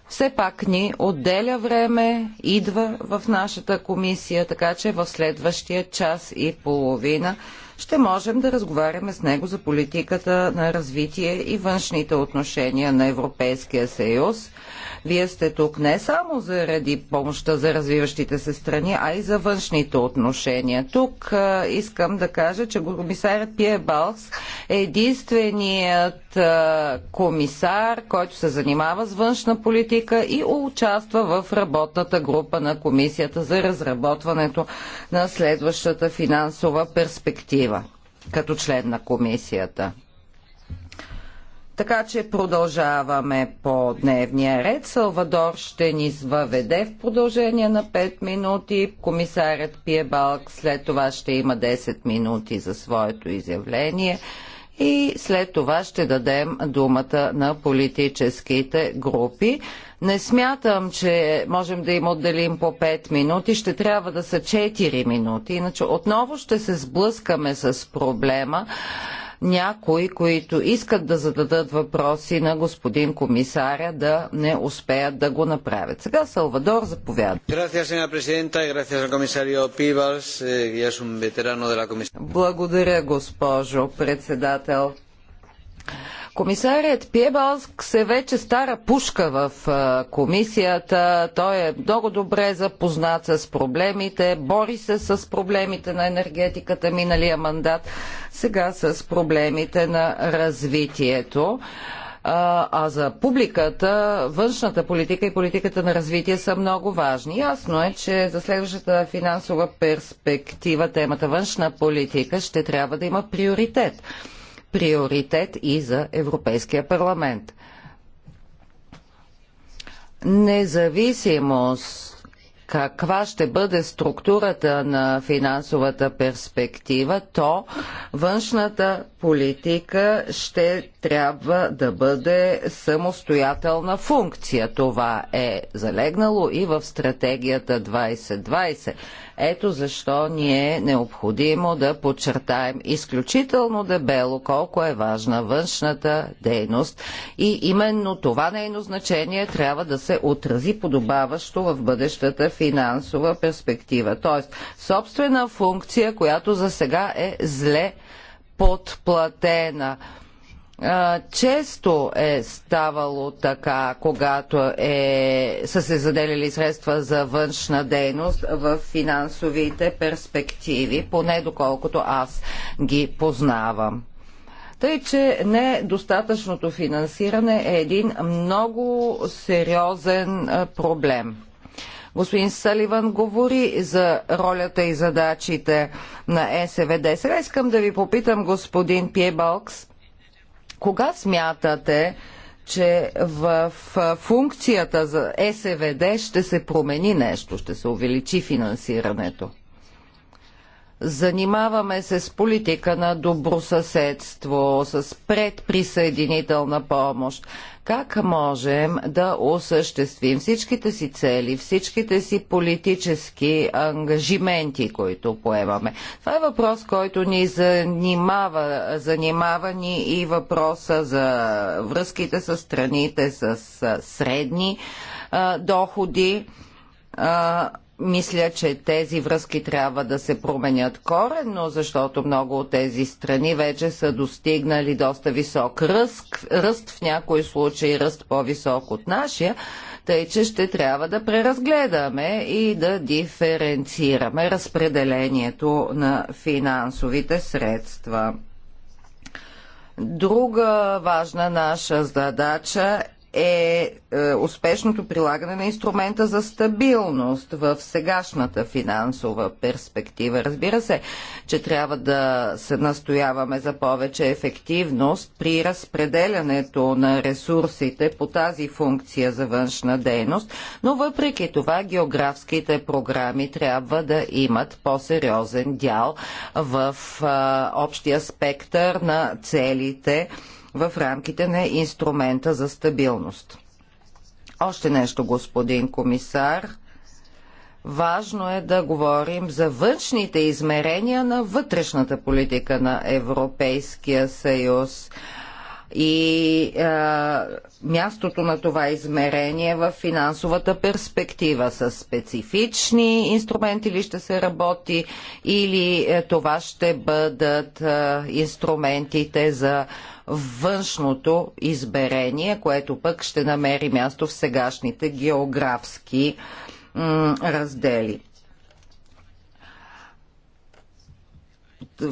все пак ни отделя време, идва в нашата комисия, така че в следващия час и половина ще можем да разговаряме с него за политиката на развитие и външните отношения на Европейския съюз вие сте тук не само заради помощта за развиващите се страни, а и за външните отношения. Тук а, искам да кажа, че комисарят Пие Балс е единственият а, комисар, който се занимава с външна политика и участва в работната група на комисията за разработването на следващата финансова перспектива като член на комисията. Така че продължаваме по дневния ред. Салвадор ще ни въведе в продължение на 5 минути. Комисарят Пиебалк след това ще има 10 минути за своето изявление. И след това ще дадем думата на политическите групи. Не смятам, че можем да им отделим по 5 минути. Ще трябва да са 4 минути. Иначе отново ще се сблъскаме с проблема някои, които искат да зададат въпроси на господин комисаря, да не успеят да го направят. Сега Салвадор заповяда. Eh, Благодаря, госпожо председател. Комисарят Пиебалск се вече стара пушка в комисията. Той е много добре запознат с проблемите, бори се с проблемите на енергетиката миналия мандат, сега с проблемите на развитието. А за публиката, външната политика и политиката на развитие са много важни. Ясно е, че за следващата финансова перспектива темата външна политика ще трябва да има приоритет приоритет и за Европейския парламент. Независимост каква ще бъде структурата на финансовата перспектива, то външната политика ще трябва да бъде самостоятелна функция. Това е залегнало и в стратегията 2020. Ето защо ни е необходимо да подчертаем изключително дебело колко е важна външната дейност и именно това нейно значение трябва да се отрази подобаващо в бъдещата финансова перспектива. Тоест, собствена функция, която за сега е зле подплатена често е ставало така, когато е, са се заделили средства за външна дейност в финансовите перспективи, поне доколкото аз ги познавам. Тъй, че недостатъчното финансиране е един много сериозен проблем. Господин Саливан говори за ролята и задачите на СВД. Сега искам да ви попитам, господин Пиебалкс, кога смятате, че в функцията за СВД ще се промени нещо, ще се увеличи финансирането? Занимаваме се с политика на добросъседство, с предприсъединителна помощ. Как можем да осъществим всичките си цели, всичките си политически ангажименти, които поемаме? Това е въпрос, който ни занимава, занимава ни и въпроса за връзките с страните с средни а, доходи. А, мисля, че тези връзки трябва да се променят коренно, защото много от тези страни вече са достигнали доста висок ръст, ръст в някои случаи ръст по-висок от нашия, тъй че ще трябва да преразгледаме и да диференцираме разпределението на финансовите средства. Друга важна наша задача е, е успешното прилагане на инструмента за стабилност в сегашната финансова перспектива. Разбира се, че трябва да се настояваме за повече ефективност при разпределянето на ресурсите по тази функция за външна дейност, но въпреки това географските програми трябва да имат по-сериозен дял в е, общия спектър на целите, в рамките на инструмента за стабилност. Още нещо, господин комисар. Важно е да говорим за външните измерения на вътрешната политика на Европейския съюз и е, мястото на това измерение в финансовата перспектива с специфични инструменти ли ще се работи или е, това ще бъдат е, инструментите за външното изберение, което пък ще намери място в сегашните географски раздели.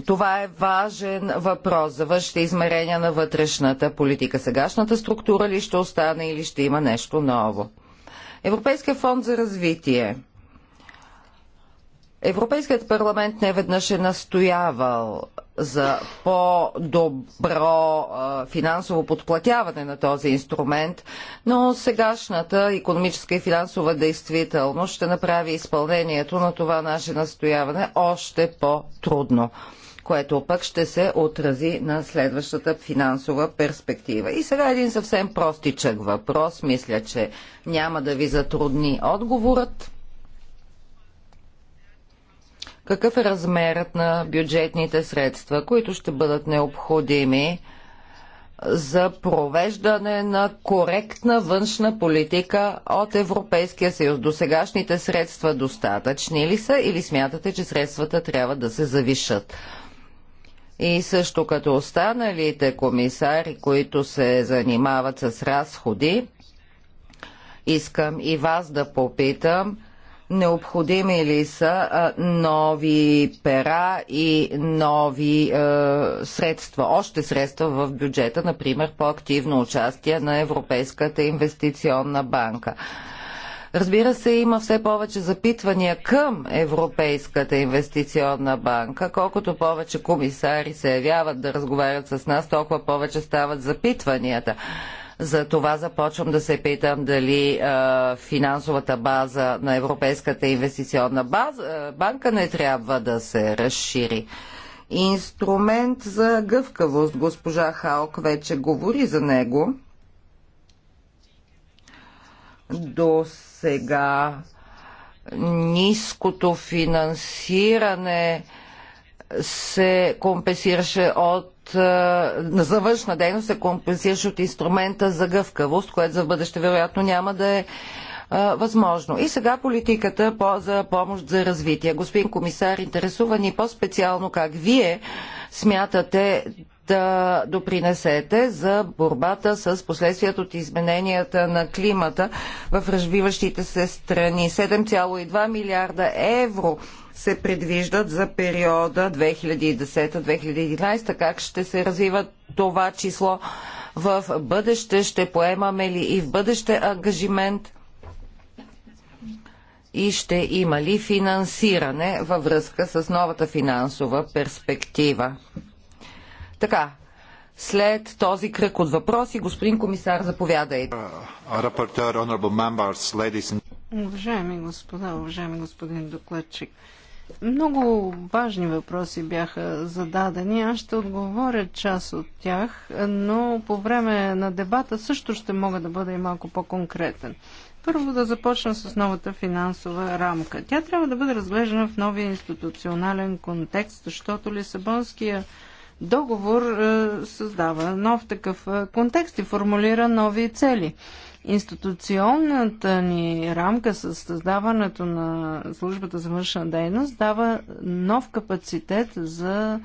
Това е важен въпрос за външните измерения на вътрешната политика. Сегашната структура ли ще остане или ще има нещо ново? Европейския фонд за развитие. Европейският парламент не веднъж е настоявал за по-добро финансово подплатяване на този инструмент, но сегашната економическа и финансова действителност ще направи изпълнението на това наше настояване още по-трудно което пък ще се отрази на следващата финансова перспектива. И сега един съвсем простичък въпрос. Мисля, че няма да ви затрудни отговорът какъв е размерът на бюджетните средства, които ще бъдат необходими за провеждане на коректна външна политика от Европейския съюз. До сегашните средства достатъчни ли са или смятате, че средствата трябва да се завишат? И също като останалите комисари, които се занимават с разходи, искам и вас да попитам необходими ли са нови пера и нови средства, още средства в бюджета, например по-активно участие на Европейската инвестиционна банка. Разбира се, има все повече запитвания към Европейската инвестиционна банка. Колкото повече комисари се явяват да разговарят с нас, толкова повече стават запитванията. За това започвам да се питам дали а, финансовата база на Европейската инвестиционна база, банка не трябва да се разшири. Инструмент за гъвкавост. Госпожа Халк вече говори за него. До сега ниското финансиране се компенсираше от е, за външна дейност се компенсираш от инструмента за гъвкавост, което за бъдеще вероятно няма да е, е възможно. И сега политиката по, за помощ за развитие. Господин комисар, интересува ни по-специално как вие смятате да допринесете за борбата с последствията от измененията на климата в развиващите се страни. 7,2 милиарда евро се предвиждат за периода 2010-2011? Как ще се развива това число в бъдеще? Ще поемаме ли и в бъдеще ангажимент? И ще има ли финансиране във връзка с новата финансова перспектива? Така, след този кръг от въпроси, господин комисар, заповядайте. Uh, уважаеми господа, уважаеми господин докладчик, много важни въпроси бяха зададени. Аз ще отговоря част от тях, но по време на дебата също ще мога да бъда и малко по-конкретен. Първо да започна с новата финансова рамка. Тя трябва да бъде разглеждана в новия институционален контекст, защото Лисабонския договор е, създава нов такъв е, контекст и формулира нови цели. Институционната ни рамка с създаването на службата за външна дейност дава нов капацитет за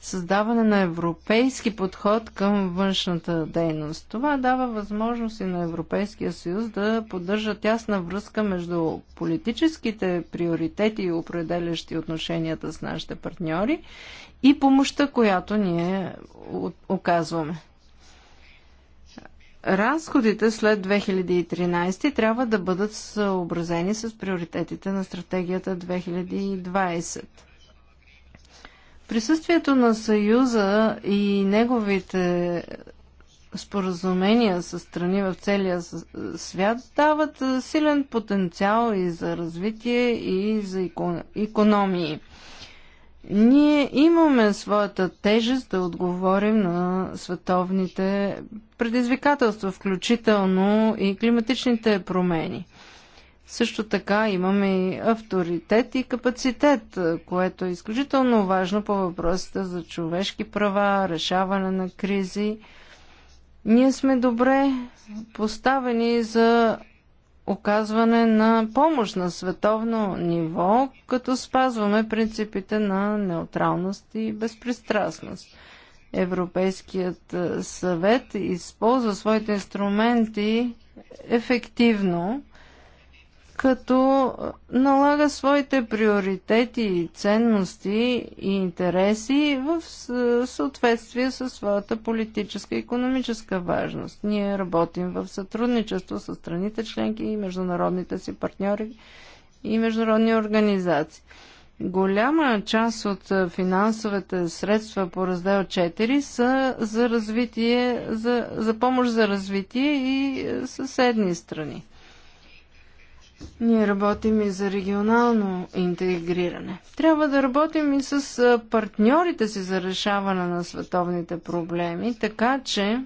създаване на европейски подход към външната дейност. Това дава възможност и на Европейския съюз да поддържа тясна връзка между политическите приоритети и определящи отношенията с нашите партньори и помощта, която ние оказваме. Разходите след 2013 трябва да бъдат съобразени с приоритетите на стратегията 2020. Присъствието на Съюза и неговите споразумения с страни в целия свят дават силен потенциал и за развитие, и за економии. Ние имаме своята тежест да отговорим на световните предизвикателства, включително и климатичните промени. Също така имаме и авторитет и капацитет, което е изключително важно по въпросите за човешки права, решаване на кризи. Ние сме добре поставени за оказване на помощ на световно ниво, като спазваме принципите на неутралност и безпристрастност. Европейският е, съвет използва своите инструменти ефективно като налага своите приоритети, ценности и интереси в съответствие със своята политическа и економическа важност. Ние работим в сътрудничество с страните членки и международните си партньори и международни организации. Голяма част от финансовите средства по раздел 4 са за развитие, за, за помощ за развитие и съседни страни. Ние работим и за регионално интегриране. Трябва да работим и с партньорите си за решаване на световните проблеми, така че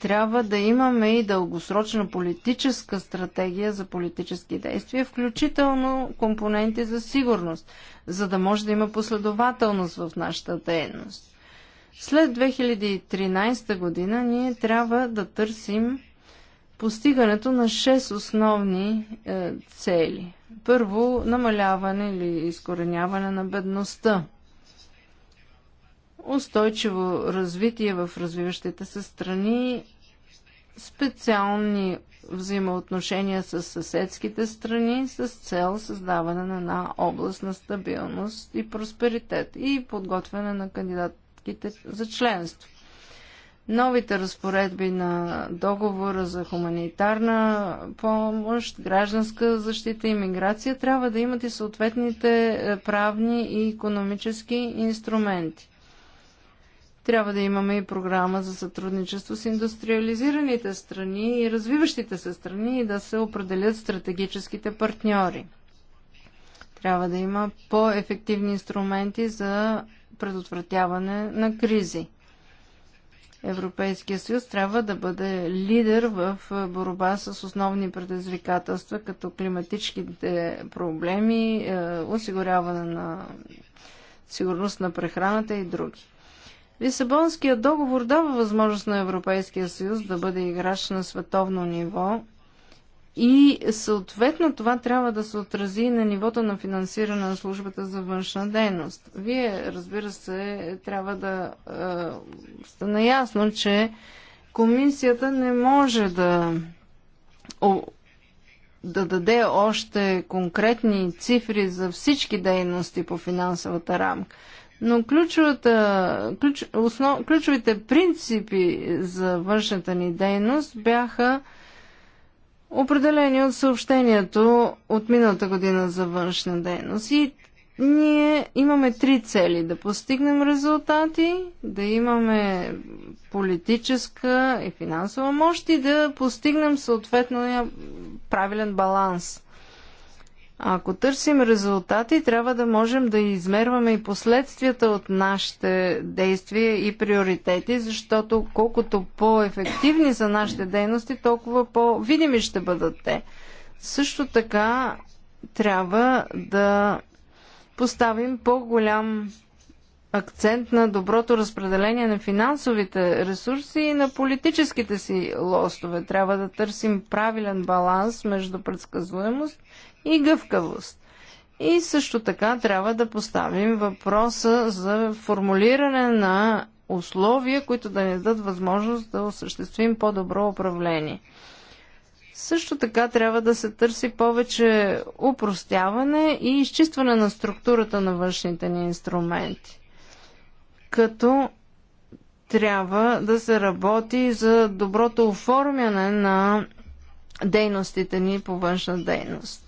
трябва да имаме и дългосрочна политическа стратегия за политически действия, включително компоненти за сигурност, за да може да има последователност в нашата дейност. След 2013 година ние трябва да търсим постигането на шест основни е, цели. Първо, намаляване или изкореняване на бедността. Устойчиво развитие в развиващите се страни, специални взаимоотношения с съседските страни с цел създаване на една област на стабилност и просперитет и подготвяне на кандидатките за членство новите разпоредби на договора за хуманитарна помощ, гражданска защита и миграция трябва да имат и съответните е, правни и економически инструменти. Трябва да имаме и програма за сътрудничество с индустриализираните страни и развиващите се страни и да се определят стратегическите партньори. Трябва да има по-ефективни инструменти за предотвратяване на кризи. Европейския съюз трябва да бъде лидер в борба с основни предизвикателства, като климатичните проблеми, осигуряване на сигурност на прехраната и други. Лисабонският договор дава възможност на Европейския съюз да бъде играч на световно ниво и съответно това трябва да се отрази на нивото на финансиране на службата за външна дейност. Вие, разбира се, трябва да е, сте наясно, че комисията не може да, о, да даде още конкретни цифри за всички дейности по финансовата рамка. Но ключ, основ, ключовите принципи за външната ни дейност бяха определени от съобщението от миналата година за външна дейност. И ние имаме три цели. Да постигнем резултати, да имаме политическа и финансова мощ и да постигнем съответно правилен баланс. Ако търсим резултати, трябва да можем да измерваме и последствията от нашите действия и приоритети, защото колкото по-ефективни са нашите дейности, толкова по-видими ще бъдат те. Също така трябва да поставим по-голям акцент на доброто разпределение на финансовите ресурси и на политическите си лостове. Трябва да търсим правилен баланс между предсказуемост и гъвкавост. И също така трябва да поставим въпроса за формулиране на условия, които да ни дадат възможност да осъществим по-добро управление. Също така трябва да се търси повече упростяване и изчистване на структурата на външните ни инструменти. Като трябва да се работи за доброто оформяне на дейностите ни по външна дейност.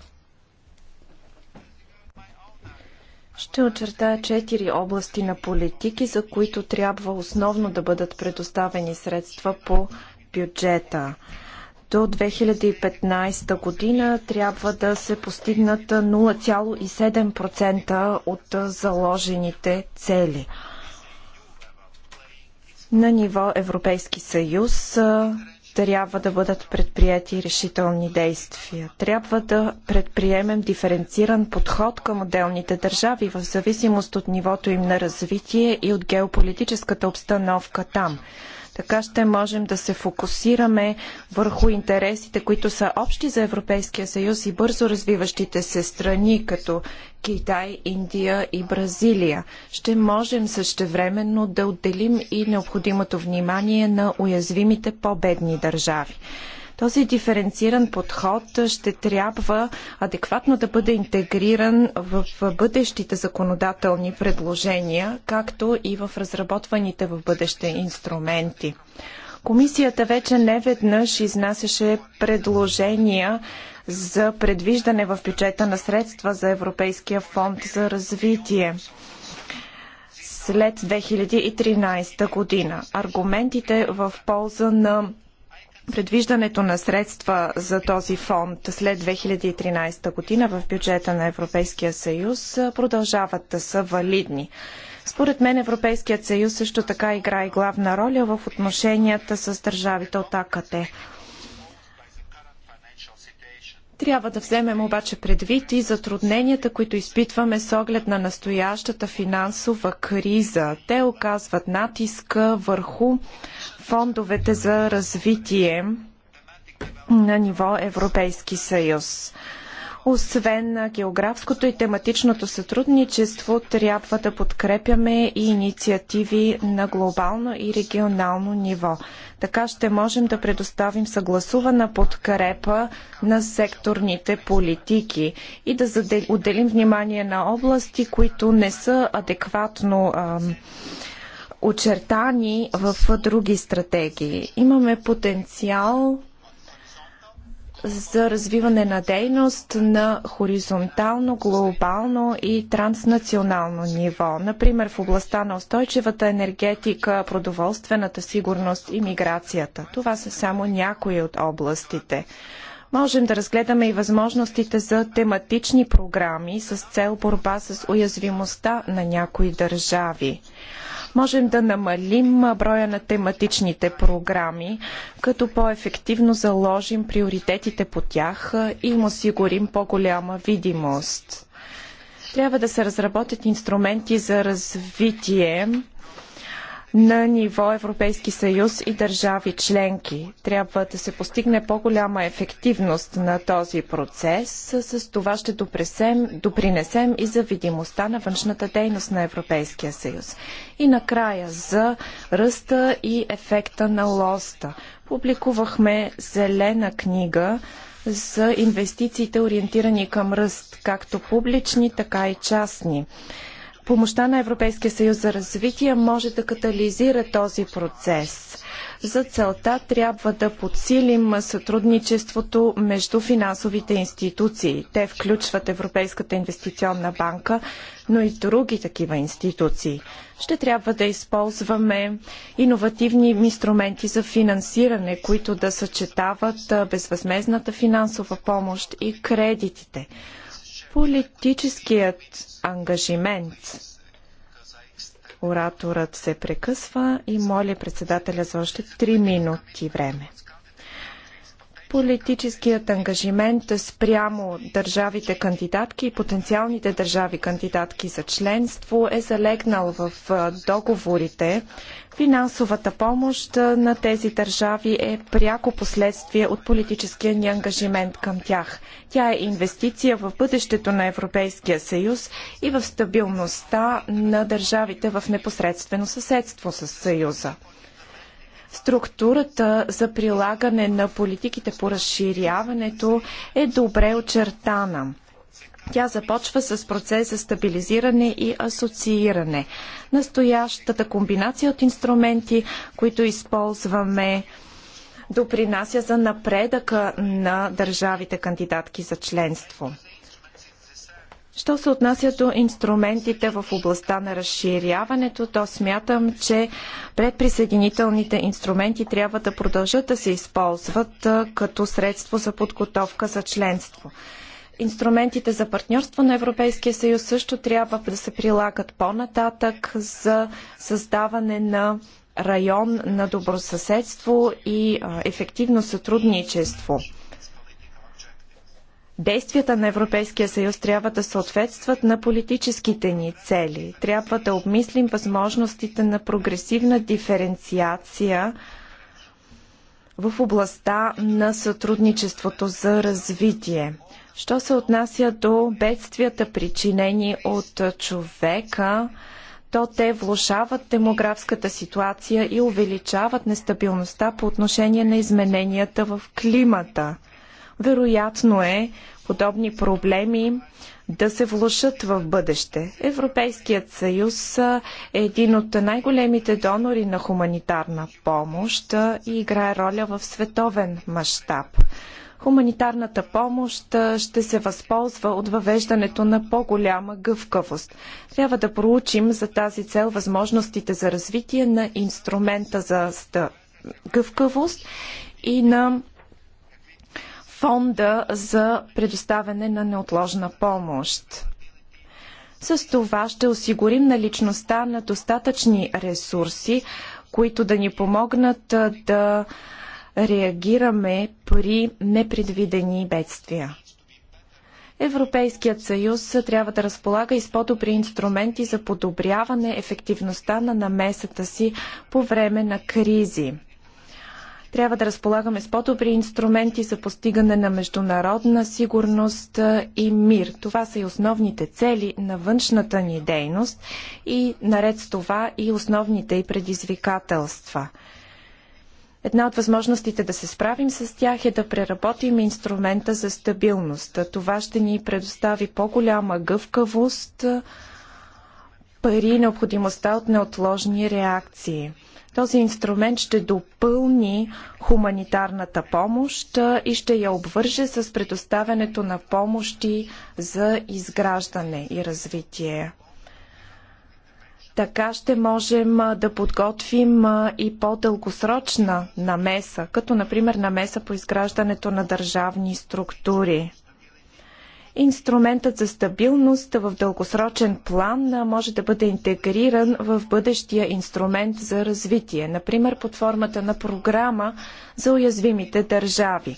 Ще очертая четири области на политики, за които трябва основно да бъдат предоставени средства по бюджета. До 2015 година трябва да се постигнат 0,7% от заложените цели. На ниво Европейски съюз трябва да бъдат предприяти решителни действия. Трябва да предприемем диференциран подход към отделните държави в зависимост от нивото им на развитие и от геополитическата обстановка там. Така ще можем да се фокусираме върху интересите, които са общи за Европейския съюз и бързо развиващите се страни, като Китай, Индия и Бразилия. Ще можем същевременно да отделим и необходимото внимание на уязвимите по-бедни държави. Този диференциран подход ще трябва адекватно да бъде интегриран в бъдещите законодателни предложения, както и в разработваните в бъдеще инструменти. Комисията вече не веднъж изнасяше предложения за предвиждане в бюджета на средства за Европейския фонд за развитие след 2013 година. Аргументите в полза на предвиждането на средства за този фонд след 2013 година в бюджета на Европейския съюз продължават да са валидни. Според мен Европейският съюз също така играе главна роля в отношенията с държавите от АКТ. Трябва да вземем обаче предвид и затрудненията, които изпитваме с оглед на настоящата финансова криза. Те оказват натиска върху фондовете за развитие на ниво Европейски съюз. Освен географското и тематичното сътрудничество, трябва да подкрепяме и инициативи на глобално и регионално ниво. Така ще можем да предоставим съгласувана подкрепа на секторните политики и да отделим внимание на области, които не са адекватно. Ам, очертани в други стратегии. Имаме потенциал за развиване на дейност на хоризонтално, глобално и транснационално ниво. Например, в областта на устойчивата енергетика, продоволствената сигурност и миграцията. Това са само някои от областите. Можем да разгледаме и възможностите за тематични програми с цел борба с уязвимостта на някои държави. Можем да намалим броя на тематичните програми, като по-ефективно заложим приоритетите по тях и им осигурим по-голяма видимост. Трябва да се разработят инструменти за развитие на ниво Европейски съюз и държави членки. Трябва да се постигне по-голяма ефективност на този процес. С това ще допресем, допринесем и за видимостта на външната дейност на Европейския съюз. И накрая за ръста и ефекта на лоста. Публикувахме зелена книга за инвестициите ориентирани към ръст, както публични, така и частни. Помощта на Европейския съюз за развитие може да катализира този процес. За целта трябва да подсилим сътрудничеството между финансовите институции. Те включват Европейската инвестиционна банка, но и други такива институции. Ще трябва да използваме иновативни инструменти за финансиране, които да съчетават безвъзмезната финансова помощ и кредитите политическият ангажимент. Ораторът се прекъсва и моли председателя за още 3 минути време политическият ангажимент спрямо държавите кандидатки и потенциалните държави кандидатки за членство е залегнал в договорите. Финансовата помощ на тези държави е пряко последствие от политическия ни ангажимент към тях. Тя е инвестиция в бъдещето на Европейския съюз и в стабилността на държавите в непосредствено съседство с съюза. Структурата за прилагане на политиките по разширяването е добре очертана. Тя започва с процес за стабилизиране и асоцииране. Настоящата комбинация от инструменти, които използваме, допринася за напредъка на държавите кандидатки за членство. Що се отнася до инструментите в областта на разширяването, то смятам, че предприсъединителните инструменти трябва да продължат да се използват като средство за подготовка за членство. Инструментите за партньорство на Европейския съюз също трябва да се прилагат по-нататък за създаване на район на добросъседство и ефективно сътрудничество Действията на Европейския съюз трябва да съответстват на политическите ни цели. Трябва да обмислим възможностите на прогресивна диференциация в областта на сътрудничеството за развитие. Що се отнася до бедствията, причинени от човека, то те влушават демографската ситуация и увеличават нестабилността по отношение на измененията в климата – вероятно е подобни проблеми да се влушат в бъдеще. Европейският съюз е един от най-големите донори на хуманитарна помощ и играе роля в световен мащаб хуманитарната помощ ще се възползва от въвеждането на по-голяма гъвкавост. Трябва да проучим за тази цел възможностите за развитие на инструмента за гъвкавост и на фонда за предоставяне на неотложна помощ. С това ще осигурим наличността на достатъчни ресурси, които да ни помогнат да реагираме при непредвидени бедствия. Европейският съюз трябва да разполага и с по-добри инструменти за подобряване ефективността на намесата си по време на кризи. Трябва да разполагаме с по-добри инструменти за постигане на международна сигурност и мир. Това са и основните цели на външната ни дейност и наред с това и основните и предизвикателства. Една от възможностите да се справим с тях е да преработим инструмента за стабилност. Това ще ни предостави по-голяма гъвкавост, пари и необходимостта от неотложни реакции. Този инструмент ще допълни хуманитарната помощ и ще я обвърже с предоставянето на помощи за изграждане и развитие. Така ще можем да подготвим и по-дългосрочна намеса, като например намеса по изграждането на държавни структури. Инструментът за стабилност в дългосрочен план може да бъде интегриран в бъдещия инструмент за развитие, например под формата на програма за уязвимите държави.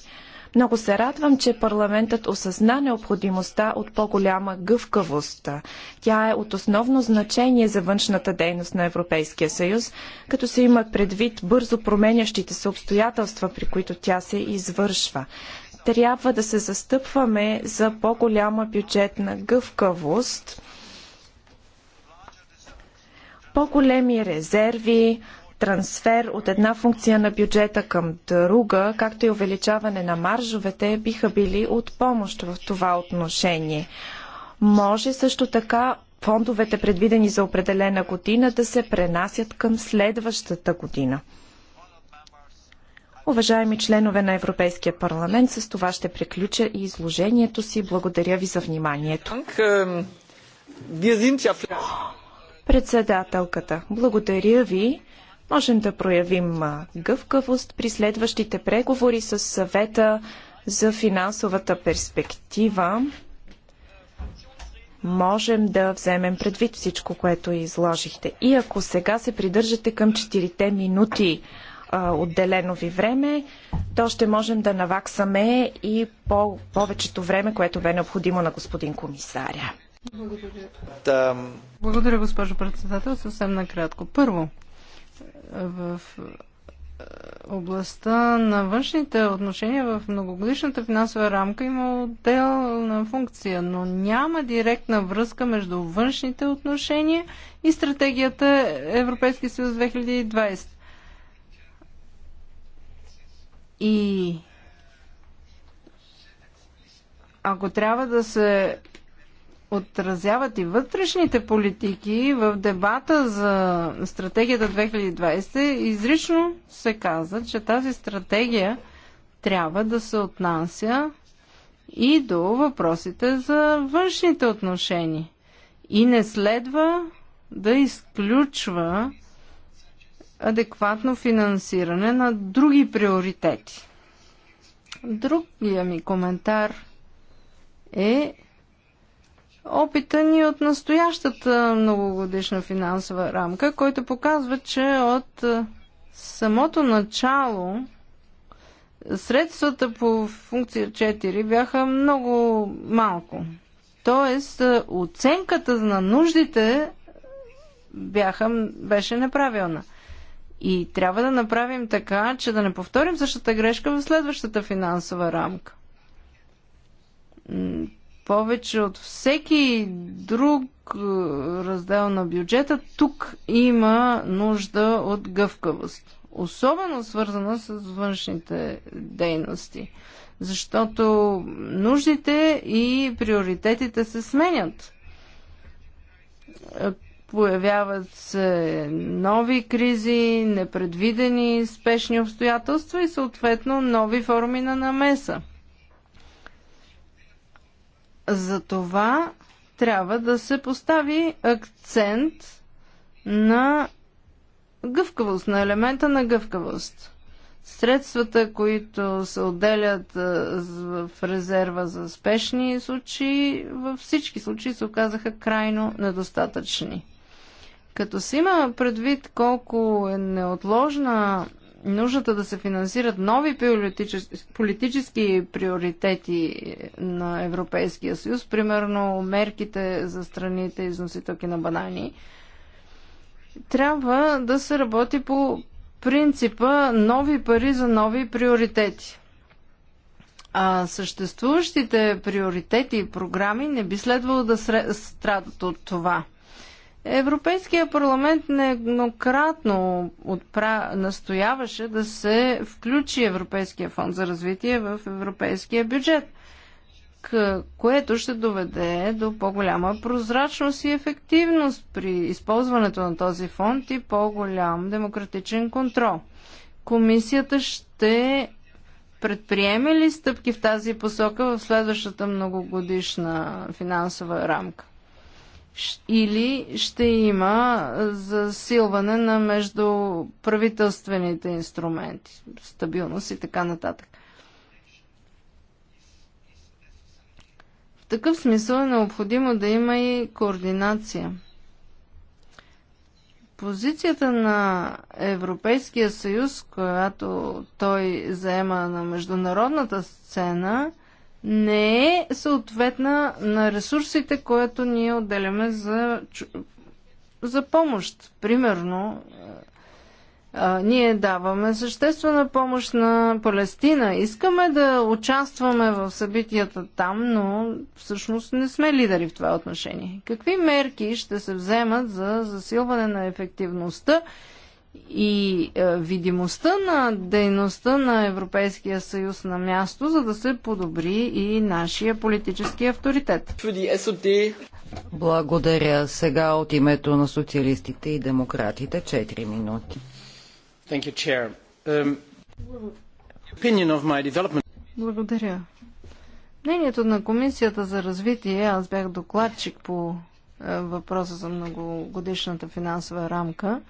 Много се радвам, че парламентът осъзна необходимостта от по-голяма гъвкавост. Тя е от основно значение за външната дейност на Европейския съюз, като се имат предвид бързо променящите се обстоятелства, при които тя се извършва трябва да се застъпваме за по-голяма бюджетна гъвкавост, по-големи резерви, трансфер от една функция на бюджета към друга, както и увеличаване на маржовете, биха били от помощ в това отношение. Може също така фондовете, предвидени за определена година, да се пренасят към следващата година. Уважаеми членове на Европейския парламент, с това ще приключа и изложението си. Благодаря ви за вниманието. Председателката, благодаря ви. Можем да проявим гъвкавост при следващите преговори с съвета за финансовата перспектива. Можем да вземем предвид всичко, което изложихте. И ако сега се придържате към 4 минути, отделено ви време, то ще можем да наваксаме и по повечето време, което бе необходимо на господин комисаря. Благодаря. Благодаря, госпожо председател. Съвсем накратко. Първо, в областта на външните отношения в многогодишната финансова рамка има отделна функция, но няма директна връзка между външните отношения и стратегията Европейски съюз 2020. И ако трябва да се отразяват и вътрешните политики в дебата за стратегията 2020, изрично се каза, че тази стратегия трябва да се отнася и до въпросите за външните отношения. И не следва да изключва адекватно финансиране на други приоритети. Другия ми коментар е опита ни от настоящата многогодишна финансова рамка, който показва, че от самото начало средствата по функция 4 бяха много малко. Тоест, оценката на нуждите бяха, беше неправилна. И трябва да направим така, че да не повторим същата грешка в следващата финансова рамка. Повече от всеки друг е, раздел на бюджета, тук има нужда от гъвкавост. Особено свързана с външните дейности. Защото нуждите и приоритетите се сменят е, Появяват се нови кризи, непредвидени спешни обстоятелства и съответно нови форми на намеса. За това трябва да се постави акцент на гъвкавост, на елемента на гъвкавост. Средствата, които се отделят в резерва за спешни случаи, във всички случаи се оказаха крайно недостатъчни. Като се има предвид колко е неотложна нуждата да се финансират нови политически, политически приоритети на Европейския съюз, примерно мерките за страните износителки на банани, трябва да се работи по принципа нови пари за нови приоритети. А съществуващите приоритети и програми не би следвало да страдат от това – Европейския парламент нееднократно отпра... настояваше да се включи Европейския фонд за развитие в европейския бюджет, което ще доведе до по-голяма прозрачност и ефективност при използването на този фонд и по-голям демократичен контрол. Комисията ще предприеме ли стъпки в тази посока в следващата многогодишна финансова рамка? или ще има засилване на междуправителствените инструменти, стабилност и така нататък. В такъв смисъл е необходимо да има и координация. Позицията на Европейския съюз, която той заема на международната сцена – не е съответна на ресурсите, които ние отделяме за, за помощ. Примерно, ние даваме съществена помощ на Палестина. Искаме да участваме в събитията там, но всъщност не сме лидери в това отношение. Какви мерки ще се вземат за засилване на ефективността и е, видимостта на дейността на Европейския съюз на място, за да се подобри и нашия политически авторитет. Благодаря. Сега от името на социалистите и демократите 4 минути. You, um, Благодаря. Мнението на Комисията за развитие, аз бях докладчик по е, въпроса за многогодишната финансова рамка,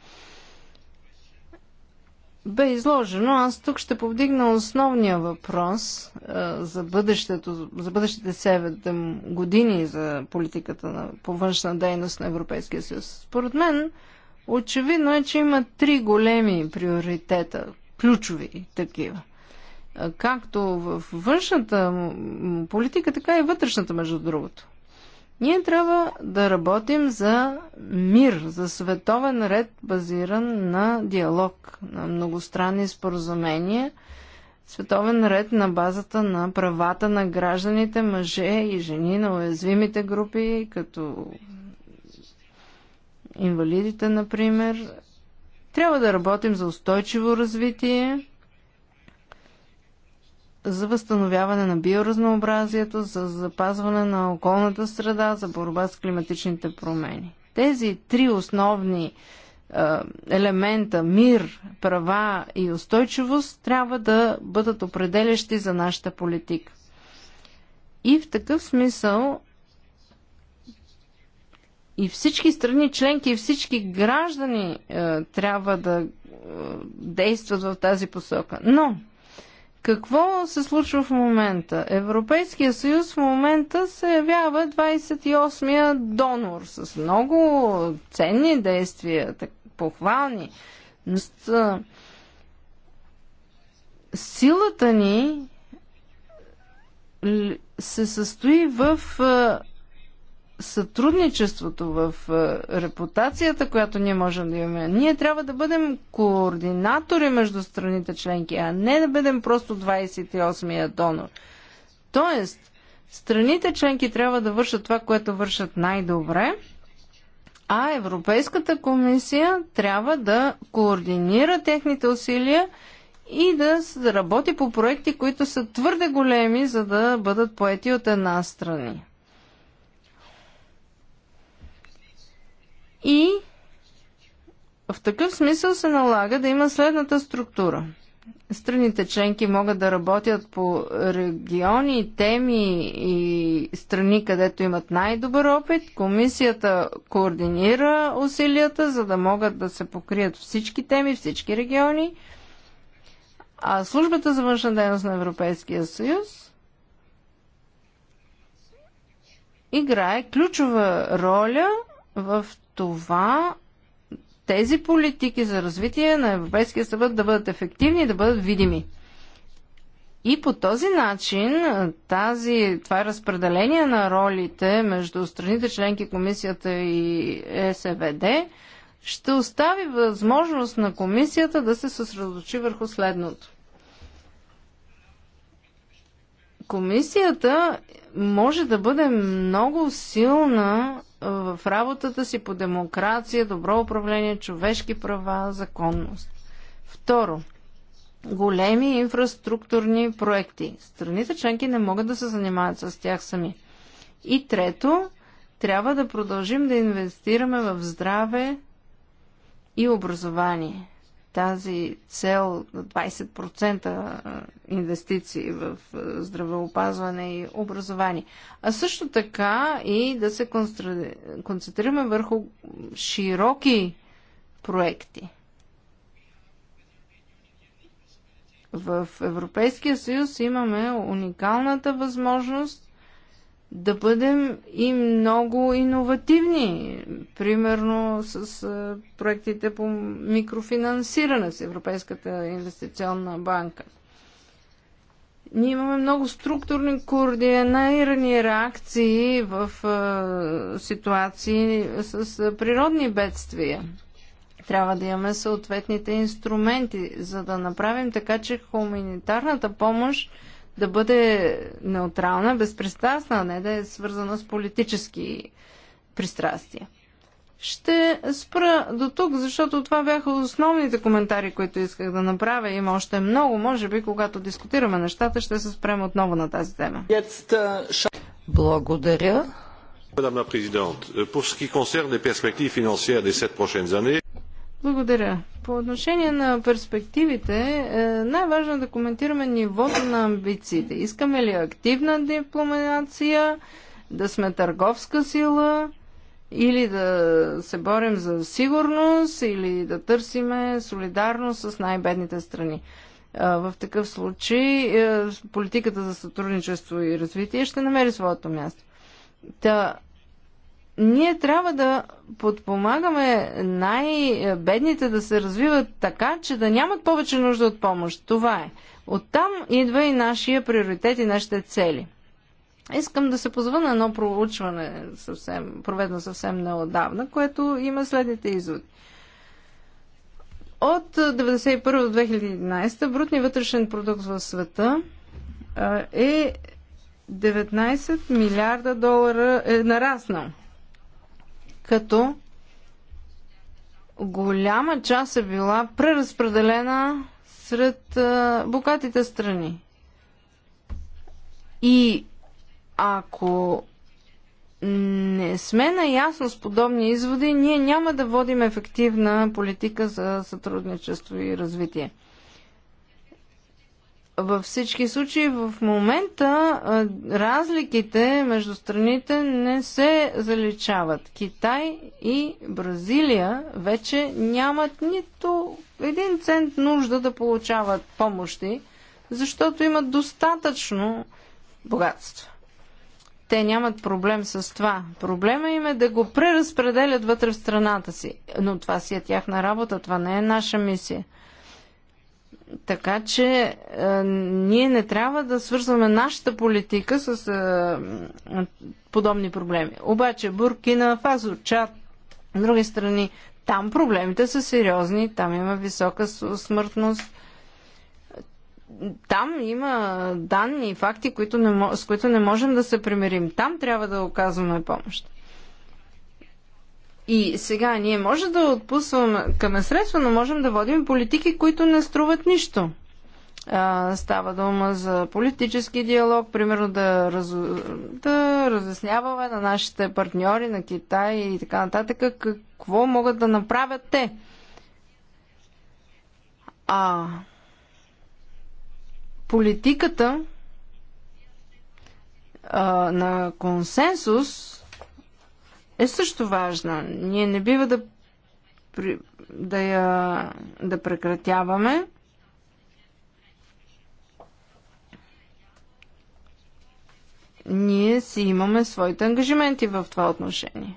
бе изложено, аз тук ще повдигна основния въпрос а, за бъдещето, за бъдещите 7 години за политиката на, по външна дейност на Европейския съюз. Според мен, очевидно е, че има три големи приоритета, ключови такива. Както в външната политика, така и вътрешната, между другото. Ние трябва да работим за мир, за световен ред, базиран на диалог, на многостранни споразумения, световен ред на базата на правата на гражданите, мъже и жени, на уязвимите групи, като инвалидите, например. Трябва да работим за устойчиво развитие, за възстановяване на биоразнообразието, за запазване на околната среда, за борба с климатичните промени. Тези три основни е, елемента мир, права и устойчивост трябва да бъдат определящи за нашата политика. И в такъв смисъл и всички страни членки и всички граждани е, трябва да е, действат в тази посока. Но какво се случва в момента? Европейския съюз в момента се явява 28-я донор с много ценни действия, похвални. силата ни се състои в сътрудничеството, в е, репутацията, която ние можем да имаме. Ние трябва да бъдем координатори между страните членки, а не да бъдем просто 28-я донор. Тоест, страните членки трябва да вършат това, което вършат най-добре, а Европейската комисия трябва да координира техните усилия и да работи по проекти, които са твърде големи, за да бъдат поети от една страни. И в такъв смисъл се налага да има следната структура. Страните членки могат да работят по региони, теми и страни, където имат най-добър опит. Комисията координира усилията, за да могат да се покрият всички теми, всички региони. А службата за външна дейност на Европейския съюз играе ключова роля в това тези политики за развитие на Европейския съвет да бъдат ефективни и да бъдат видими. И по този начин тази, това разпределение на ролите между страните членки, комисията и е СВД ще остави възможност на комисията да се съсредоточи върху следното. Комисията може да бъде много силна в работата си по демокрация, добро управление, човешки права, законност. Второ, големи инфраструктурни проекти. Страните членки не могат да се занимават с тях сами. И трето, трябва да продължим да инвестираме в здраве и образование тази цел 20% инвестиции в здравеопазване и образование. А също така и да се концентрираме върху широки проекти. В Европейския съюз имаме уникалната възможност да бъдем и много иновативни, примерно с проектите по микрофинансиране с Европейската инвестиционна банка. Ние имаме много структурни, координирани реакции в ситуации с природни бедствия. Трябва да имаме съответните инструменти, за да направим така, че хуманитарната помощ да бъде неутрална, безпристрастна, не да е свързана с политически пристрастия. Ще спра до тук, защото това бяха основните коментари, които исках да направя. Има още много. Може би, когато дискутираме нещата, ще се спрем отново на тази тема. Е, Благодаря. Madame la Présidente, pour ce qui concerne les perspectives financières des sept prochaines années, благодаря. По отношение на перспективите, е, най-важно е да коментираме нивото на амбициите. Искаме ли активна дипломация, да сме търговска сила, или да се борим за сигурност, или да търсиме солидарност с най-бедните страни. Е, в такъв случай е, политиката за сътрудничество и развитие ще намери своето място. Та, ние трябва да подпомагаме най-бедните да се развиват така, че да нямат повече нужда от помощ. Това е. Оттам идва и нашия приоритет и нашите цели. Искам да се позва на едно проучване, съвсем, проведено съвсем неодавна, което има следните изводи. От 1991 до 2011 брутният вътрешен продукт в света е 19 милиарда долара е нараснал като голяма част е била преразпределена сред богатите страни. И ако не сме наясно с подобни изводи, ние няма да водим ефективна политика за сътрудничество и развитие във всички случаи в момента разликите между страните не се заличават. Китай и Бразилия вече нямат нито един цент нужда да получават помощи, защото имат достатъчно богатство. Те нямат проблем с това. Проблема им е да го преразпределят вътре в страната си. Но това си е тяхна работа, това не е наша мисия. Така че е, ние не трябва да свързваме нашата политика с е, подобни проблеми. Обаче Буркина, Фазо, Чад, други страни, там проблемите са сериозни, там има висока смъртност. Там има данни и факти, които не, с които не можем да се примирим. Там трябва да оказваме помощ. И сега ние може да отпусваме към средства, но можем да водим политики, които не струват нищо. А, става дума за политически диалог, примерно да, раз... да разясняваме на нашите партньори, на Китай и така нататък, какво могат да направят те. А политиката а, на консенсус е също важна. Ние не бива да, да, я, да прекратяваме. Ние си имаме своите ангажименти в това отношение.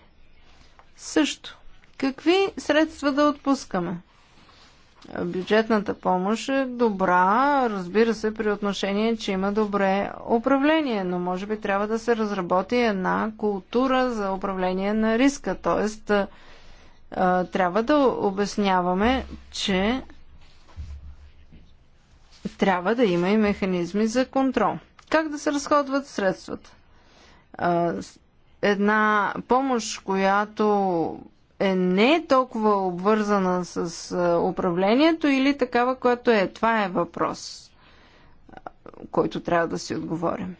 Също. Какви средства да отпускаме? бюджетната помощ е добра, разбира се, при отношение, че има добре управление, но може би трябва да се разработи една култура за управление на риска. Тоест, трябва да обясняваме, че трябва да има и механизми за контрол. Как да се разходват средствата? Една помощ, която е, не е толкова обвързана с управлението или такава, която е. Това е въпрос, който трябва да си отговорим.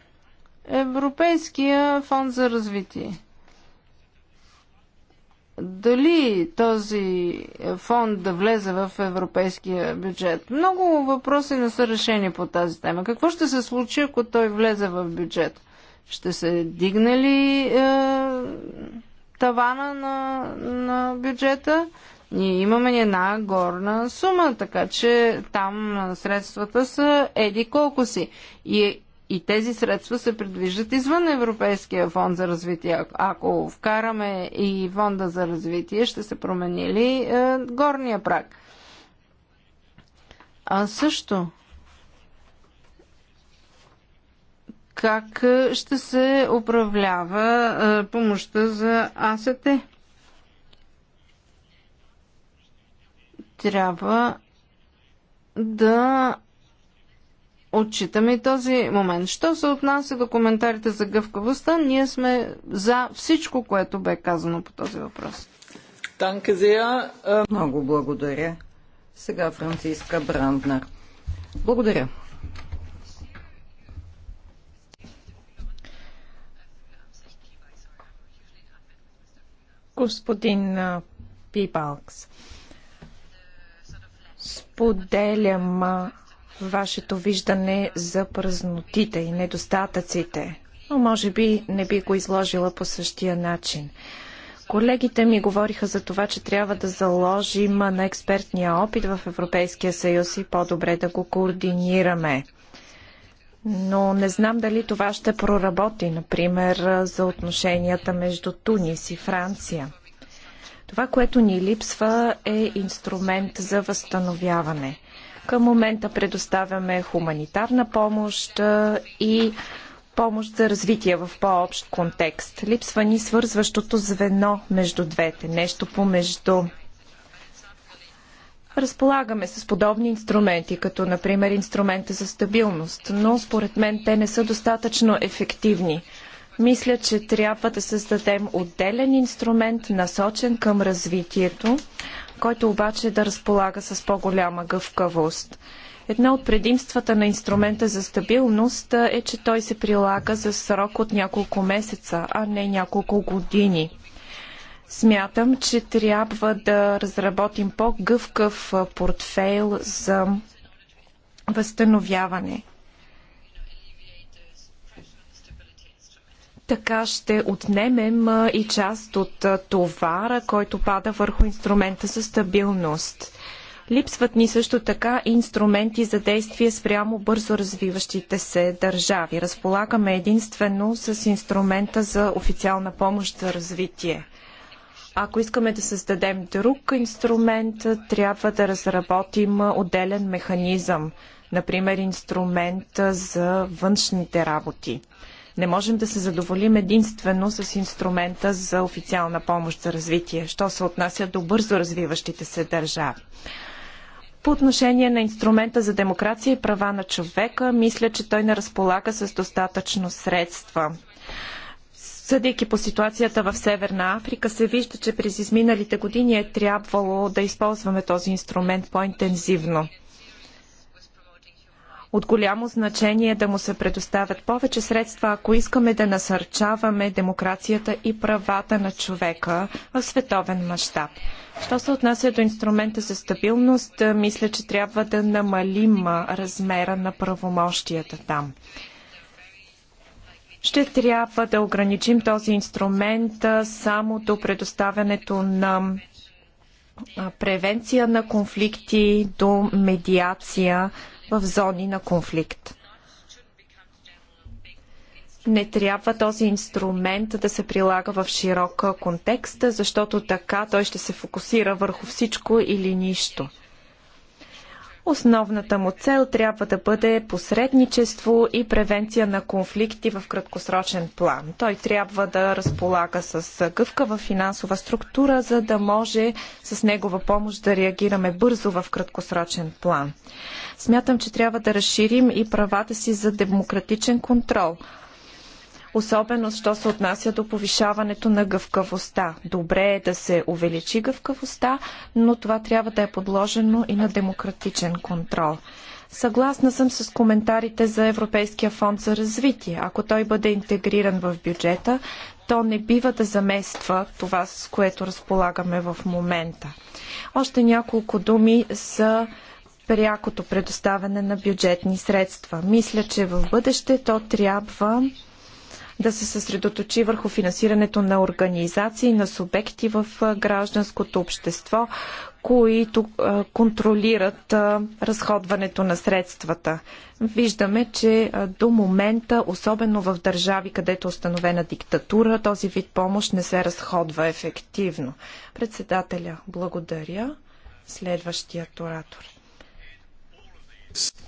Европейския фонд за развитие. Дали този фонд да влезе в европейския бюджет? Много въпроси не са решени по тази тема. Какво ще се случи, ако той влезе в бюджет? Ще се дигне ли е тавана на, на бюджета. Ние имаме една горна сума, така че там средствата са еди колко си. И, и тези средства се предвиждат извън Европейския фонд за развитие. Ако вкараме и фонда за развитие, ще се промени ли е, горния прак? А също как е, ще се управлява е, помощта за АСТ. Трябва да отчитаме и този момент. Що се отнася до коментарите за гъвкавостта, ние сме за всичко, което бе казано по този въпрос. Е. Много благодаря. Сега Франциска Бранднер. Благодаря. Господин Пибалкс, споделям вашето виждане за празнотите и недостатъците, но може би не би го изложила по същия начин. Колегите ми говориха за това, че трябва да заложим на експертния опит в Европейския съюз и по-добре да го координираме но не знам дали това ще проработи, например, за отношенията между Тунис и Франция. Това, което ни липсва е инструмент за възстановяване. Към момента предоставяме хуманитарна помощ и помощ за развитие в по-общ контекст. Липсва ни свързващото звено между двете, нещо помежду Разполагаме с подобни инструменти, като например инструмента за стабилност, но според мен те не са достатъчно ефективни. Мисля, че трябва да създадем отделен инструмент, насочен към развитието, който обаче да разполага с по-голяма гъвкавост. Една от предимствата на инструмента за стабилност е, че той се прилага за срок от няколко месеца, а не няколко години. Смятам, че трябва да разработим по-гъвкав портфейл за възстановяване. Така ще отнемем и част от товара, който пада върху инструмента за стабилност. Липсват ни също така инструменти за действие спрямо бързо развиващите се държави. Разполагаме единствено с инструмента за официална помощ за развитие – ако искаме да създадем друг инструмент, трябва да разработим отделен механизъм. Например, инструмент за външните работи. Не можем да се задоволим единствено с инструмента за официална помощ за развитие, що се отнася до бързо развиващите се държави. По отношение на инструмента за демокрация и права на човека, мисля, че той не разполага с достатъчно средства. Съдейки по ситуацията в Северна Африка, се вижда, че през изминалите години е трябвало да използваме този инструмент по-интензивно. От голямо значение е да му се предоставят повече средства, ако искаме да насърчаваме демокрацията и правата на човека в световен мащаб. Що се отнася до инструмента за стабилност, мисля, че трябва да намалим размера на правомощията там ще трябва да ограничим този инструмент само до предоставянето на превенция на конфликти до медиация в зони на конфликт. Не трябва този инструмент да се прилага в широк контекст, защото така той ще се фокусира върху всичко или нищо. Основната му цел трябва да бъде посредничество и превенция на конфликти в краткосрочен план. Той трябва да разполага с гъвкава финансова структура, за да може с негова помощ да реагираме бързо в краткосрочен план. Смятам, че трябва да разширим и правата си за демократичен контрол особено що се отнася до повишаването на гъвкавостта. Добре е да се увеличи гъвкавостта, но това трябва да е подложено и на демократичен контрол. Съгласна съм с коментарите за Европейския фонд за развитие. Ако той бъде интегриран в бюджета, то не бива да замества това, с което разполагаме в момента. Още няколко думи за прякото предоставяне на бюджетни средства. Мисля, че в бъдеще то трябва да се съсредоточи върху финансирането на организации, на субекти в гражданското общество, които контролират разходването на средствата. Виждаме, че до момента, особено в държави, където е установена диктатура, този вид помощ не се разходва ефективно. Председателя, благодаря. Следващият оратор.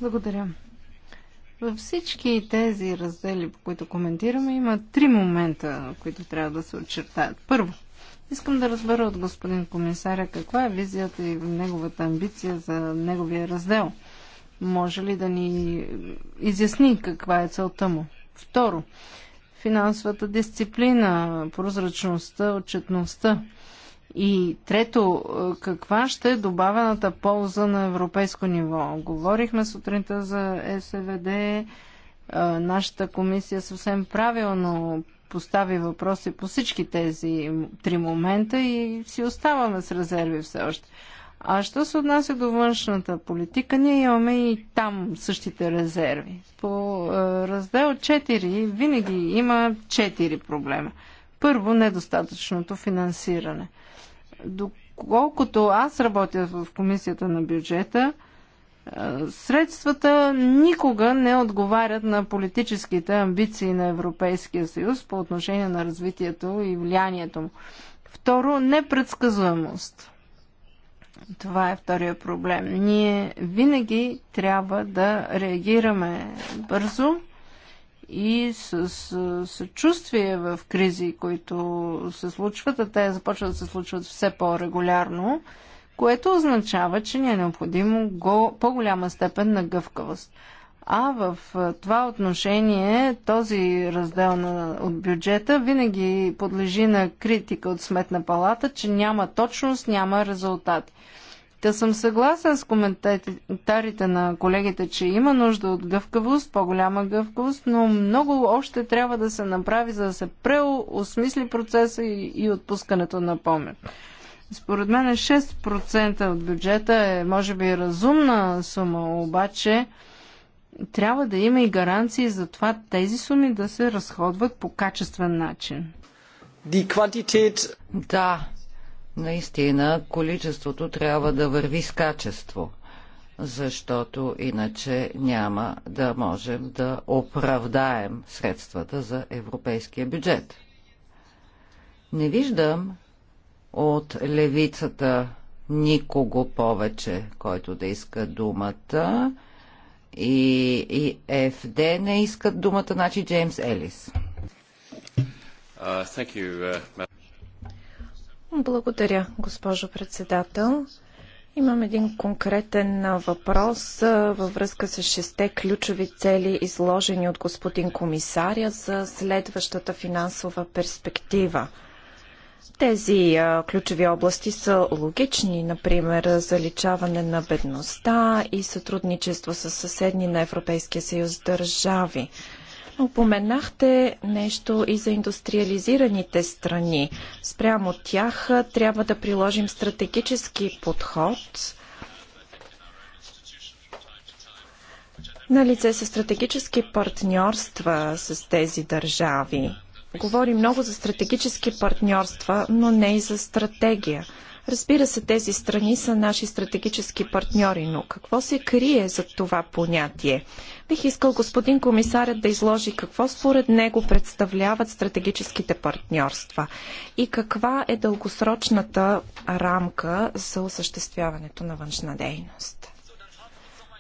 Благодаря. Във всички тези раздели, по които коментираме, има три момента, които трябва да се очертаят. Първо, искам да разбера от господин комисаря каква е визията и неговата амбиция за неговия раздел. Може ли да ни изясни каква е целта му? Второ, финансовата дисциплина, прозрачността, отчетността. И трето, е, каква ще е добавената полза на европейско ниво? Говорихме сутринта за СВД. Е, нашата комисия съвсем правилно постави въпроси по всички тези три момента и си оставаме с резерви все още. А що се отнася до външната политика, ние имаме и там същите резерви. По е, раздел 4 винаги има 4 проблема. Първо, недостатъчното финансиране – доколкото аз работя в комисията на бюджета, е, средствата никога не отговарят на политическите амбиции на Европейския съюз по отношение на развитието и влиянието му. Второ, непредсказуемост. Това е втория проблем. Ние винаги трябва да реагираме бързо и с, с съчувствие в кризи, които се случват, а те започват да се случват все по-регулярно, което означава, че ни е необходимо го, по-голяма степен на гъвкавост. А в това отношение този раздел на, от бюджета винаги подлежи на критика от Сметна палата, че няма точност, няма резултати. Та съм съгласен с коментарите на колегите, че има нужда от гъвкавост, по-голяма гъвкавост, но много още трябва да се направи, за да се преосмисли процеса и, и отпускането на помен. Според мен 6% е от бюджета е, може би, разумна сума, обаче трябва да има и гаранции за това тези суми да се разходват по качествен начин. Да, Наистина, количеството трябва да върви с качество, защото иначе няма да можем да оправдаем средствата за европейския бюджет. Не виждам от левицата никого повече, който да иска думата. И, и ФД не искат думата, значи Джеймс Елис. Uh, you, uh... Благодаря, госпожо председател. Имам един конкретен въпрос във връзка с шесте ключови цели, изложени от господин комисаря за следващата финансова перспектива. Тези а, ключови области са логични, например заличаване на бедността и сътрудничество с съседни на Европейския съюз държави. Упоменахте нещо и за индустриализираните страни. Спрямо тях трябва да приложим стратегически подход. На лице са стратегически партньорства с тези държави. Говори много за стратегически партньорства, но не и за стратегия. Разбира се, тези страни са наши стратегически партньори, но какво се крие за това понятие? Бих искал господин комисарят да изложи какво според него представляват стратегическите партньорства и каква е дългосрочната рамка за осъществяването на външна дейност.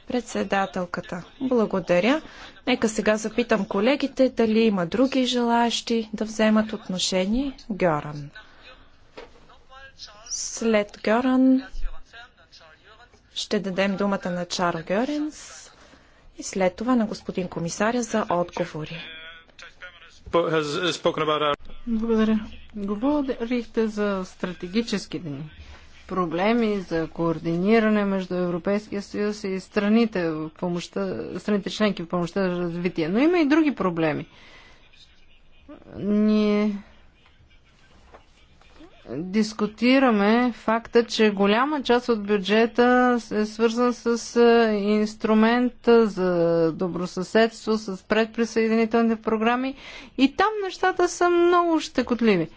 Председателката, благодаря. Нека сега запитам колегите дали има други желаящи да вземат отношение. Гьоран. След Гьоран ще дадем думата на Чарл Гьоренс и след това на господин комисаря за отговори. Uh, Благодаря. Говорихте за стратегическите дни проблеми, за координиране между Европейския съюз и страните, в помощта, страните членки в помощта за развитие. Но има и други проблеми. Ние дискутираме факта, че голяма част от бюджета е свързан с е, инструмента за добросъседство, с предприсъединителните програми и там нещата са много щекотливи.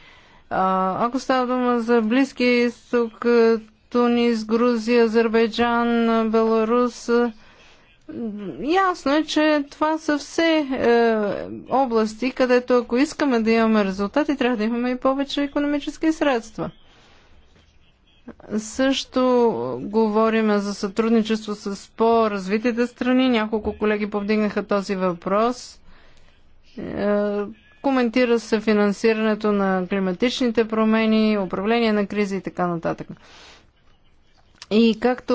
Ако става дума за Близкия изток, е, Тунис, Грузия, Азербайджан, Беларус, е, Ясно е, че това са все е, области, където ако искаме да имаме резултати, трябва да имаме и повече економически средства. Също говорим за сътрудничество с по-развитите страни. Няколко колеги повдигнаха този въпрос. Е, коментира се финансирането на климатичните промени, управление на кризи и така нататък. И както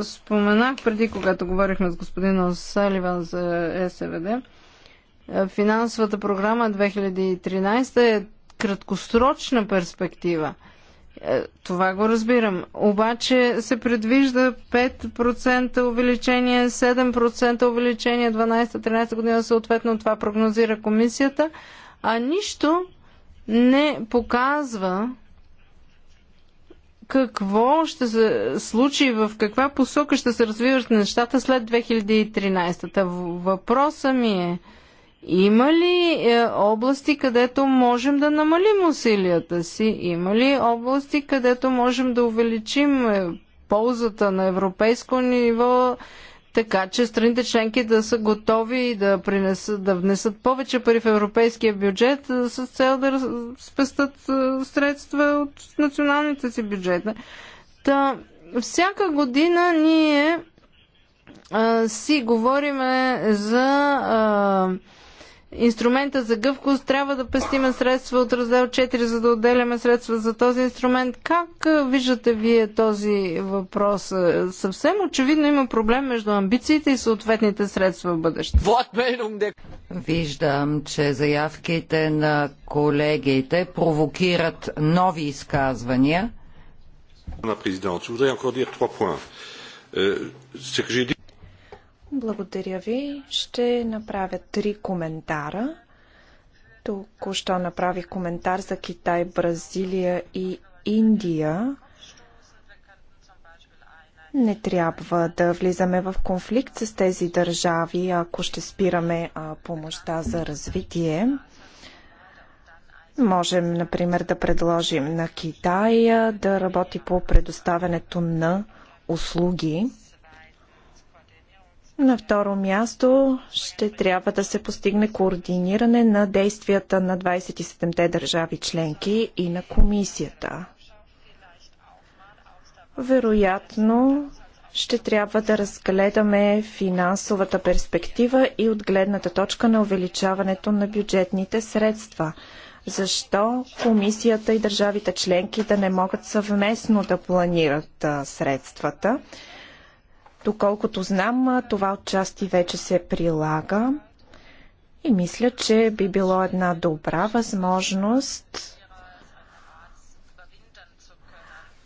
е, споменах преди, когато говорихме с господин Осаливан за СВД, е, финансовата програма 2013 е краткосрочна перспектива. Е, това го разбирам. Обаче се предвижда 5% увеличение, 7% увеличение 12-13 година, съответно това прогнозира комисията, а нищо не показва какво ще се случи, в каква посока ще се развиват нещата след 2013-та. Въпросът ми е, има ли е, области, където можем да намалим усилията си? Има ли области, където можем да увеличим е, ползата на европейско ниво така че страните членки да са готови да, принесат, да внесат повече пари в европейския бюджет с цел да спестат средства от националните си бюджета. Та, всяка година ние а, си говориме за а, инструмента за гъвкост трябва да пестиме средства от раздел 4, за да отделяме средства за този инструмент. Как виждате вие този въпрос? Съвсем очевидно има проблем между амбициите и съответните средства в бъдеще. Виждам, че заявките на колегите провокират нови изказвания. На президент, je voudrais encore dire благодаря ви. Ще направя три коментара. Току-що направих коментар за Китай, Бразилия и Индия. Не трябва да влизаме в конфликт с тези държави, ако ще спираме а, помощта за развитие. Можем, например, да предложим на Китай да работи по предоставянето на услуги на второ място ще трябва да се постигне координиране на действията на 27-те държави членки и на комисията. Вероятно ще трябва да разгледаме финансовата перспектива и от гледната точка на увеличаването на бюджетните средства. Защо комисията и държавите членки да не могат съвместно да планират средствата? Доколкото знам, това отчасти вече се прилага и мисля, че би било една добра възможност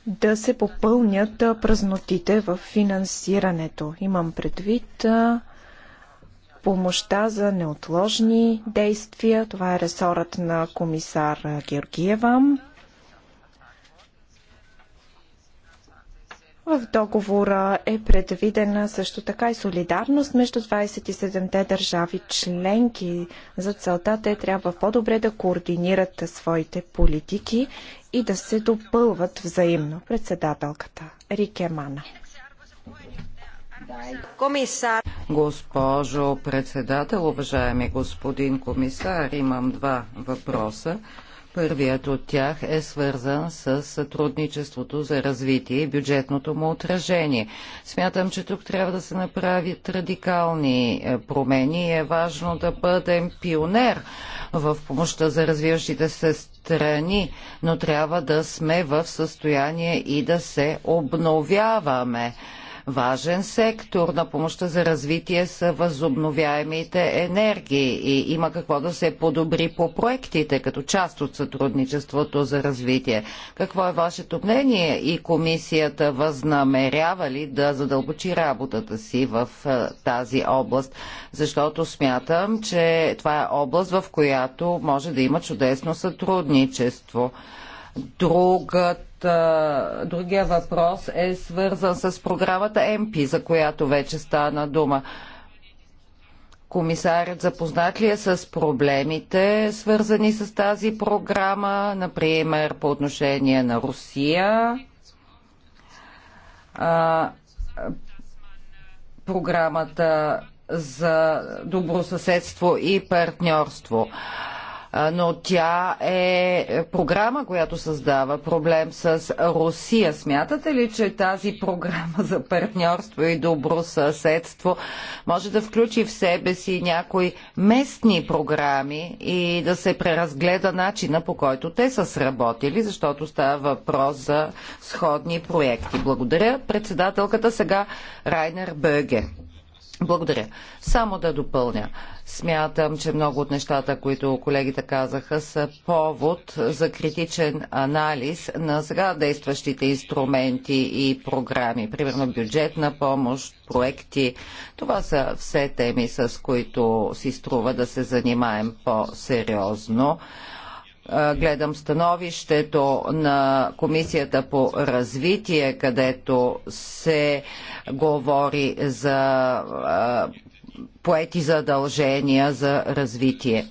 да се попълнят празнотите в финансирането. Имам предвид помощта за неотложни действия. Това е ресорът на комисар Георгиева. В договора е предвидена също така и солидарност между 27-те държави членки. За целта те трябва по-добре да координират своите политики и да се допълват взаимно. Председателката Рике Мана. Комисар. Госпожо председател, уважаеми господин комисар, имам два въпроса. Първият от тях е свързан с сътрудничеството за развитие и бюджетното му отражение. Смятам, че тук трябва да се направят радикални е, промени и е важно да бъдем пионер в помощта за развиващите се страни, но трябва да сме в състояние и да се обновяваме Важен сектор на помощта за развитие са възобновяемите енергии и има какво да се подобри по проектите като част от сътрудничеството за развитие. Какво е вашето мнение и комисията възнамерява ли да задълбочи работата си в е, тази област? Защото смятам, че това е област, в която може да има чудесно сътрудничество. Другът, другия въпрос е свързан с програмата МП, за която вече стана дума. Комисарят запознат ли е с проблемите, свързани с тази програма, например по отношение на Русия? А, програмата за добросъседство и партньорство. А, но тя е програма, която създава проблем с Русия. Смятате ли, че тази програма за партньорство и добро съседство може да включи в себе си някои местни програми и да се преразгледа начина по който те са сработили, защото става въпрос за сходни проекти. Благодаря председателката сега Райнер Бъге. Благодаря. Само да допълня. Смятам, че много от нещата, които колегите казаха, са повод за критичен анализ на сега действащите инструменти и програми. Примерно бюджетна помощ, проекти. Това са все теми, с които си струва да се занимаем по-сериозно гледам становището на Комисията по развитие, където се говори за поети задължения за развитие.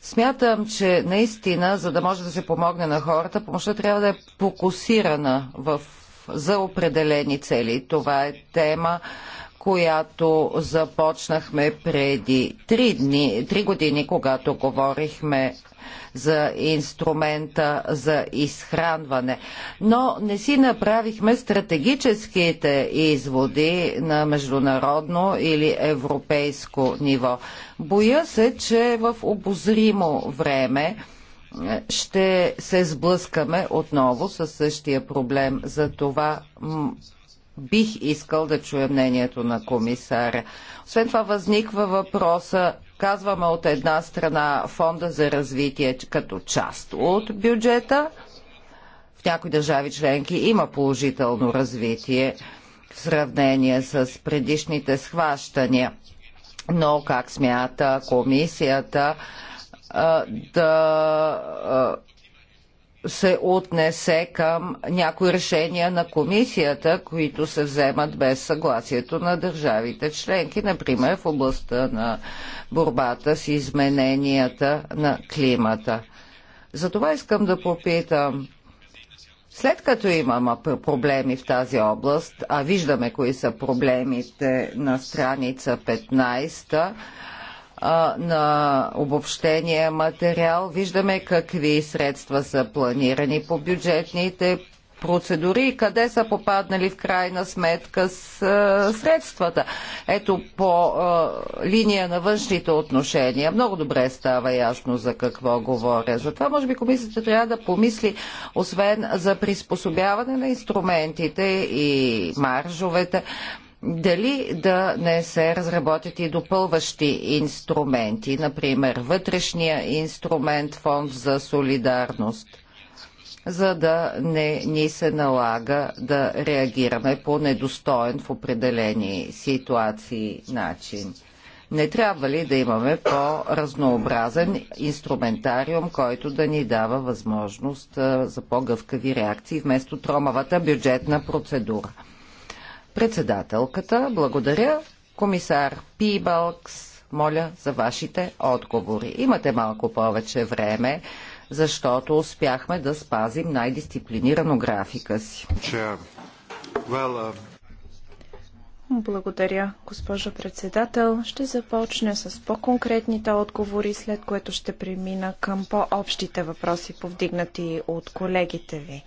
Смятам, че наистина, за да може да се помогне на хората, помощта трябва да е фокусирана в, за определени цели. Това е тема, която започнахме преди три дни, три години, когато говорихме за инструмента за изхранване. Но не си направихме стратегическите изводи на международно или европейско ниво. Боя се, че в обозримо време ще се сблъскаме отново с същия проблем. За това бих искал да чуя мнението на комисаря. Освен това възниква въпроса, казваме от една страна фонда за развитие като част от бюджета, в някои държави членки има положително развитие в сравнение с предишните схващания. Но как смята комисията да се отнесе към някои решения на комисията, които се вземат без съгласието на държавите членки, например в областта на борбата с измененията на климата. Затова искам да попитам, след като имаме проблеми в тази област, а виждаме кои са проблемите на страница 15, на обобщения материал виждаме какви средства са планирани по бюджетните процедури и къде са попаднали в крайна сметка с а, средствата. Ето по а, линия на външните отношения много добре става ясно за какво говоря. Затова може би комисията трябва да помисли освен за приспособяване на инструментите и маржовете дали да не се разработят и допълващи инструменти, например вътрешния инструмент фонд за солидарност, за да не ни се налага да реагираме по недостоен в определени ситуации начин. Не трябва ли да имаме по-разнообразен инструментариум, който да ни дава възможност за по-гъвкави реакции вместо тромавата бюджетна процедура? Председателката, благодаря. Комисар Пибалкс, моля за вашите отговори. Имате малко повече време, защото успяхме да спазим най-дисциплинирано графика си. Uh, благодаря, госпожо председател. Ще започна с по-конкретните отговори, след което ще премина към по-общите въпроси, повдигнати от колегите ви.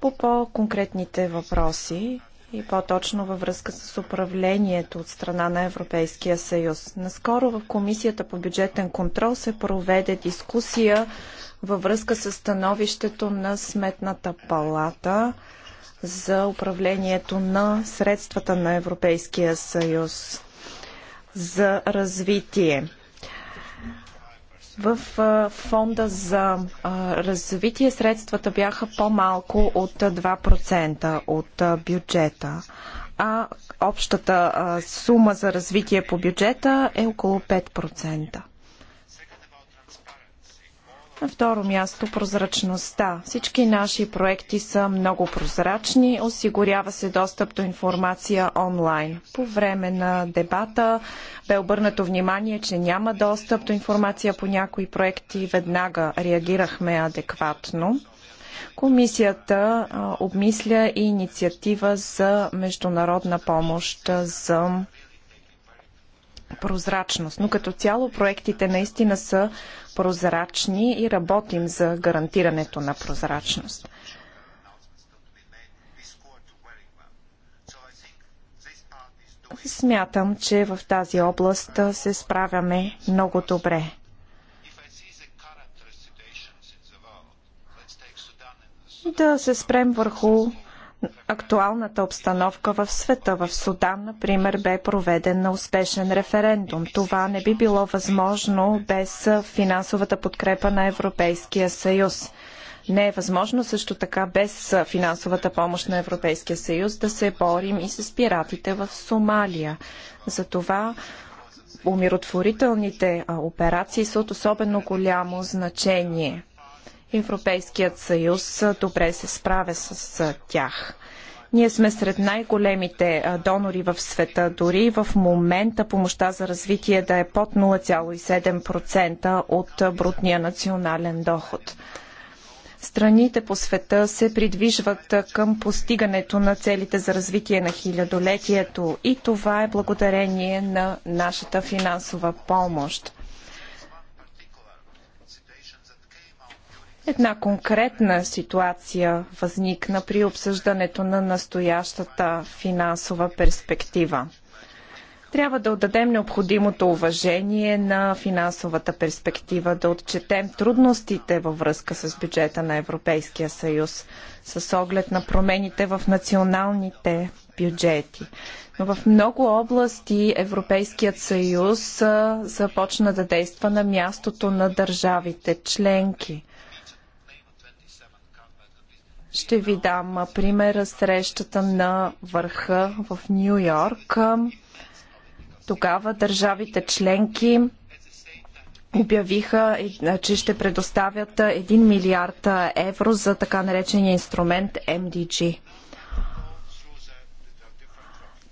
По по-конкретните въпроси и по-точно във връзка с управлението от страна на Европейския съюз. Наскоро в Комисията по бюджетен контрол се проведе дискусия във връзка с становището на Сметната палата за управлението на средствата на Европейския съюз за развитие. В фонда за развитие средствата бяха по-малко от 2% от бюджета, а общата сума за развитие по бюджета е около 5%. На второ място прозрачността. Всички наши проекти са много прозрачни, осигурява се достъп до информация онлайн. По време на дебата бе обърнато внимание, че няма достъп до информация по някои проекти. Веднага реагирахме адекватно. Комисията обмисля и инициатива за международна помощ за прозрачност. Но като цяло проектите наистина са прозрачни и работим за гарантирането на прозрачност. Смятам, че в тази област се справяме много добре. Да се спрем върху актуалната обстановка в света. В Судан, например, бе проведен на успешен референдум. Това не би било възможно без финансовата подкрепа на Европейския съюз. Не е възможно също така без финансовата помощ на Европейския съюз да се борим и с пиратите в Сомалия. Затова умиротворителните операции са от особено голямо значение. Европейският съюз добре се справя с тях. Ние сме сред най-големите донори в света. Дори в момента помощта за развитие да е под 0,7% от брутния национален доход. Страните по света се придвижват към постигането на целите за развитие на хилядолетието и това е благодарение на нашата финансова помощ. Една конкретна ситуация възникна при обсъждането на настоящата финансова перспектива. Трябва да отдадем необходимото уважение на финансовата перспектива, да отчетем трудностите във връзка с бюджета на Европейския съюз, с оглед на промените в националните бюджети. Но в много области Европейският съюз започна да действа на мястото на държавите членки. Ще ви дам примера срещата на върха в Нью Йорк. Тогава държавите членки обявиха, е, че ще предоставят 1 милиард евро за така наречения инструмент MDG.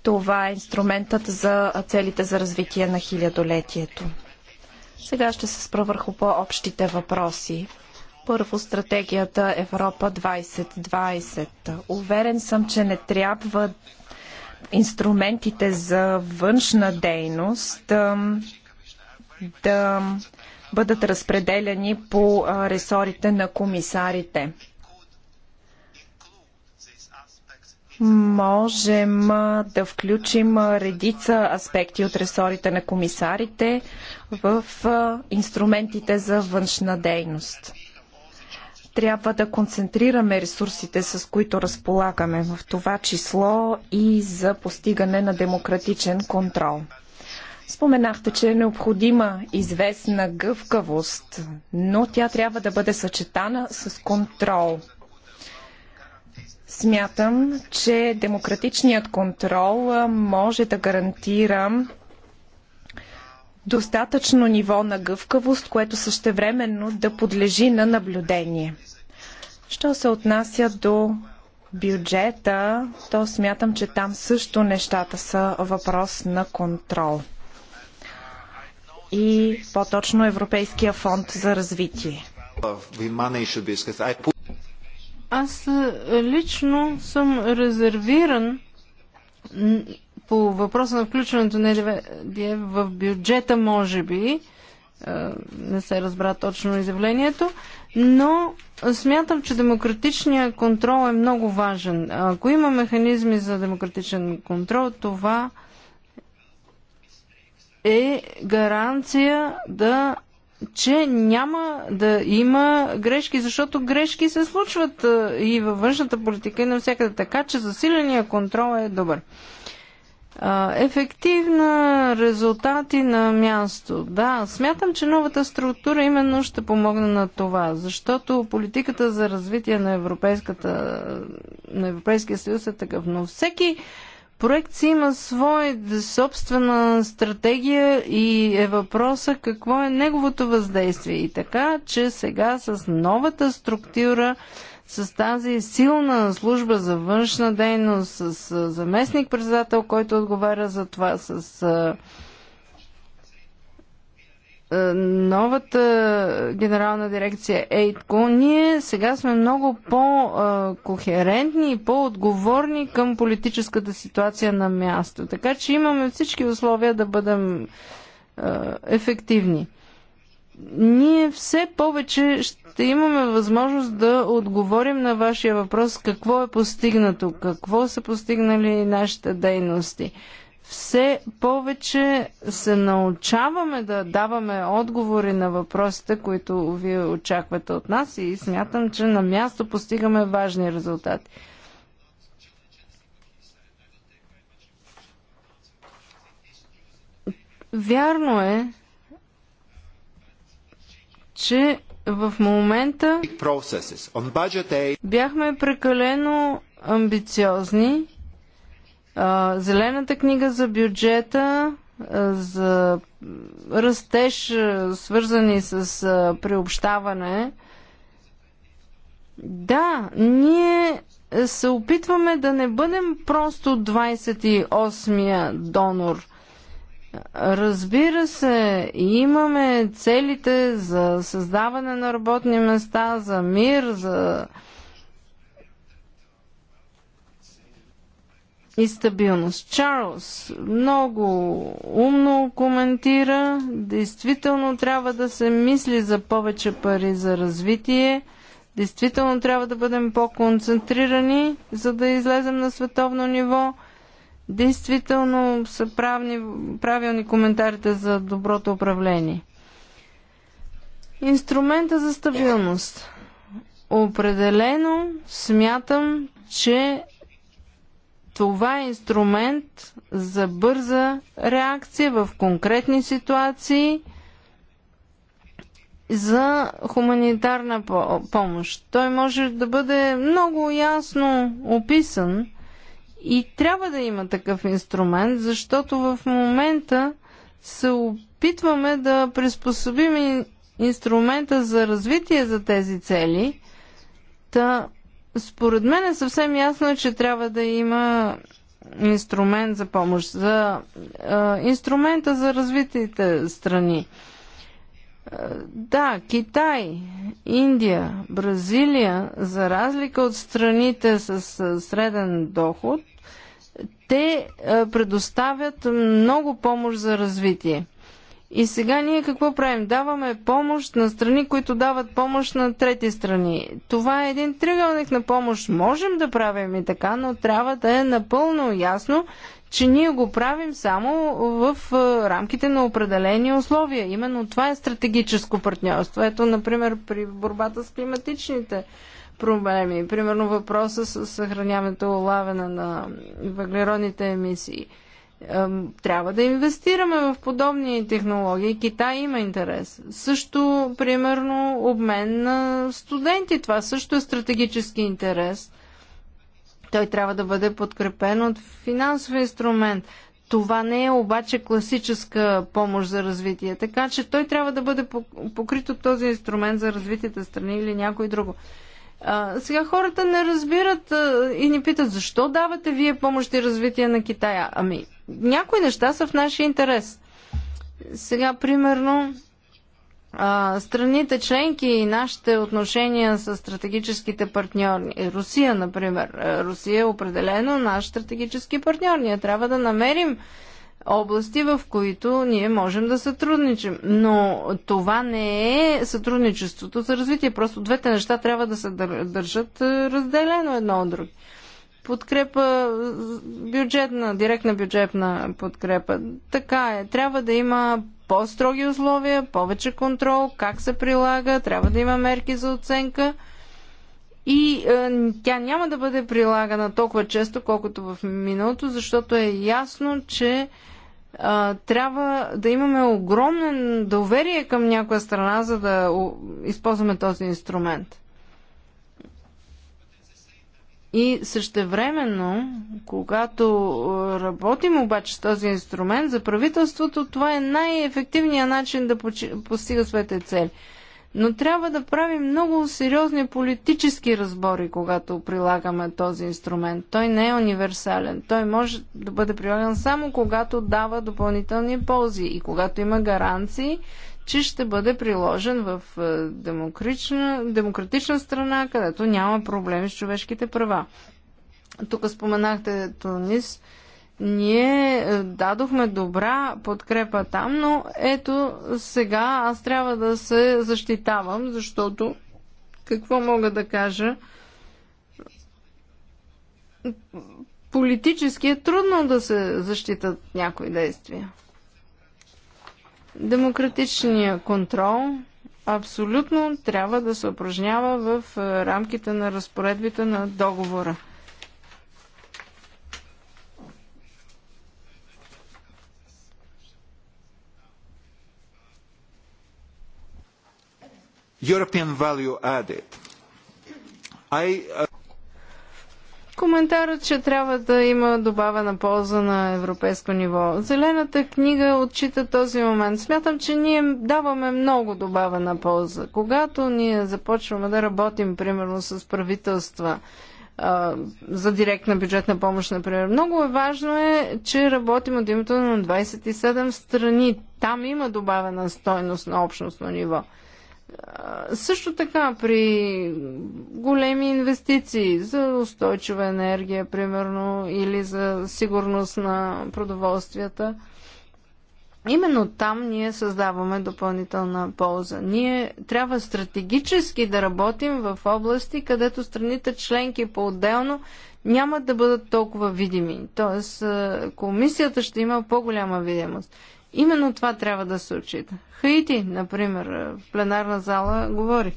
Това е инструментът за целите за развитие на хилядолетието. Сега ще се спра върху по-общите въпроси. Първо стратегията Европа 2020. Уверен съм, че не трябва инструментите за външна дейност да, да бъдат разпределени по ресорите на комисарите. можем да включим редица аспекти от ресорите на комисарите в инструментите за външна дейност трябва да концентрираме ресурсите, с които разполагаме, в това число и за постигане на демократичен контрол. Споменахте, че е необходима известна гъвкавост, но тя трябва да бъде съчетана с контрол. Смятам, че демократичният контрол може да гарантира достатъчно ниво на гъвкавост, което същевременно да подлежи на наблюдение. Що се отнася до бюджета, то смятам, че там също нещата са въпрос на контрол. И по-точно Европейския фонд за развитие. Аз лично съм резервиран по въпроса на включването на ЕДВ е в бюджета, може би, е, не се разбра точно изявлението, но смятам, че демократичният контрол е много важен. Ако има механизми за демократичен контрол, това е гаранция да че няма да има грешки, защото грешки се случват е, и във външната политика и навсякъде. Така че засиления контрол е добър ефективна резултати на място. Да, смятам, че новата структура именно ще помогне на това, защото политиката за развитие на, Европейската, на Европейския съюз е такъв. Но всеки проект си има своя собствена стратегия и е въпроса какво е неговото въздействие. И така, че сега с новата структура с тази силна служба за външна дейност, с заместник-председател, който отговаря за това, с новата генерална дирекция ЕЙТКО, ние сега сме много по-кохерентни и по-отговорни към политическата ситуация на място. Така че имаме всички условия да бъдем ефективни ние все повече ще имаме възможност да отговорим на вашия въпрос какво е постигнато, какво са постигнали нашите дейности. Все повече се научаваме да даваме отговори на въпросите, които вие очаквате от нас и смятам, че на място постигаме важни резултати. Вярно е, че в момента бяхме прекалено амбициозни. Зелената книга за бюджета, за растеж, свързани с приобщаване. Да, ние се опитваме да не бъдем просто 28-я донор – Разбира се, имаме целите за създаване на работни места, за мир, за и стабилност. Чарлз много умно коментира. Действително трябва да се мисли за повече пари за развитие. Действително трябва да бъдем по-концентрирани, за да излезем на световно ниво. Действително са правни, правилни коментарите за доброто управление. Инструмента за стабилност. Определено смятам, че това е инструмент за бърза реакция в конкретни ситуации за хуманитарна помощ. Той може да бъде много ясно описан и трябва да има такъв инструмент, защото в момента се опитваме да приспособим инструмента за развитие за тези цели. Та, според мен е съвсем ясно, че трябва да има инструмент за помощ, за а, инструмента за развитите страни. Да, Китай, Индия, Бразилия, за разлика от страните с среден доход, те е, предоставят много помощ за развитие. И сега ние какво правим? Даваме помощ на страни, които дават помощ на трети страни. Това е един триъгълник на помощ. Можем да правим и така, но трябва да е напълно ясно, че ние го правим само в рамките на определени условия. Именно това е стратегическо партньорство. Ето, например, при борбата с климатичните проблеми, примерно въпроса с съхраняването лавена на въглеродните емисии. Трябва да инвестираме в подобни технологии. Китай има интерес. Също, примерно, обмен на студенти. Това също е стратегически интерес – той трябва да бъде подкрепен от финансов инструмент. Това не е обаче класическа помощ за развитие, така че той трябва да бъде покрит от този инструмент за развитите страни или някой друго. А, сега хората не разбират а, и ни питат защо давате вие помощ и развитие на Китая. Ами, някои неща са в нашия интерес. Сега, примерно, страните членки и нашите отношения с стратегическите партньори. Е, Русия, например. Е, Русия е определено наш стратегически партньор. Ние трябва да намерим области, в които ние можем да сътрудничим. Но това не е сътрудничеството за развитие. Просто двете неща трябва да се държат е, разделено едно от друго. Подкрепа, бюджетна, директна бюджетна подкрепа. Така е. Трябва да има по-строги условия, повече контрол, как се прилага, трябва да има мерки за оценка. И е, тя няма да бъде прилагана толкова често, колкото в миналото, защото е ясно, че е, трябва да имаме огромно доверие към някоя страна, за да използваме този инструмент. И същевременно, когато е, работим обаче с този инструмент за правителството, това е най-ефективният начин да постига своите цели. Но трябва да правим много сериозни политически разбори, когато прилагаме този инструмент. Той не е универсален. Той може да бъде прилаган само когато дава допълнителни ползи и когато има гаранции, че ще бъде приложен в е, демократична, демократична страна, където няма проблеми с човешките права. Тук споменахте Тунис. Ние е, дадохме добра подкрепа там, но ето сега аз трябва да се защитавам, защото какво мога да кажа? Политически е трудно да се защитат някои действия. Демократичният контрол абсолютно трябва да се упражнява в е, рамките на разпоредбите на договора. European value added. I, uh... Коментарът, че трябва да има добавена полза на европейско ниво. Зелената книга отчита този момент. Смятам, че ние даваме много добавена полза. Когато ние започваме да работим, примерно, с правителства а, за директна бюджетна помощ, например, много е важно е, че работим от името на 27 страни. Там има добавена стойност на общностно ниво. Също така при големи инвестиции за устойчива енергия, примерно, или за сигурност на продоволствията, именно там ние създаваме допълнителна полза. Ние трябва стратегически да работим в области, където страните членки по-отделно няма да бъдат толкова видими. Тоест, комисията ще има по-голяма видимост. Именно това трябва да се отчита. Хаити, например, е, в пленарна зала говори.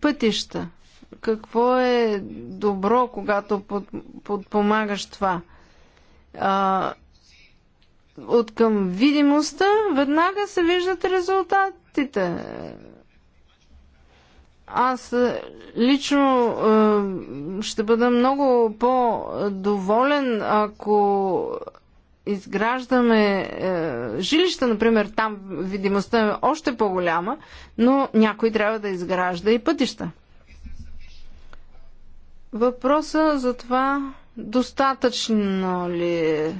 Пътища. Какво е добро, когато подпомагаш това? А, от към видимостта веднага се виждат резултатите. Аз е, лично е, ще бъда много по-доволен, ако изграждаме е, жилища, например, там видимостта е още по-голяма, но някой трябва да изгражда и пътища. Въпроса за това достатъчно ли е,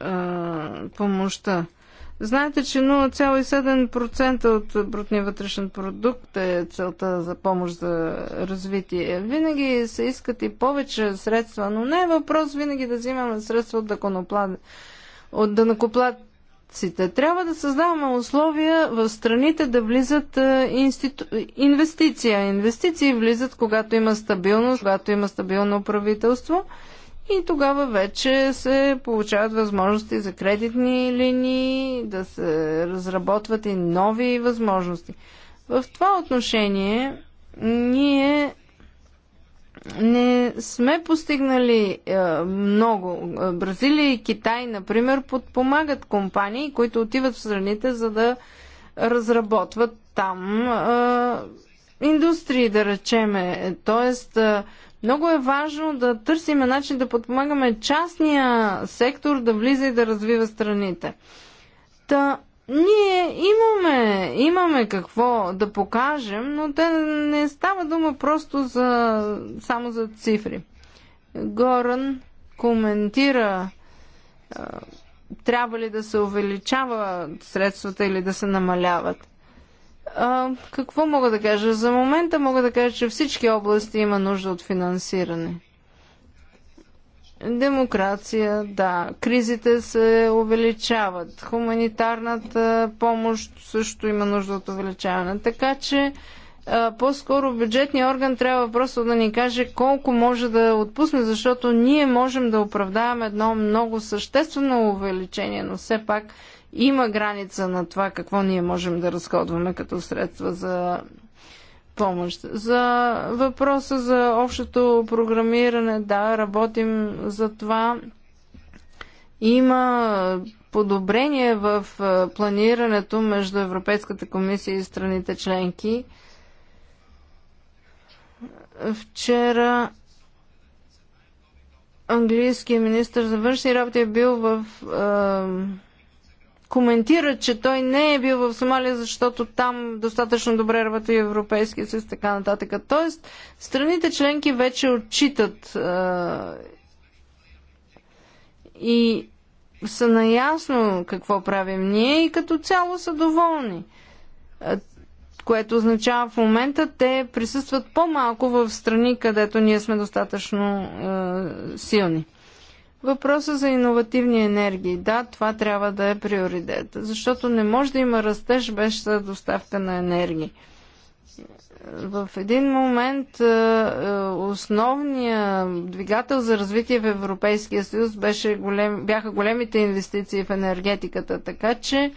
е помощта? Знаете, че 0,7% от брутния вътрешен продукт е целта за помощ за развитие. Винаги се искат и повече средства, но не е въпрос винаги да взимаме средства от, дъконоплат... от дънакоплатците. Трябва да създаваме условия в страните да влизат е, институ... инвестиция. Инвестиции влизат, когато има стабилност, когато има стабилно правителство – и тогава вече се получават възможности за кредитни линии, да се разработват и нови възможности. В това отношение ние не сме постигнали е, много. Бразилия и Китай, например, подпомагат компании, които отиват в страните, за да разработват там е, индустрии, да речеме. Тоест, е, много е важно да търсим начин да подпомагаме частния сектор да влиза и да развива страните. Та, ние имаме, имаме какво да покажем, но те не става дума просто за, само за цифри. Горън коментира трябва ли да се увеличават средствата или да се намаляват. А, какво мога да кажа? За момента мога да кажа, че всички области има нужда от финансиране. Демокрация, да. Кризите се увеличават. Хуманитарната помощ също има нужда от увеличаване. Така че по-скоро бюджетният орган трябва просто да ни каже колко може да отпусне, защото ние можем да оправдаваме едно много съществено увеличение, но все пак има граница на това какво ние можем да разходваме като средства за помощ. За въпроса за общото програмиране, да, работим за това. Има подобрение в планирането между Европейската комисия и страните членки. Вчера английският министр за външни работи е бил в е, коментира, че той не е бил в Сомалия, защото там достатъчно добре работи Европейския съюз, така нататък. Тоест, страните членки вече отчитат а, и са наясно какво правим ние и като цяло са доволни. Което означава в момента те присъстват по-малко в страни, където ние сме достатъчно е, силни. Въпроса за иновативни енергии. Да, това трябва да е приоритет, защото не може да има растеж без доставка на енергии. В един момент е, е, основният двигател за развитие в Европейския съюз беше голем, бяха големите инвестиции в енергетиката, така че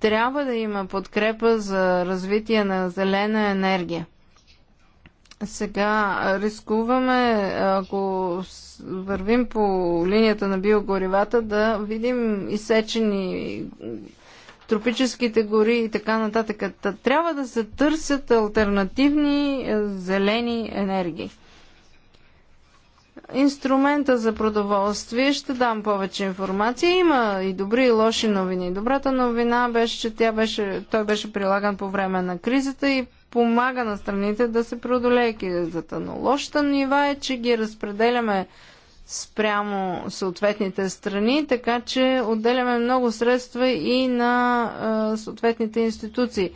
трябва да има подкрепа за развитие на зелена енергия. Сега рискуваме, ако вървим по линията на биогоривата, да видим изсечени тропическите гори и така нататък. Трябва да се търсят альтернативни зелени енергии. Инструмента за продоволствие ще дам повече информация. Има и добри и лоши новини. Добрата новина беше, че тя беше, той беше прилаган по време на кризата и помага на страните да се преодолее кризата. Но лошата нива е, че ги разпределяме спрямо съответните страни, така че отделяме много средства и на е, съответните институции.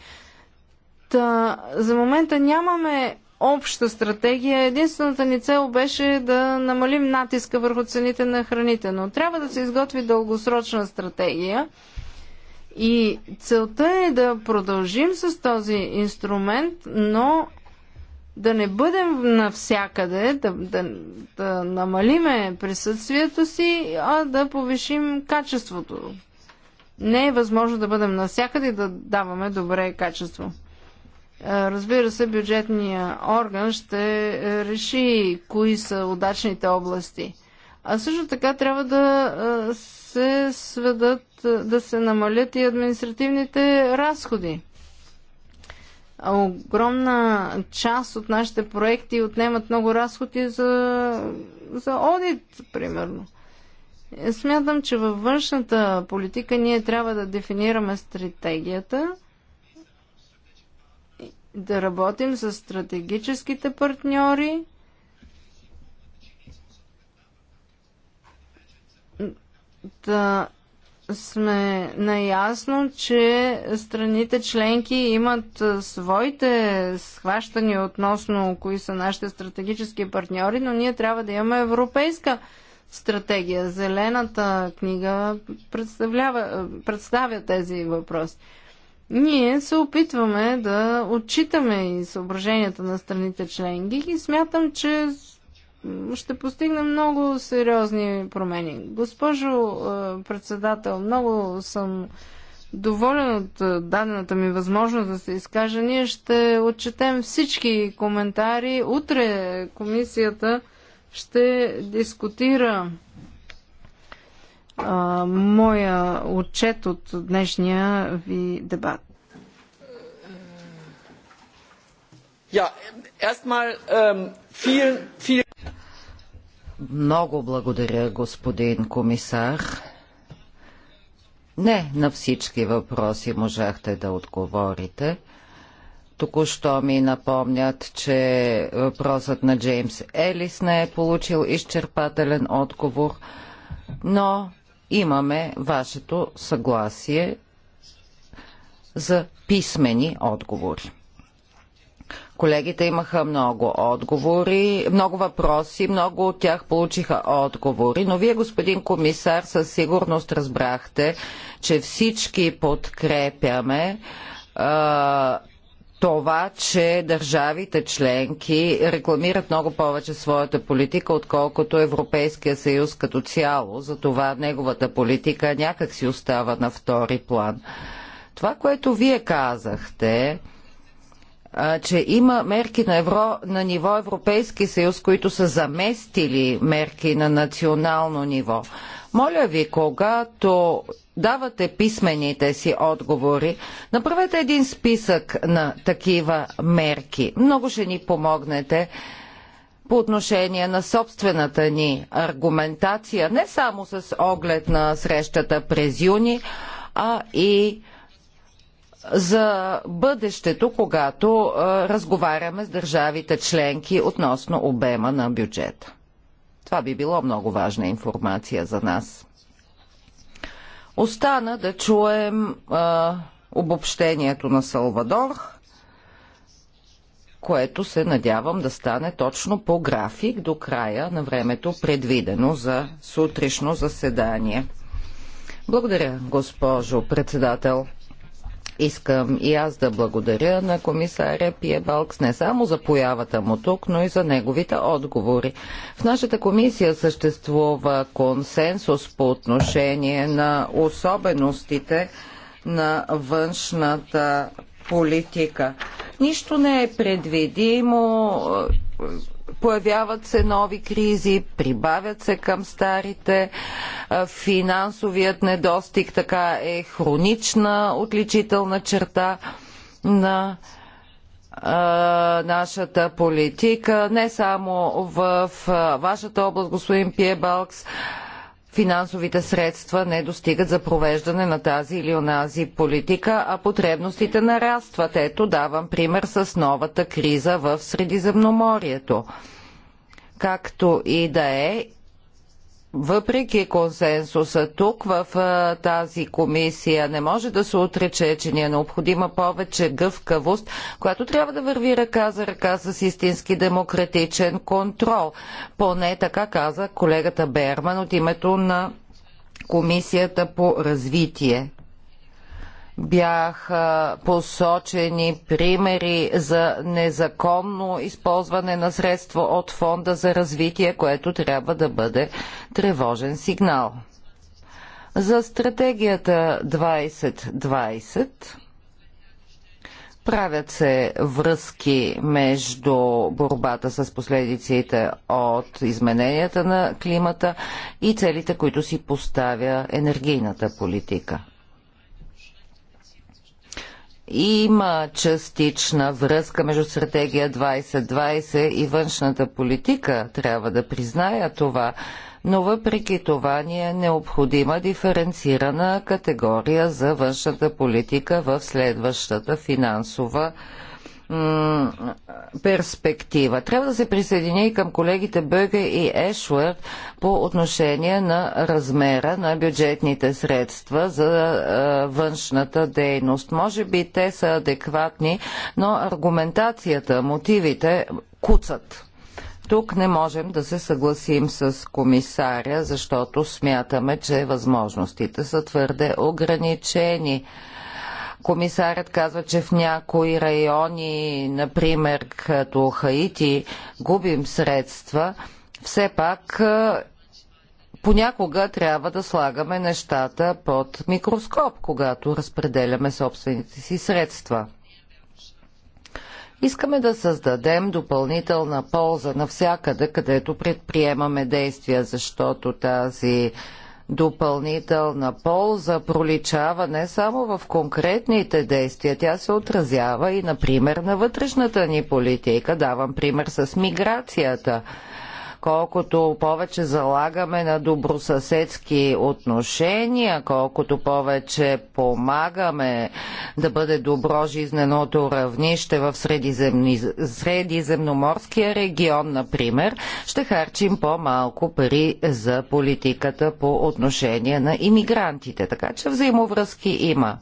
Та, за момента нямаме обща стратегия. Единствената ни цел беше да намалим натиска върху цените на храните, но трябва да се изготви дългосрочна стратегия – и целта е да продължим с този инструмент, но да не бъдем навсякъде, да, да, да намалиме присъствието си, а да повишим качеството. Не е възможно да бъдем навсякъде и да даваме добре качество. Е, разбира се, бюджетния орган ще реши кои са удачните области. А също така трябва да е, се сведат, да се намалят и административните разходи. Огромна част от нашите проекти отнемат много разходи за, за одит, примерно. Смятам, че във външната политика ние трябва да дефинираме стратегията, да работим с стратегическите партньори, да сме наясно, че страните членки имат своите схващания относно кои са нашите стратегически партньори, но ние трябва да имаме европейска стратегия. Зелената книга представлява, представя тези въпроси. Ние се опитваме да отчитаме и съображенията на страните членки и смятам, че ще постигна много сериозни промени. Госпожо е, председател, много съм доволен от е, дадената ми възможност да се изкажа. Ние ще отчетем всички коментари. Утре комисията ще дискутира а, е, моя отчет от днешния ви дебат. Ja, erstmal ähm, vielen, vielen много благодаря, господин комисар. Не на всички въпроси можахте да отговорите. Току-що ми напомнят, че въпросът на Джеймс Елис не е получил изчерпателен отговор, но имаме вашето съгласие за писмени отговори. Колегите имаха много отговори, много въпроси, много от тях получиха отговори, но вие, господин комисар, със сигурност разбрахте, че всички подкрепяме а, това, че държавите членки рекламират много повече своята политика, отколкото Европейския съюз като цяло. Затова неговата политика някак си остава на втори план. Това, което вие казахте, че има мерки на, евро, на ниво Европейски съюз, които са заместили мерки на национално ниво. Моля ви, когато давате писмените си отговори, направете един списък на такива мерки. Много ще ни помогнете по отношение на собствената ни аргументация, не само с оглед на срещата през юни, а и за бъдещето, когато разговаряме с държавите членки относно обема на бюджета. Това би било много важна информация за нас. Остана да чуем а, обобщението на Салвадор, което се надявам да стане точно по график до края на времето, предвидено за сутрешно заседание. Благодаря, госпожо председател. Искам и аз да благодаря на комисаря Балкс не само за появата му тук, но и за неговите отговори. В нашата комисия съществува консенсус по отношение на особеностите на външната политика. Нищо не е предвидимо, появяват се нови кризи, прибавят се към старите. Финансовият недостиг така е хронична отличителна черта на нашата политика, не само в вашата област, господин Пиебалкс, финансовите средства не достигат за провеждане на тази или онази политика, а потребностите нарастват. Ето давам пример с новата криза в Средиземноморието. Както и да е, въпреки консенсуса тук в тази комисия, не може да се отрече, че ни е необходима повече гъвкавост, която трябва да върви ръка за ръка с истински демократичен контрол. Поне така каза колегата Берман от името на Комисията по развитие бяха посочени примери за незаконно използване на средство от фонда за развитие, което трябва да бъде тревожен сигнал. За стратегията 2020 правят се връзки между борбата с последиците от измененията на климата и целите, които си поставя енергийната политика има частична връзка между стратегия 2020 и външната политика, трябва да призная това, но въпреки това ни е необходима диференцирана категория за външната политика в следващата финансова перспектива. Трябва да се присъединя и към колегите Бъга и Ешвард по отношение на размера на бюджетните средства за външната дейност. Може би те са адекватни, но аргументацията, мотивите куцат. Тук не можем да се съгласим с комисаря, защото смятаме, че възможностите са твърде ограничени. Комисарят казва, че в някои райони, например като Хаити, губим средства. Все пак е, понякога трябва да слагаме нещата под микроскоп, когато разпределяме собствените си средства. Искаме да създадем допълнителна полза навсякъде, където предприемаме действия, защото тази допълнителна полза проличава не само в конкретните действия, тя се отразява и, например, на вътрешната ни политика. Давам пример с миграцията колкото повече залагаме на добросъседски отношения, колкото повече помагаме да бъде добро жизненото равнище в средиземни... средиземноморския регион, например, ще харчим по-малко пари за политиката по отношение на иммигрантите. Така че взаимовръзки има.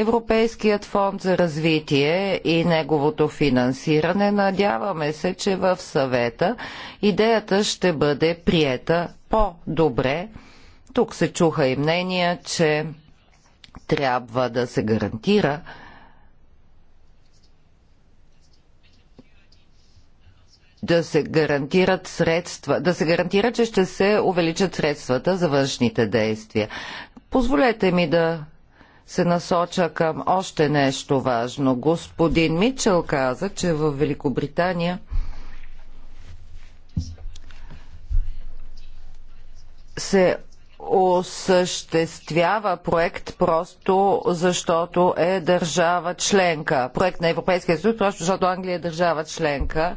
Европейският фонд за развитие и неговото финансиране. Надяваме се, че в съвета идеята ще бъде приета по-добре. Тук се чуха и мнения, че трябва да се гарантира да се гарантират средства, да се гарантира, че ще се увеличат средствата за външните действия. Позволете ми да се насоча към още нещо важно. Господин Мичел каза, че в Великобритания се осъществява проект просто защото е държава членка. Проект на Европейския съюз, просто защото Англия е държава членка.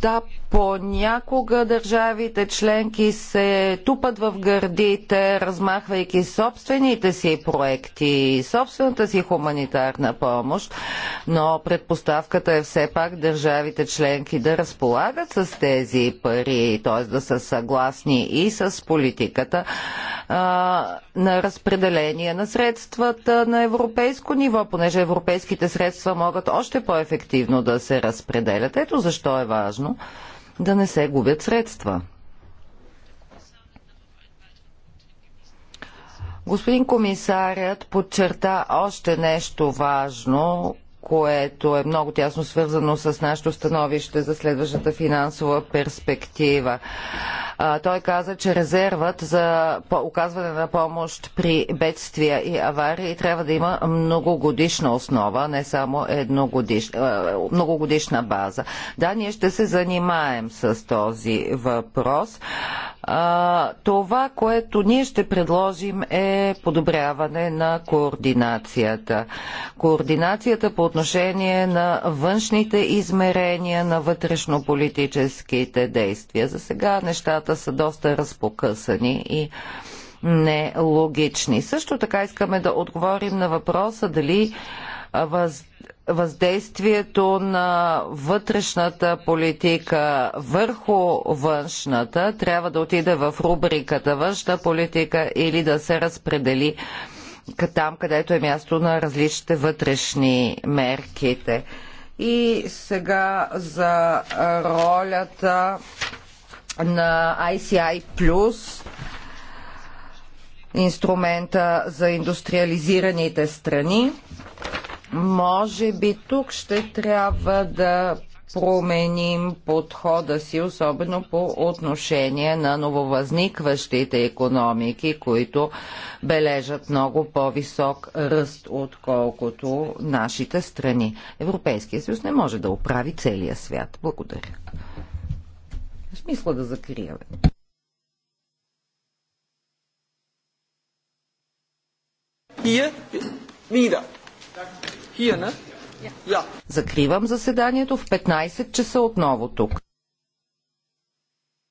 Да, Понякога държавите членки се тупат в гърдите, размахвайки собствените си проекти, и собствената си хуманитарна помощ, но предпоставката е все пак държавите членки да разполагат с тези пари, т.е. да са съгласни и с политиката а, на разпределение на средствата на европейско ниво, понеже европейските средства могат още по-ефективно да се разпределят. Ето защо е важно да не се губят средства. Господин комисарят подчерта още нещо важно, което е много тясно свързано с нашето становище за следващата финансова перспектива. А, той каза, че резервът за оказване на помощ при бедствия и аварии трябва да има многогодишна основа, не само едногодиш, а, многогодишна база. Да, ние ще се занимаем с този въпрос. А, това, което ние ще предложим е подобряване на координацията. Координацията по отношение на външните измерения на вътрешно-политическите действия. За сега нещата са доста разпокъсани и нелогични. Също така искаме да отговорим на въпроса дали въз, въздействието на вътрешната политика върху външната трябва да отиде в рубриката външна политика или да се разпредели там, където е място на различните вътрешни мерките. И сега за ролята на ICI Plus, инструмента за индустриализираните страни. Може би тук ще трябва да променим подхода си, особено по отношение на нововъзникващите економики, които бележат много по-висок ръст, отколкото нашите страни. Европейския съюз не може да оправи целия свят. Благодаря. Смисъл да закриваме. Hier, wieder. Hier, ne? Закривам заседанието в 15 часа отново тук.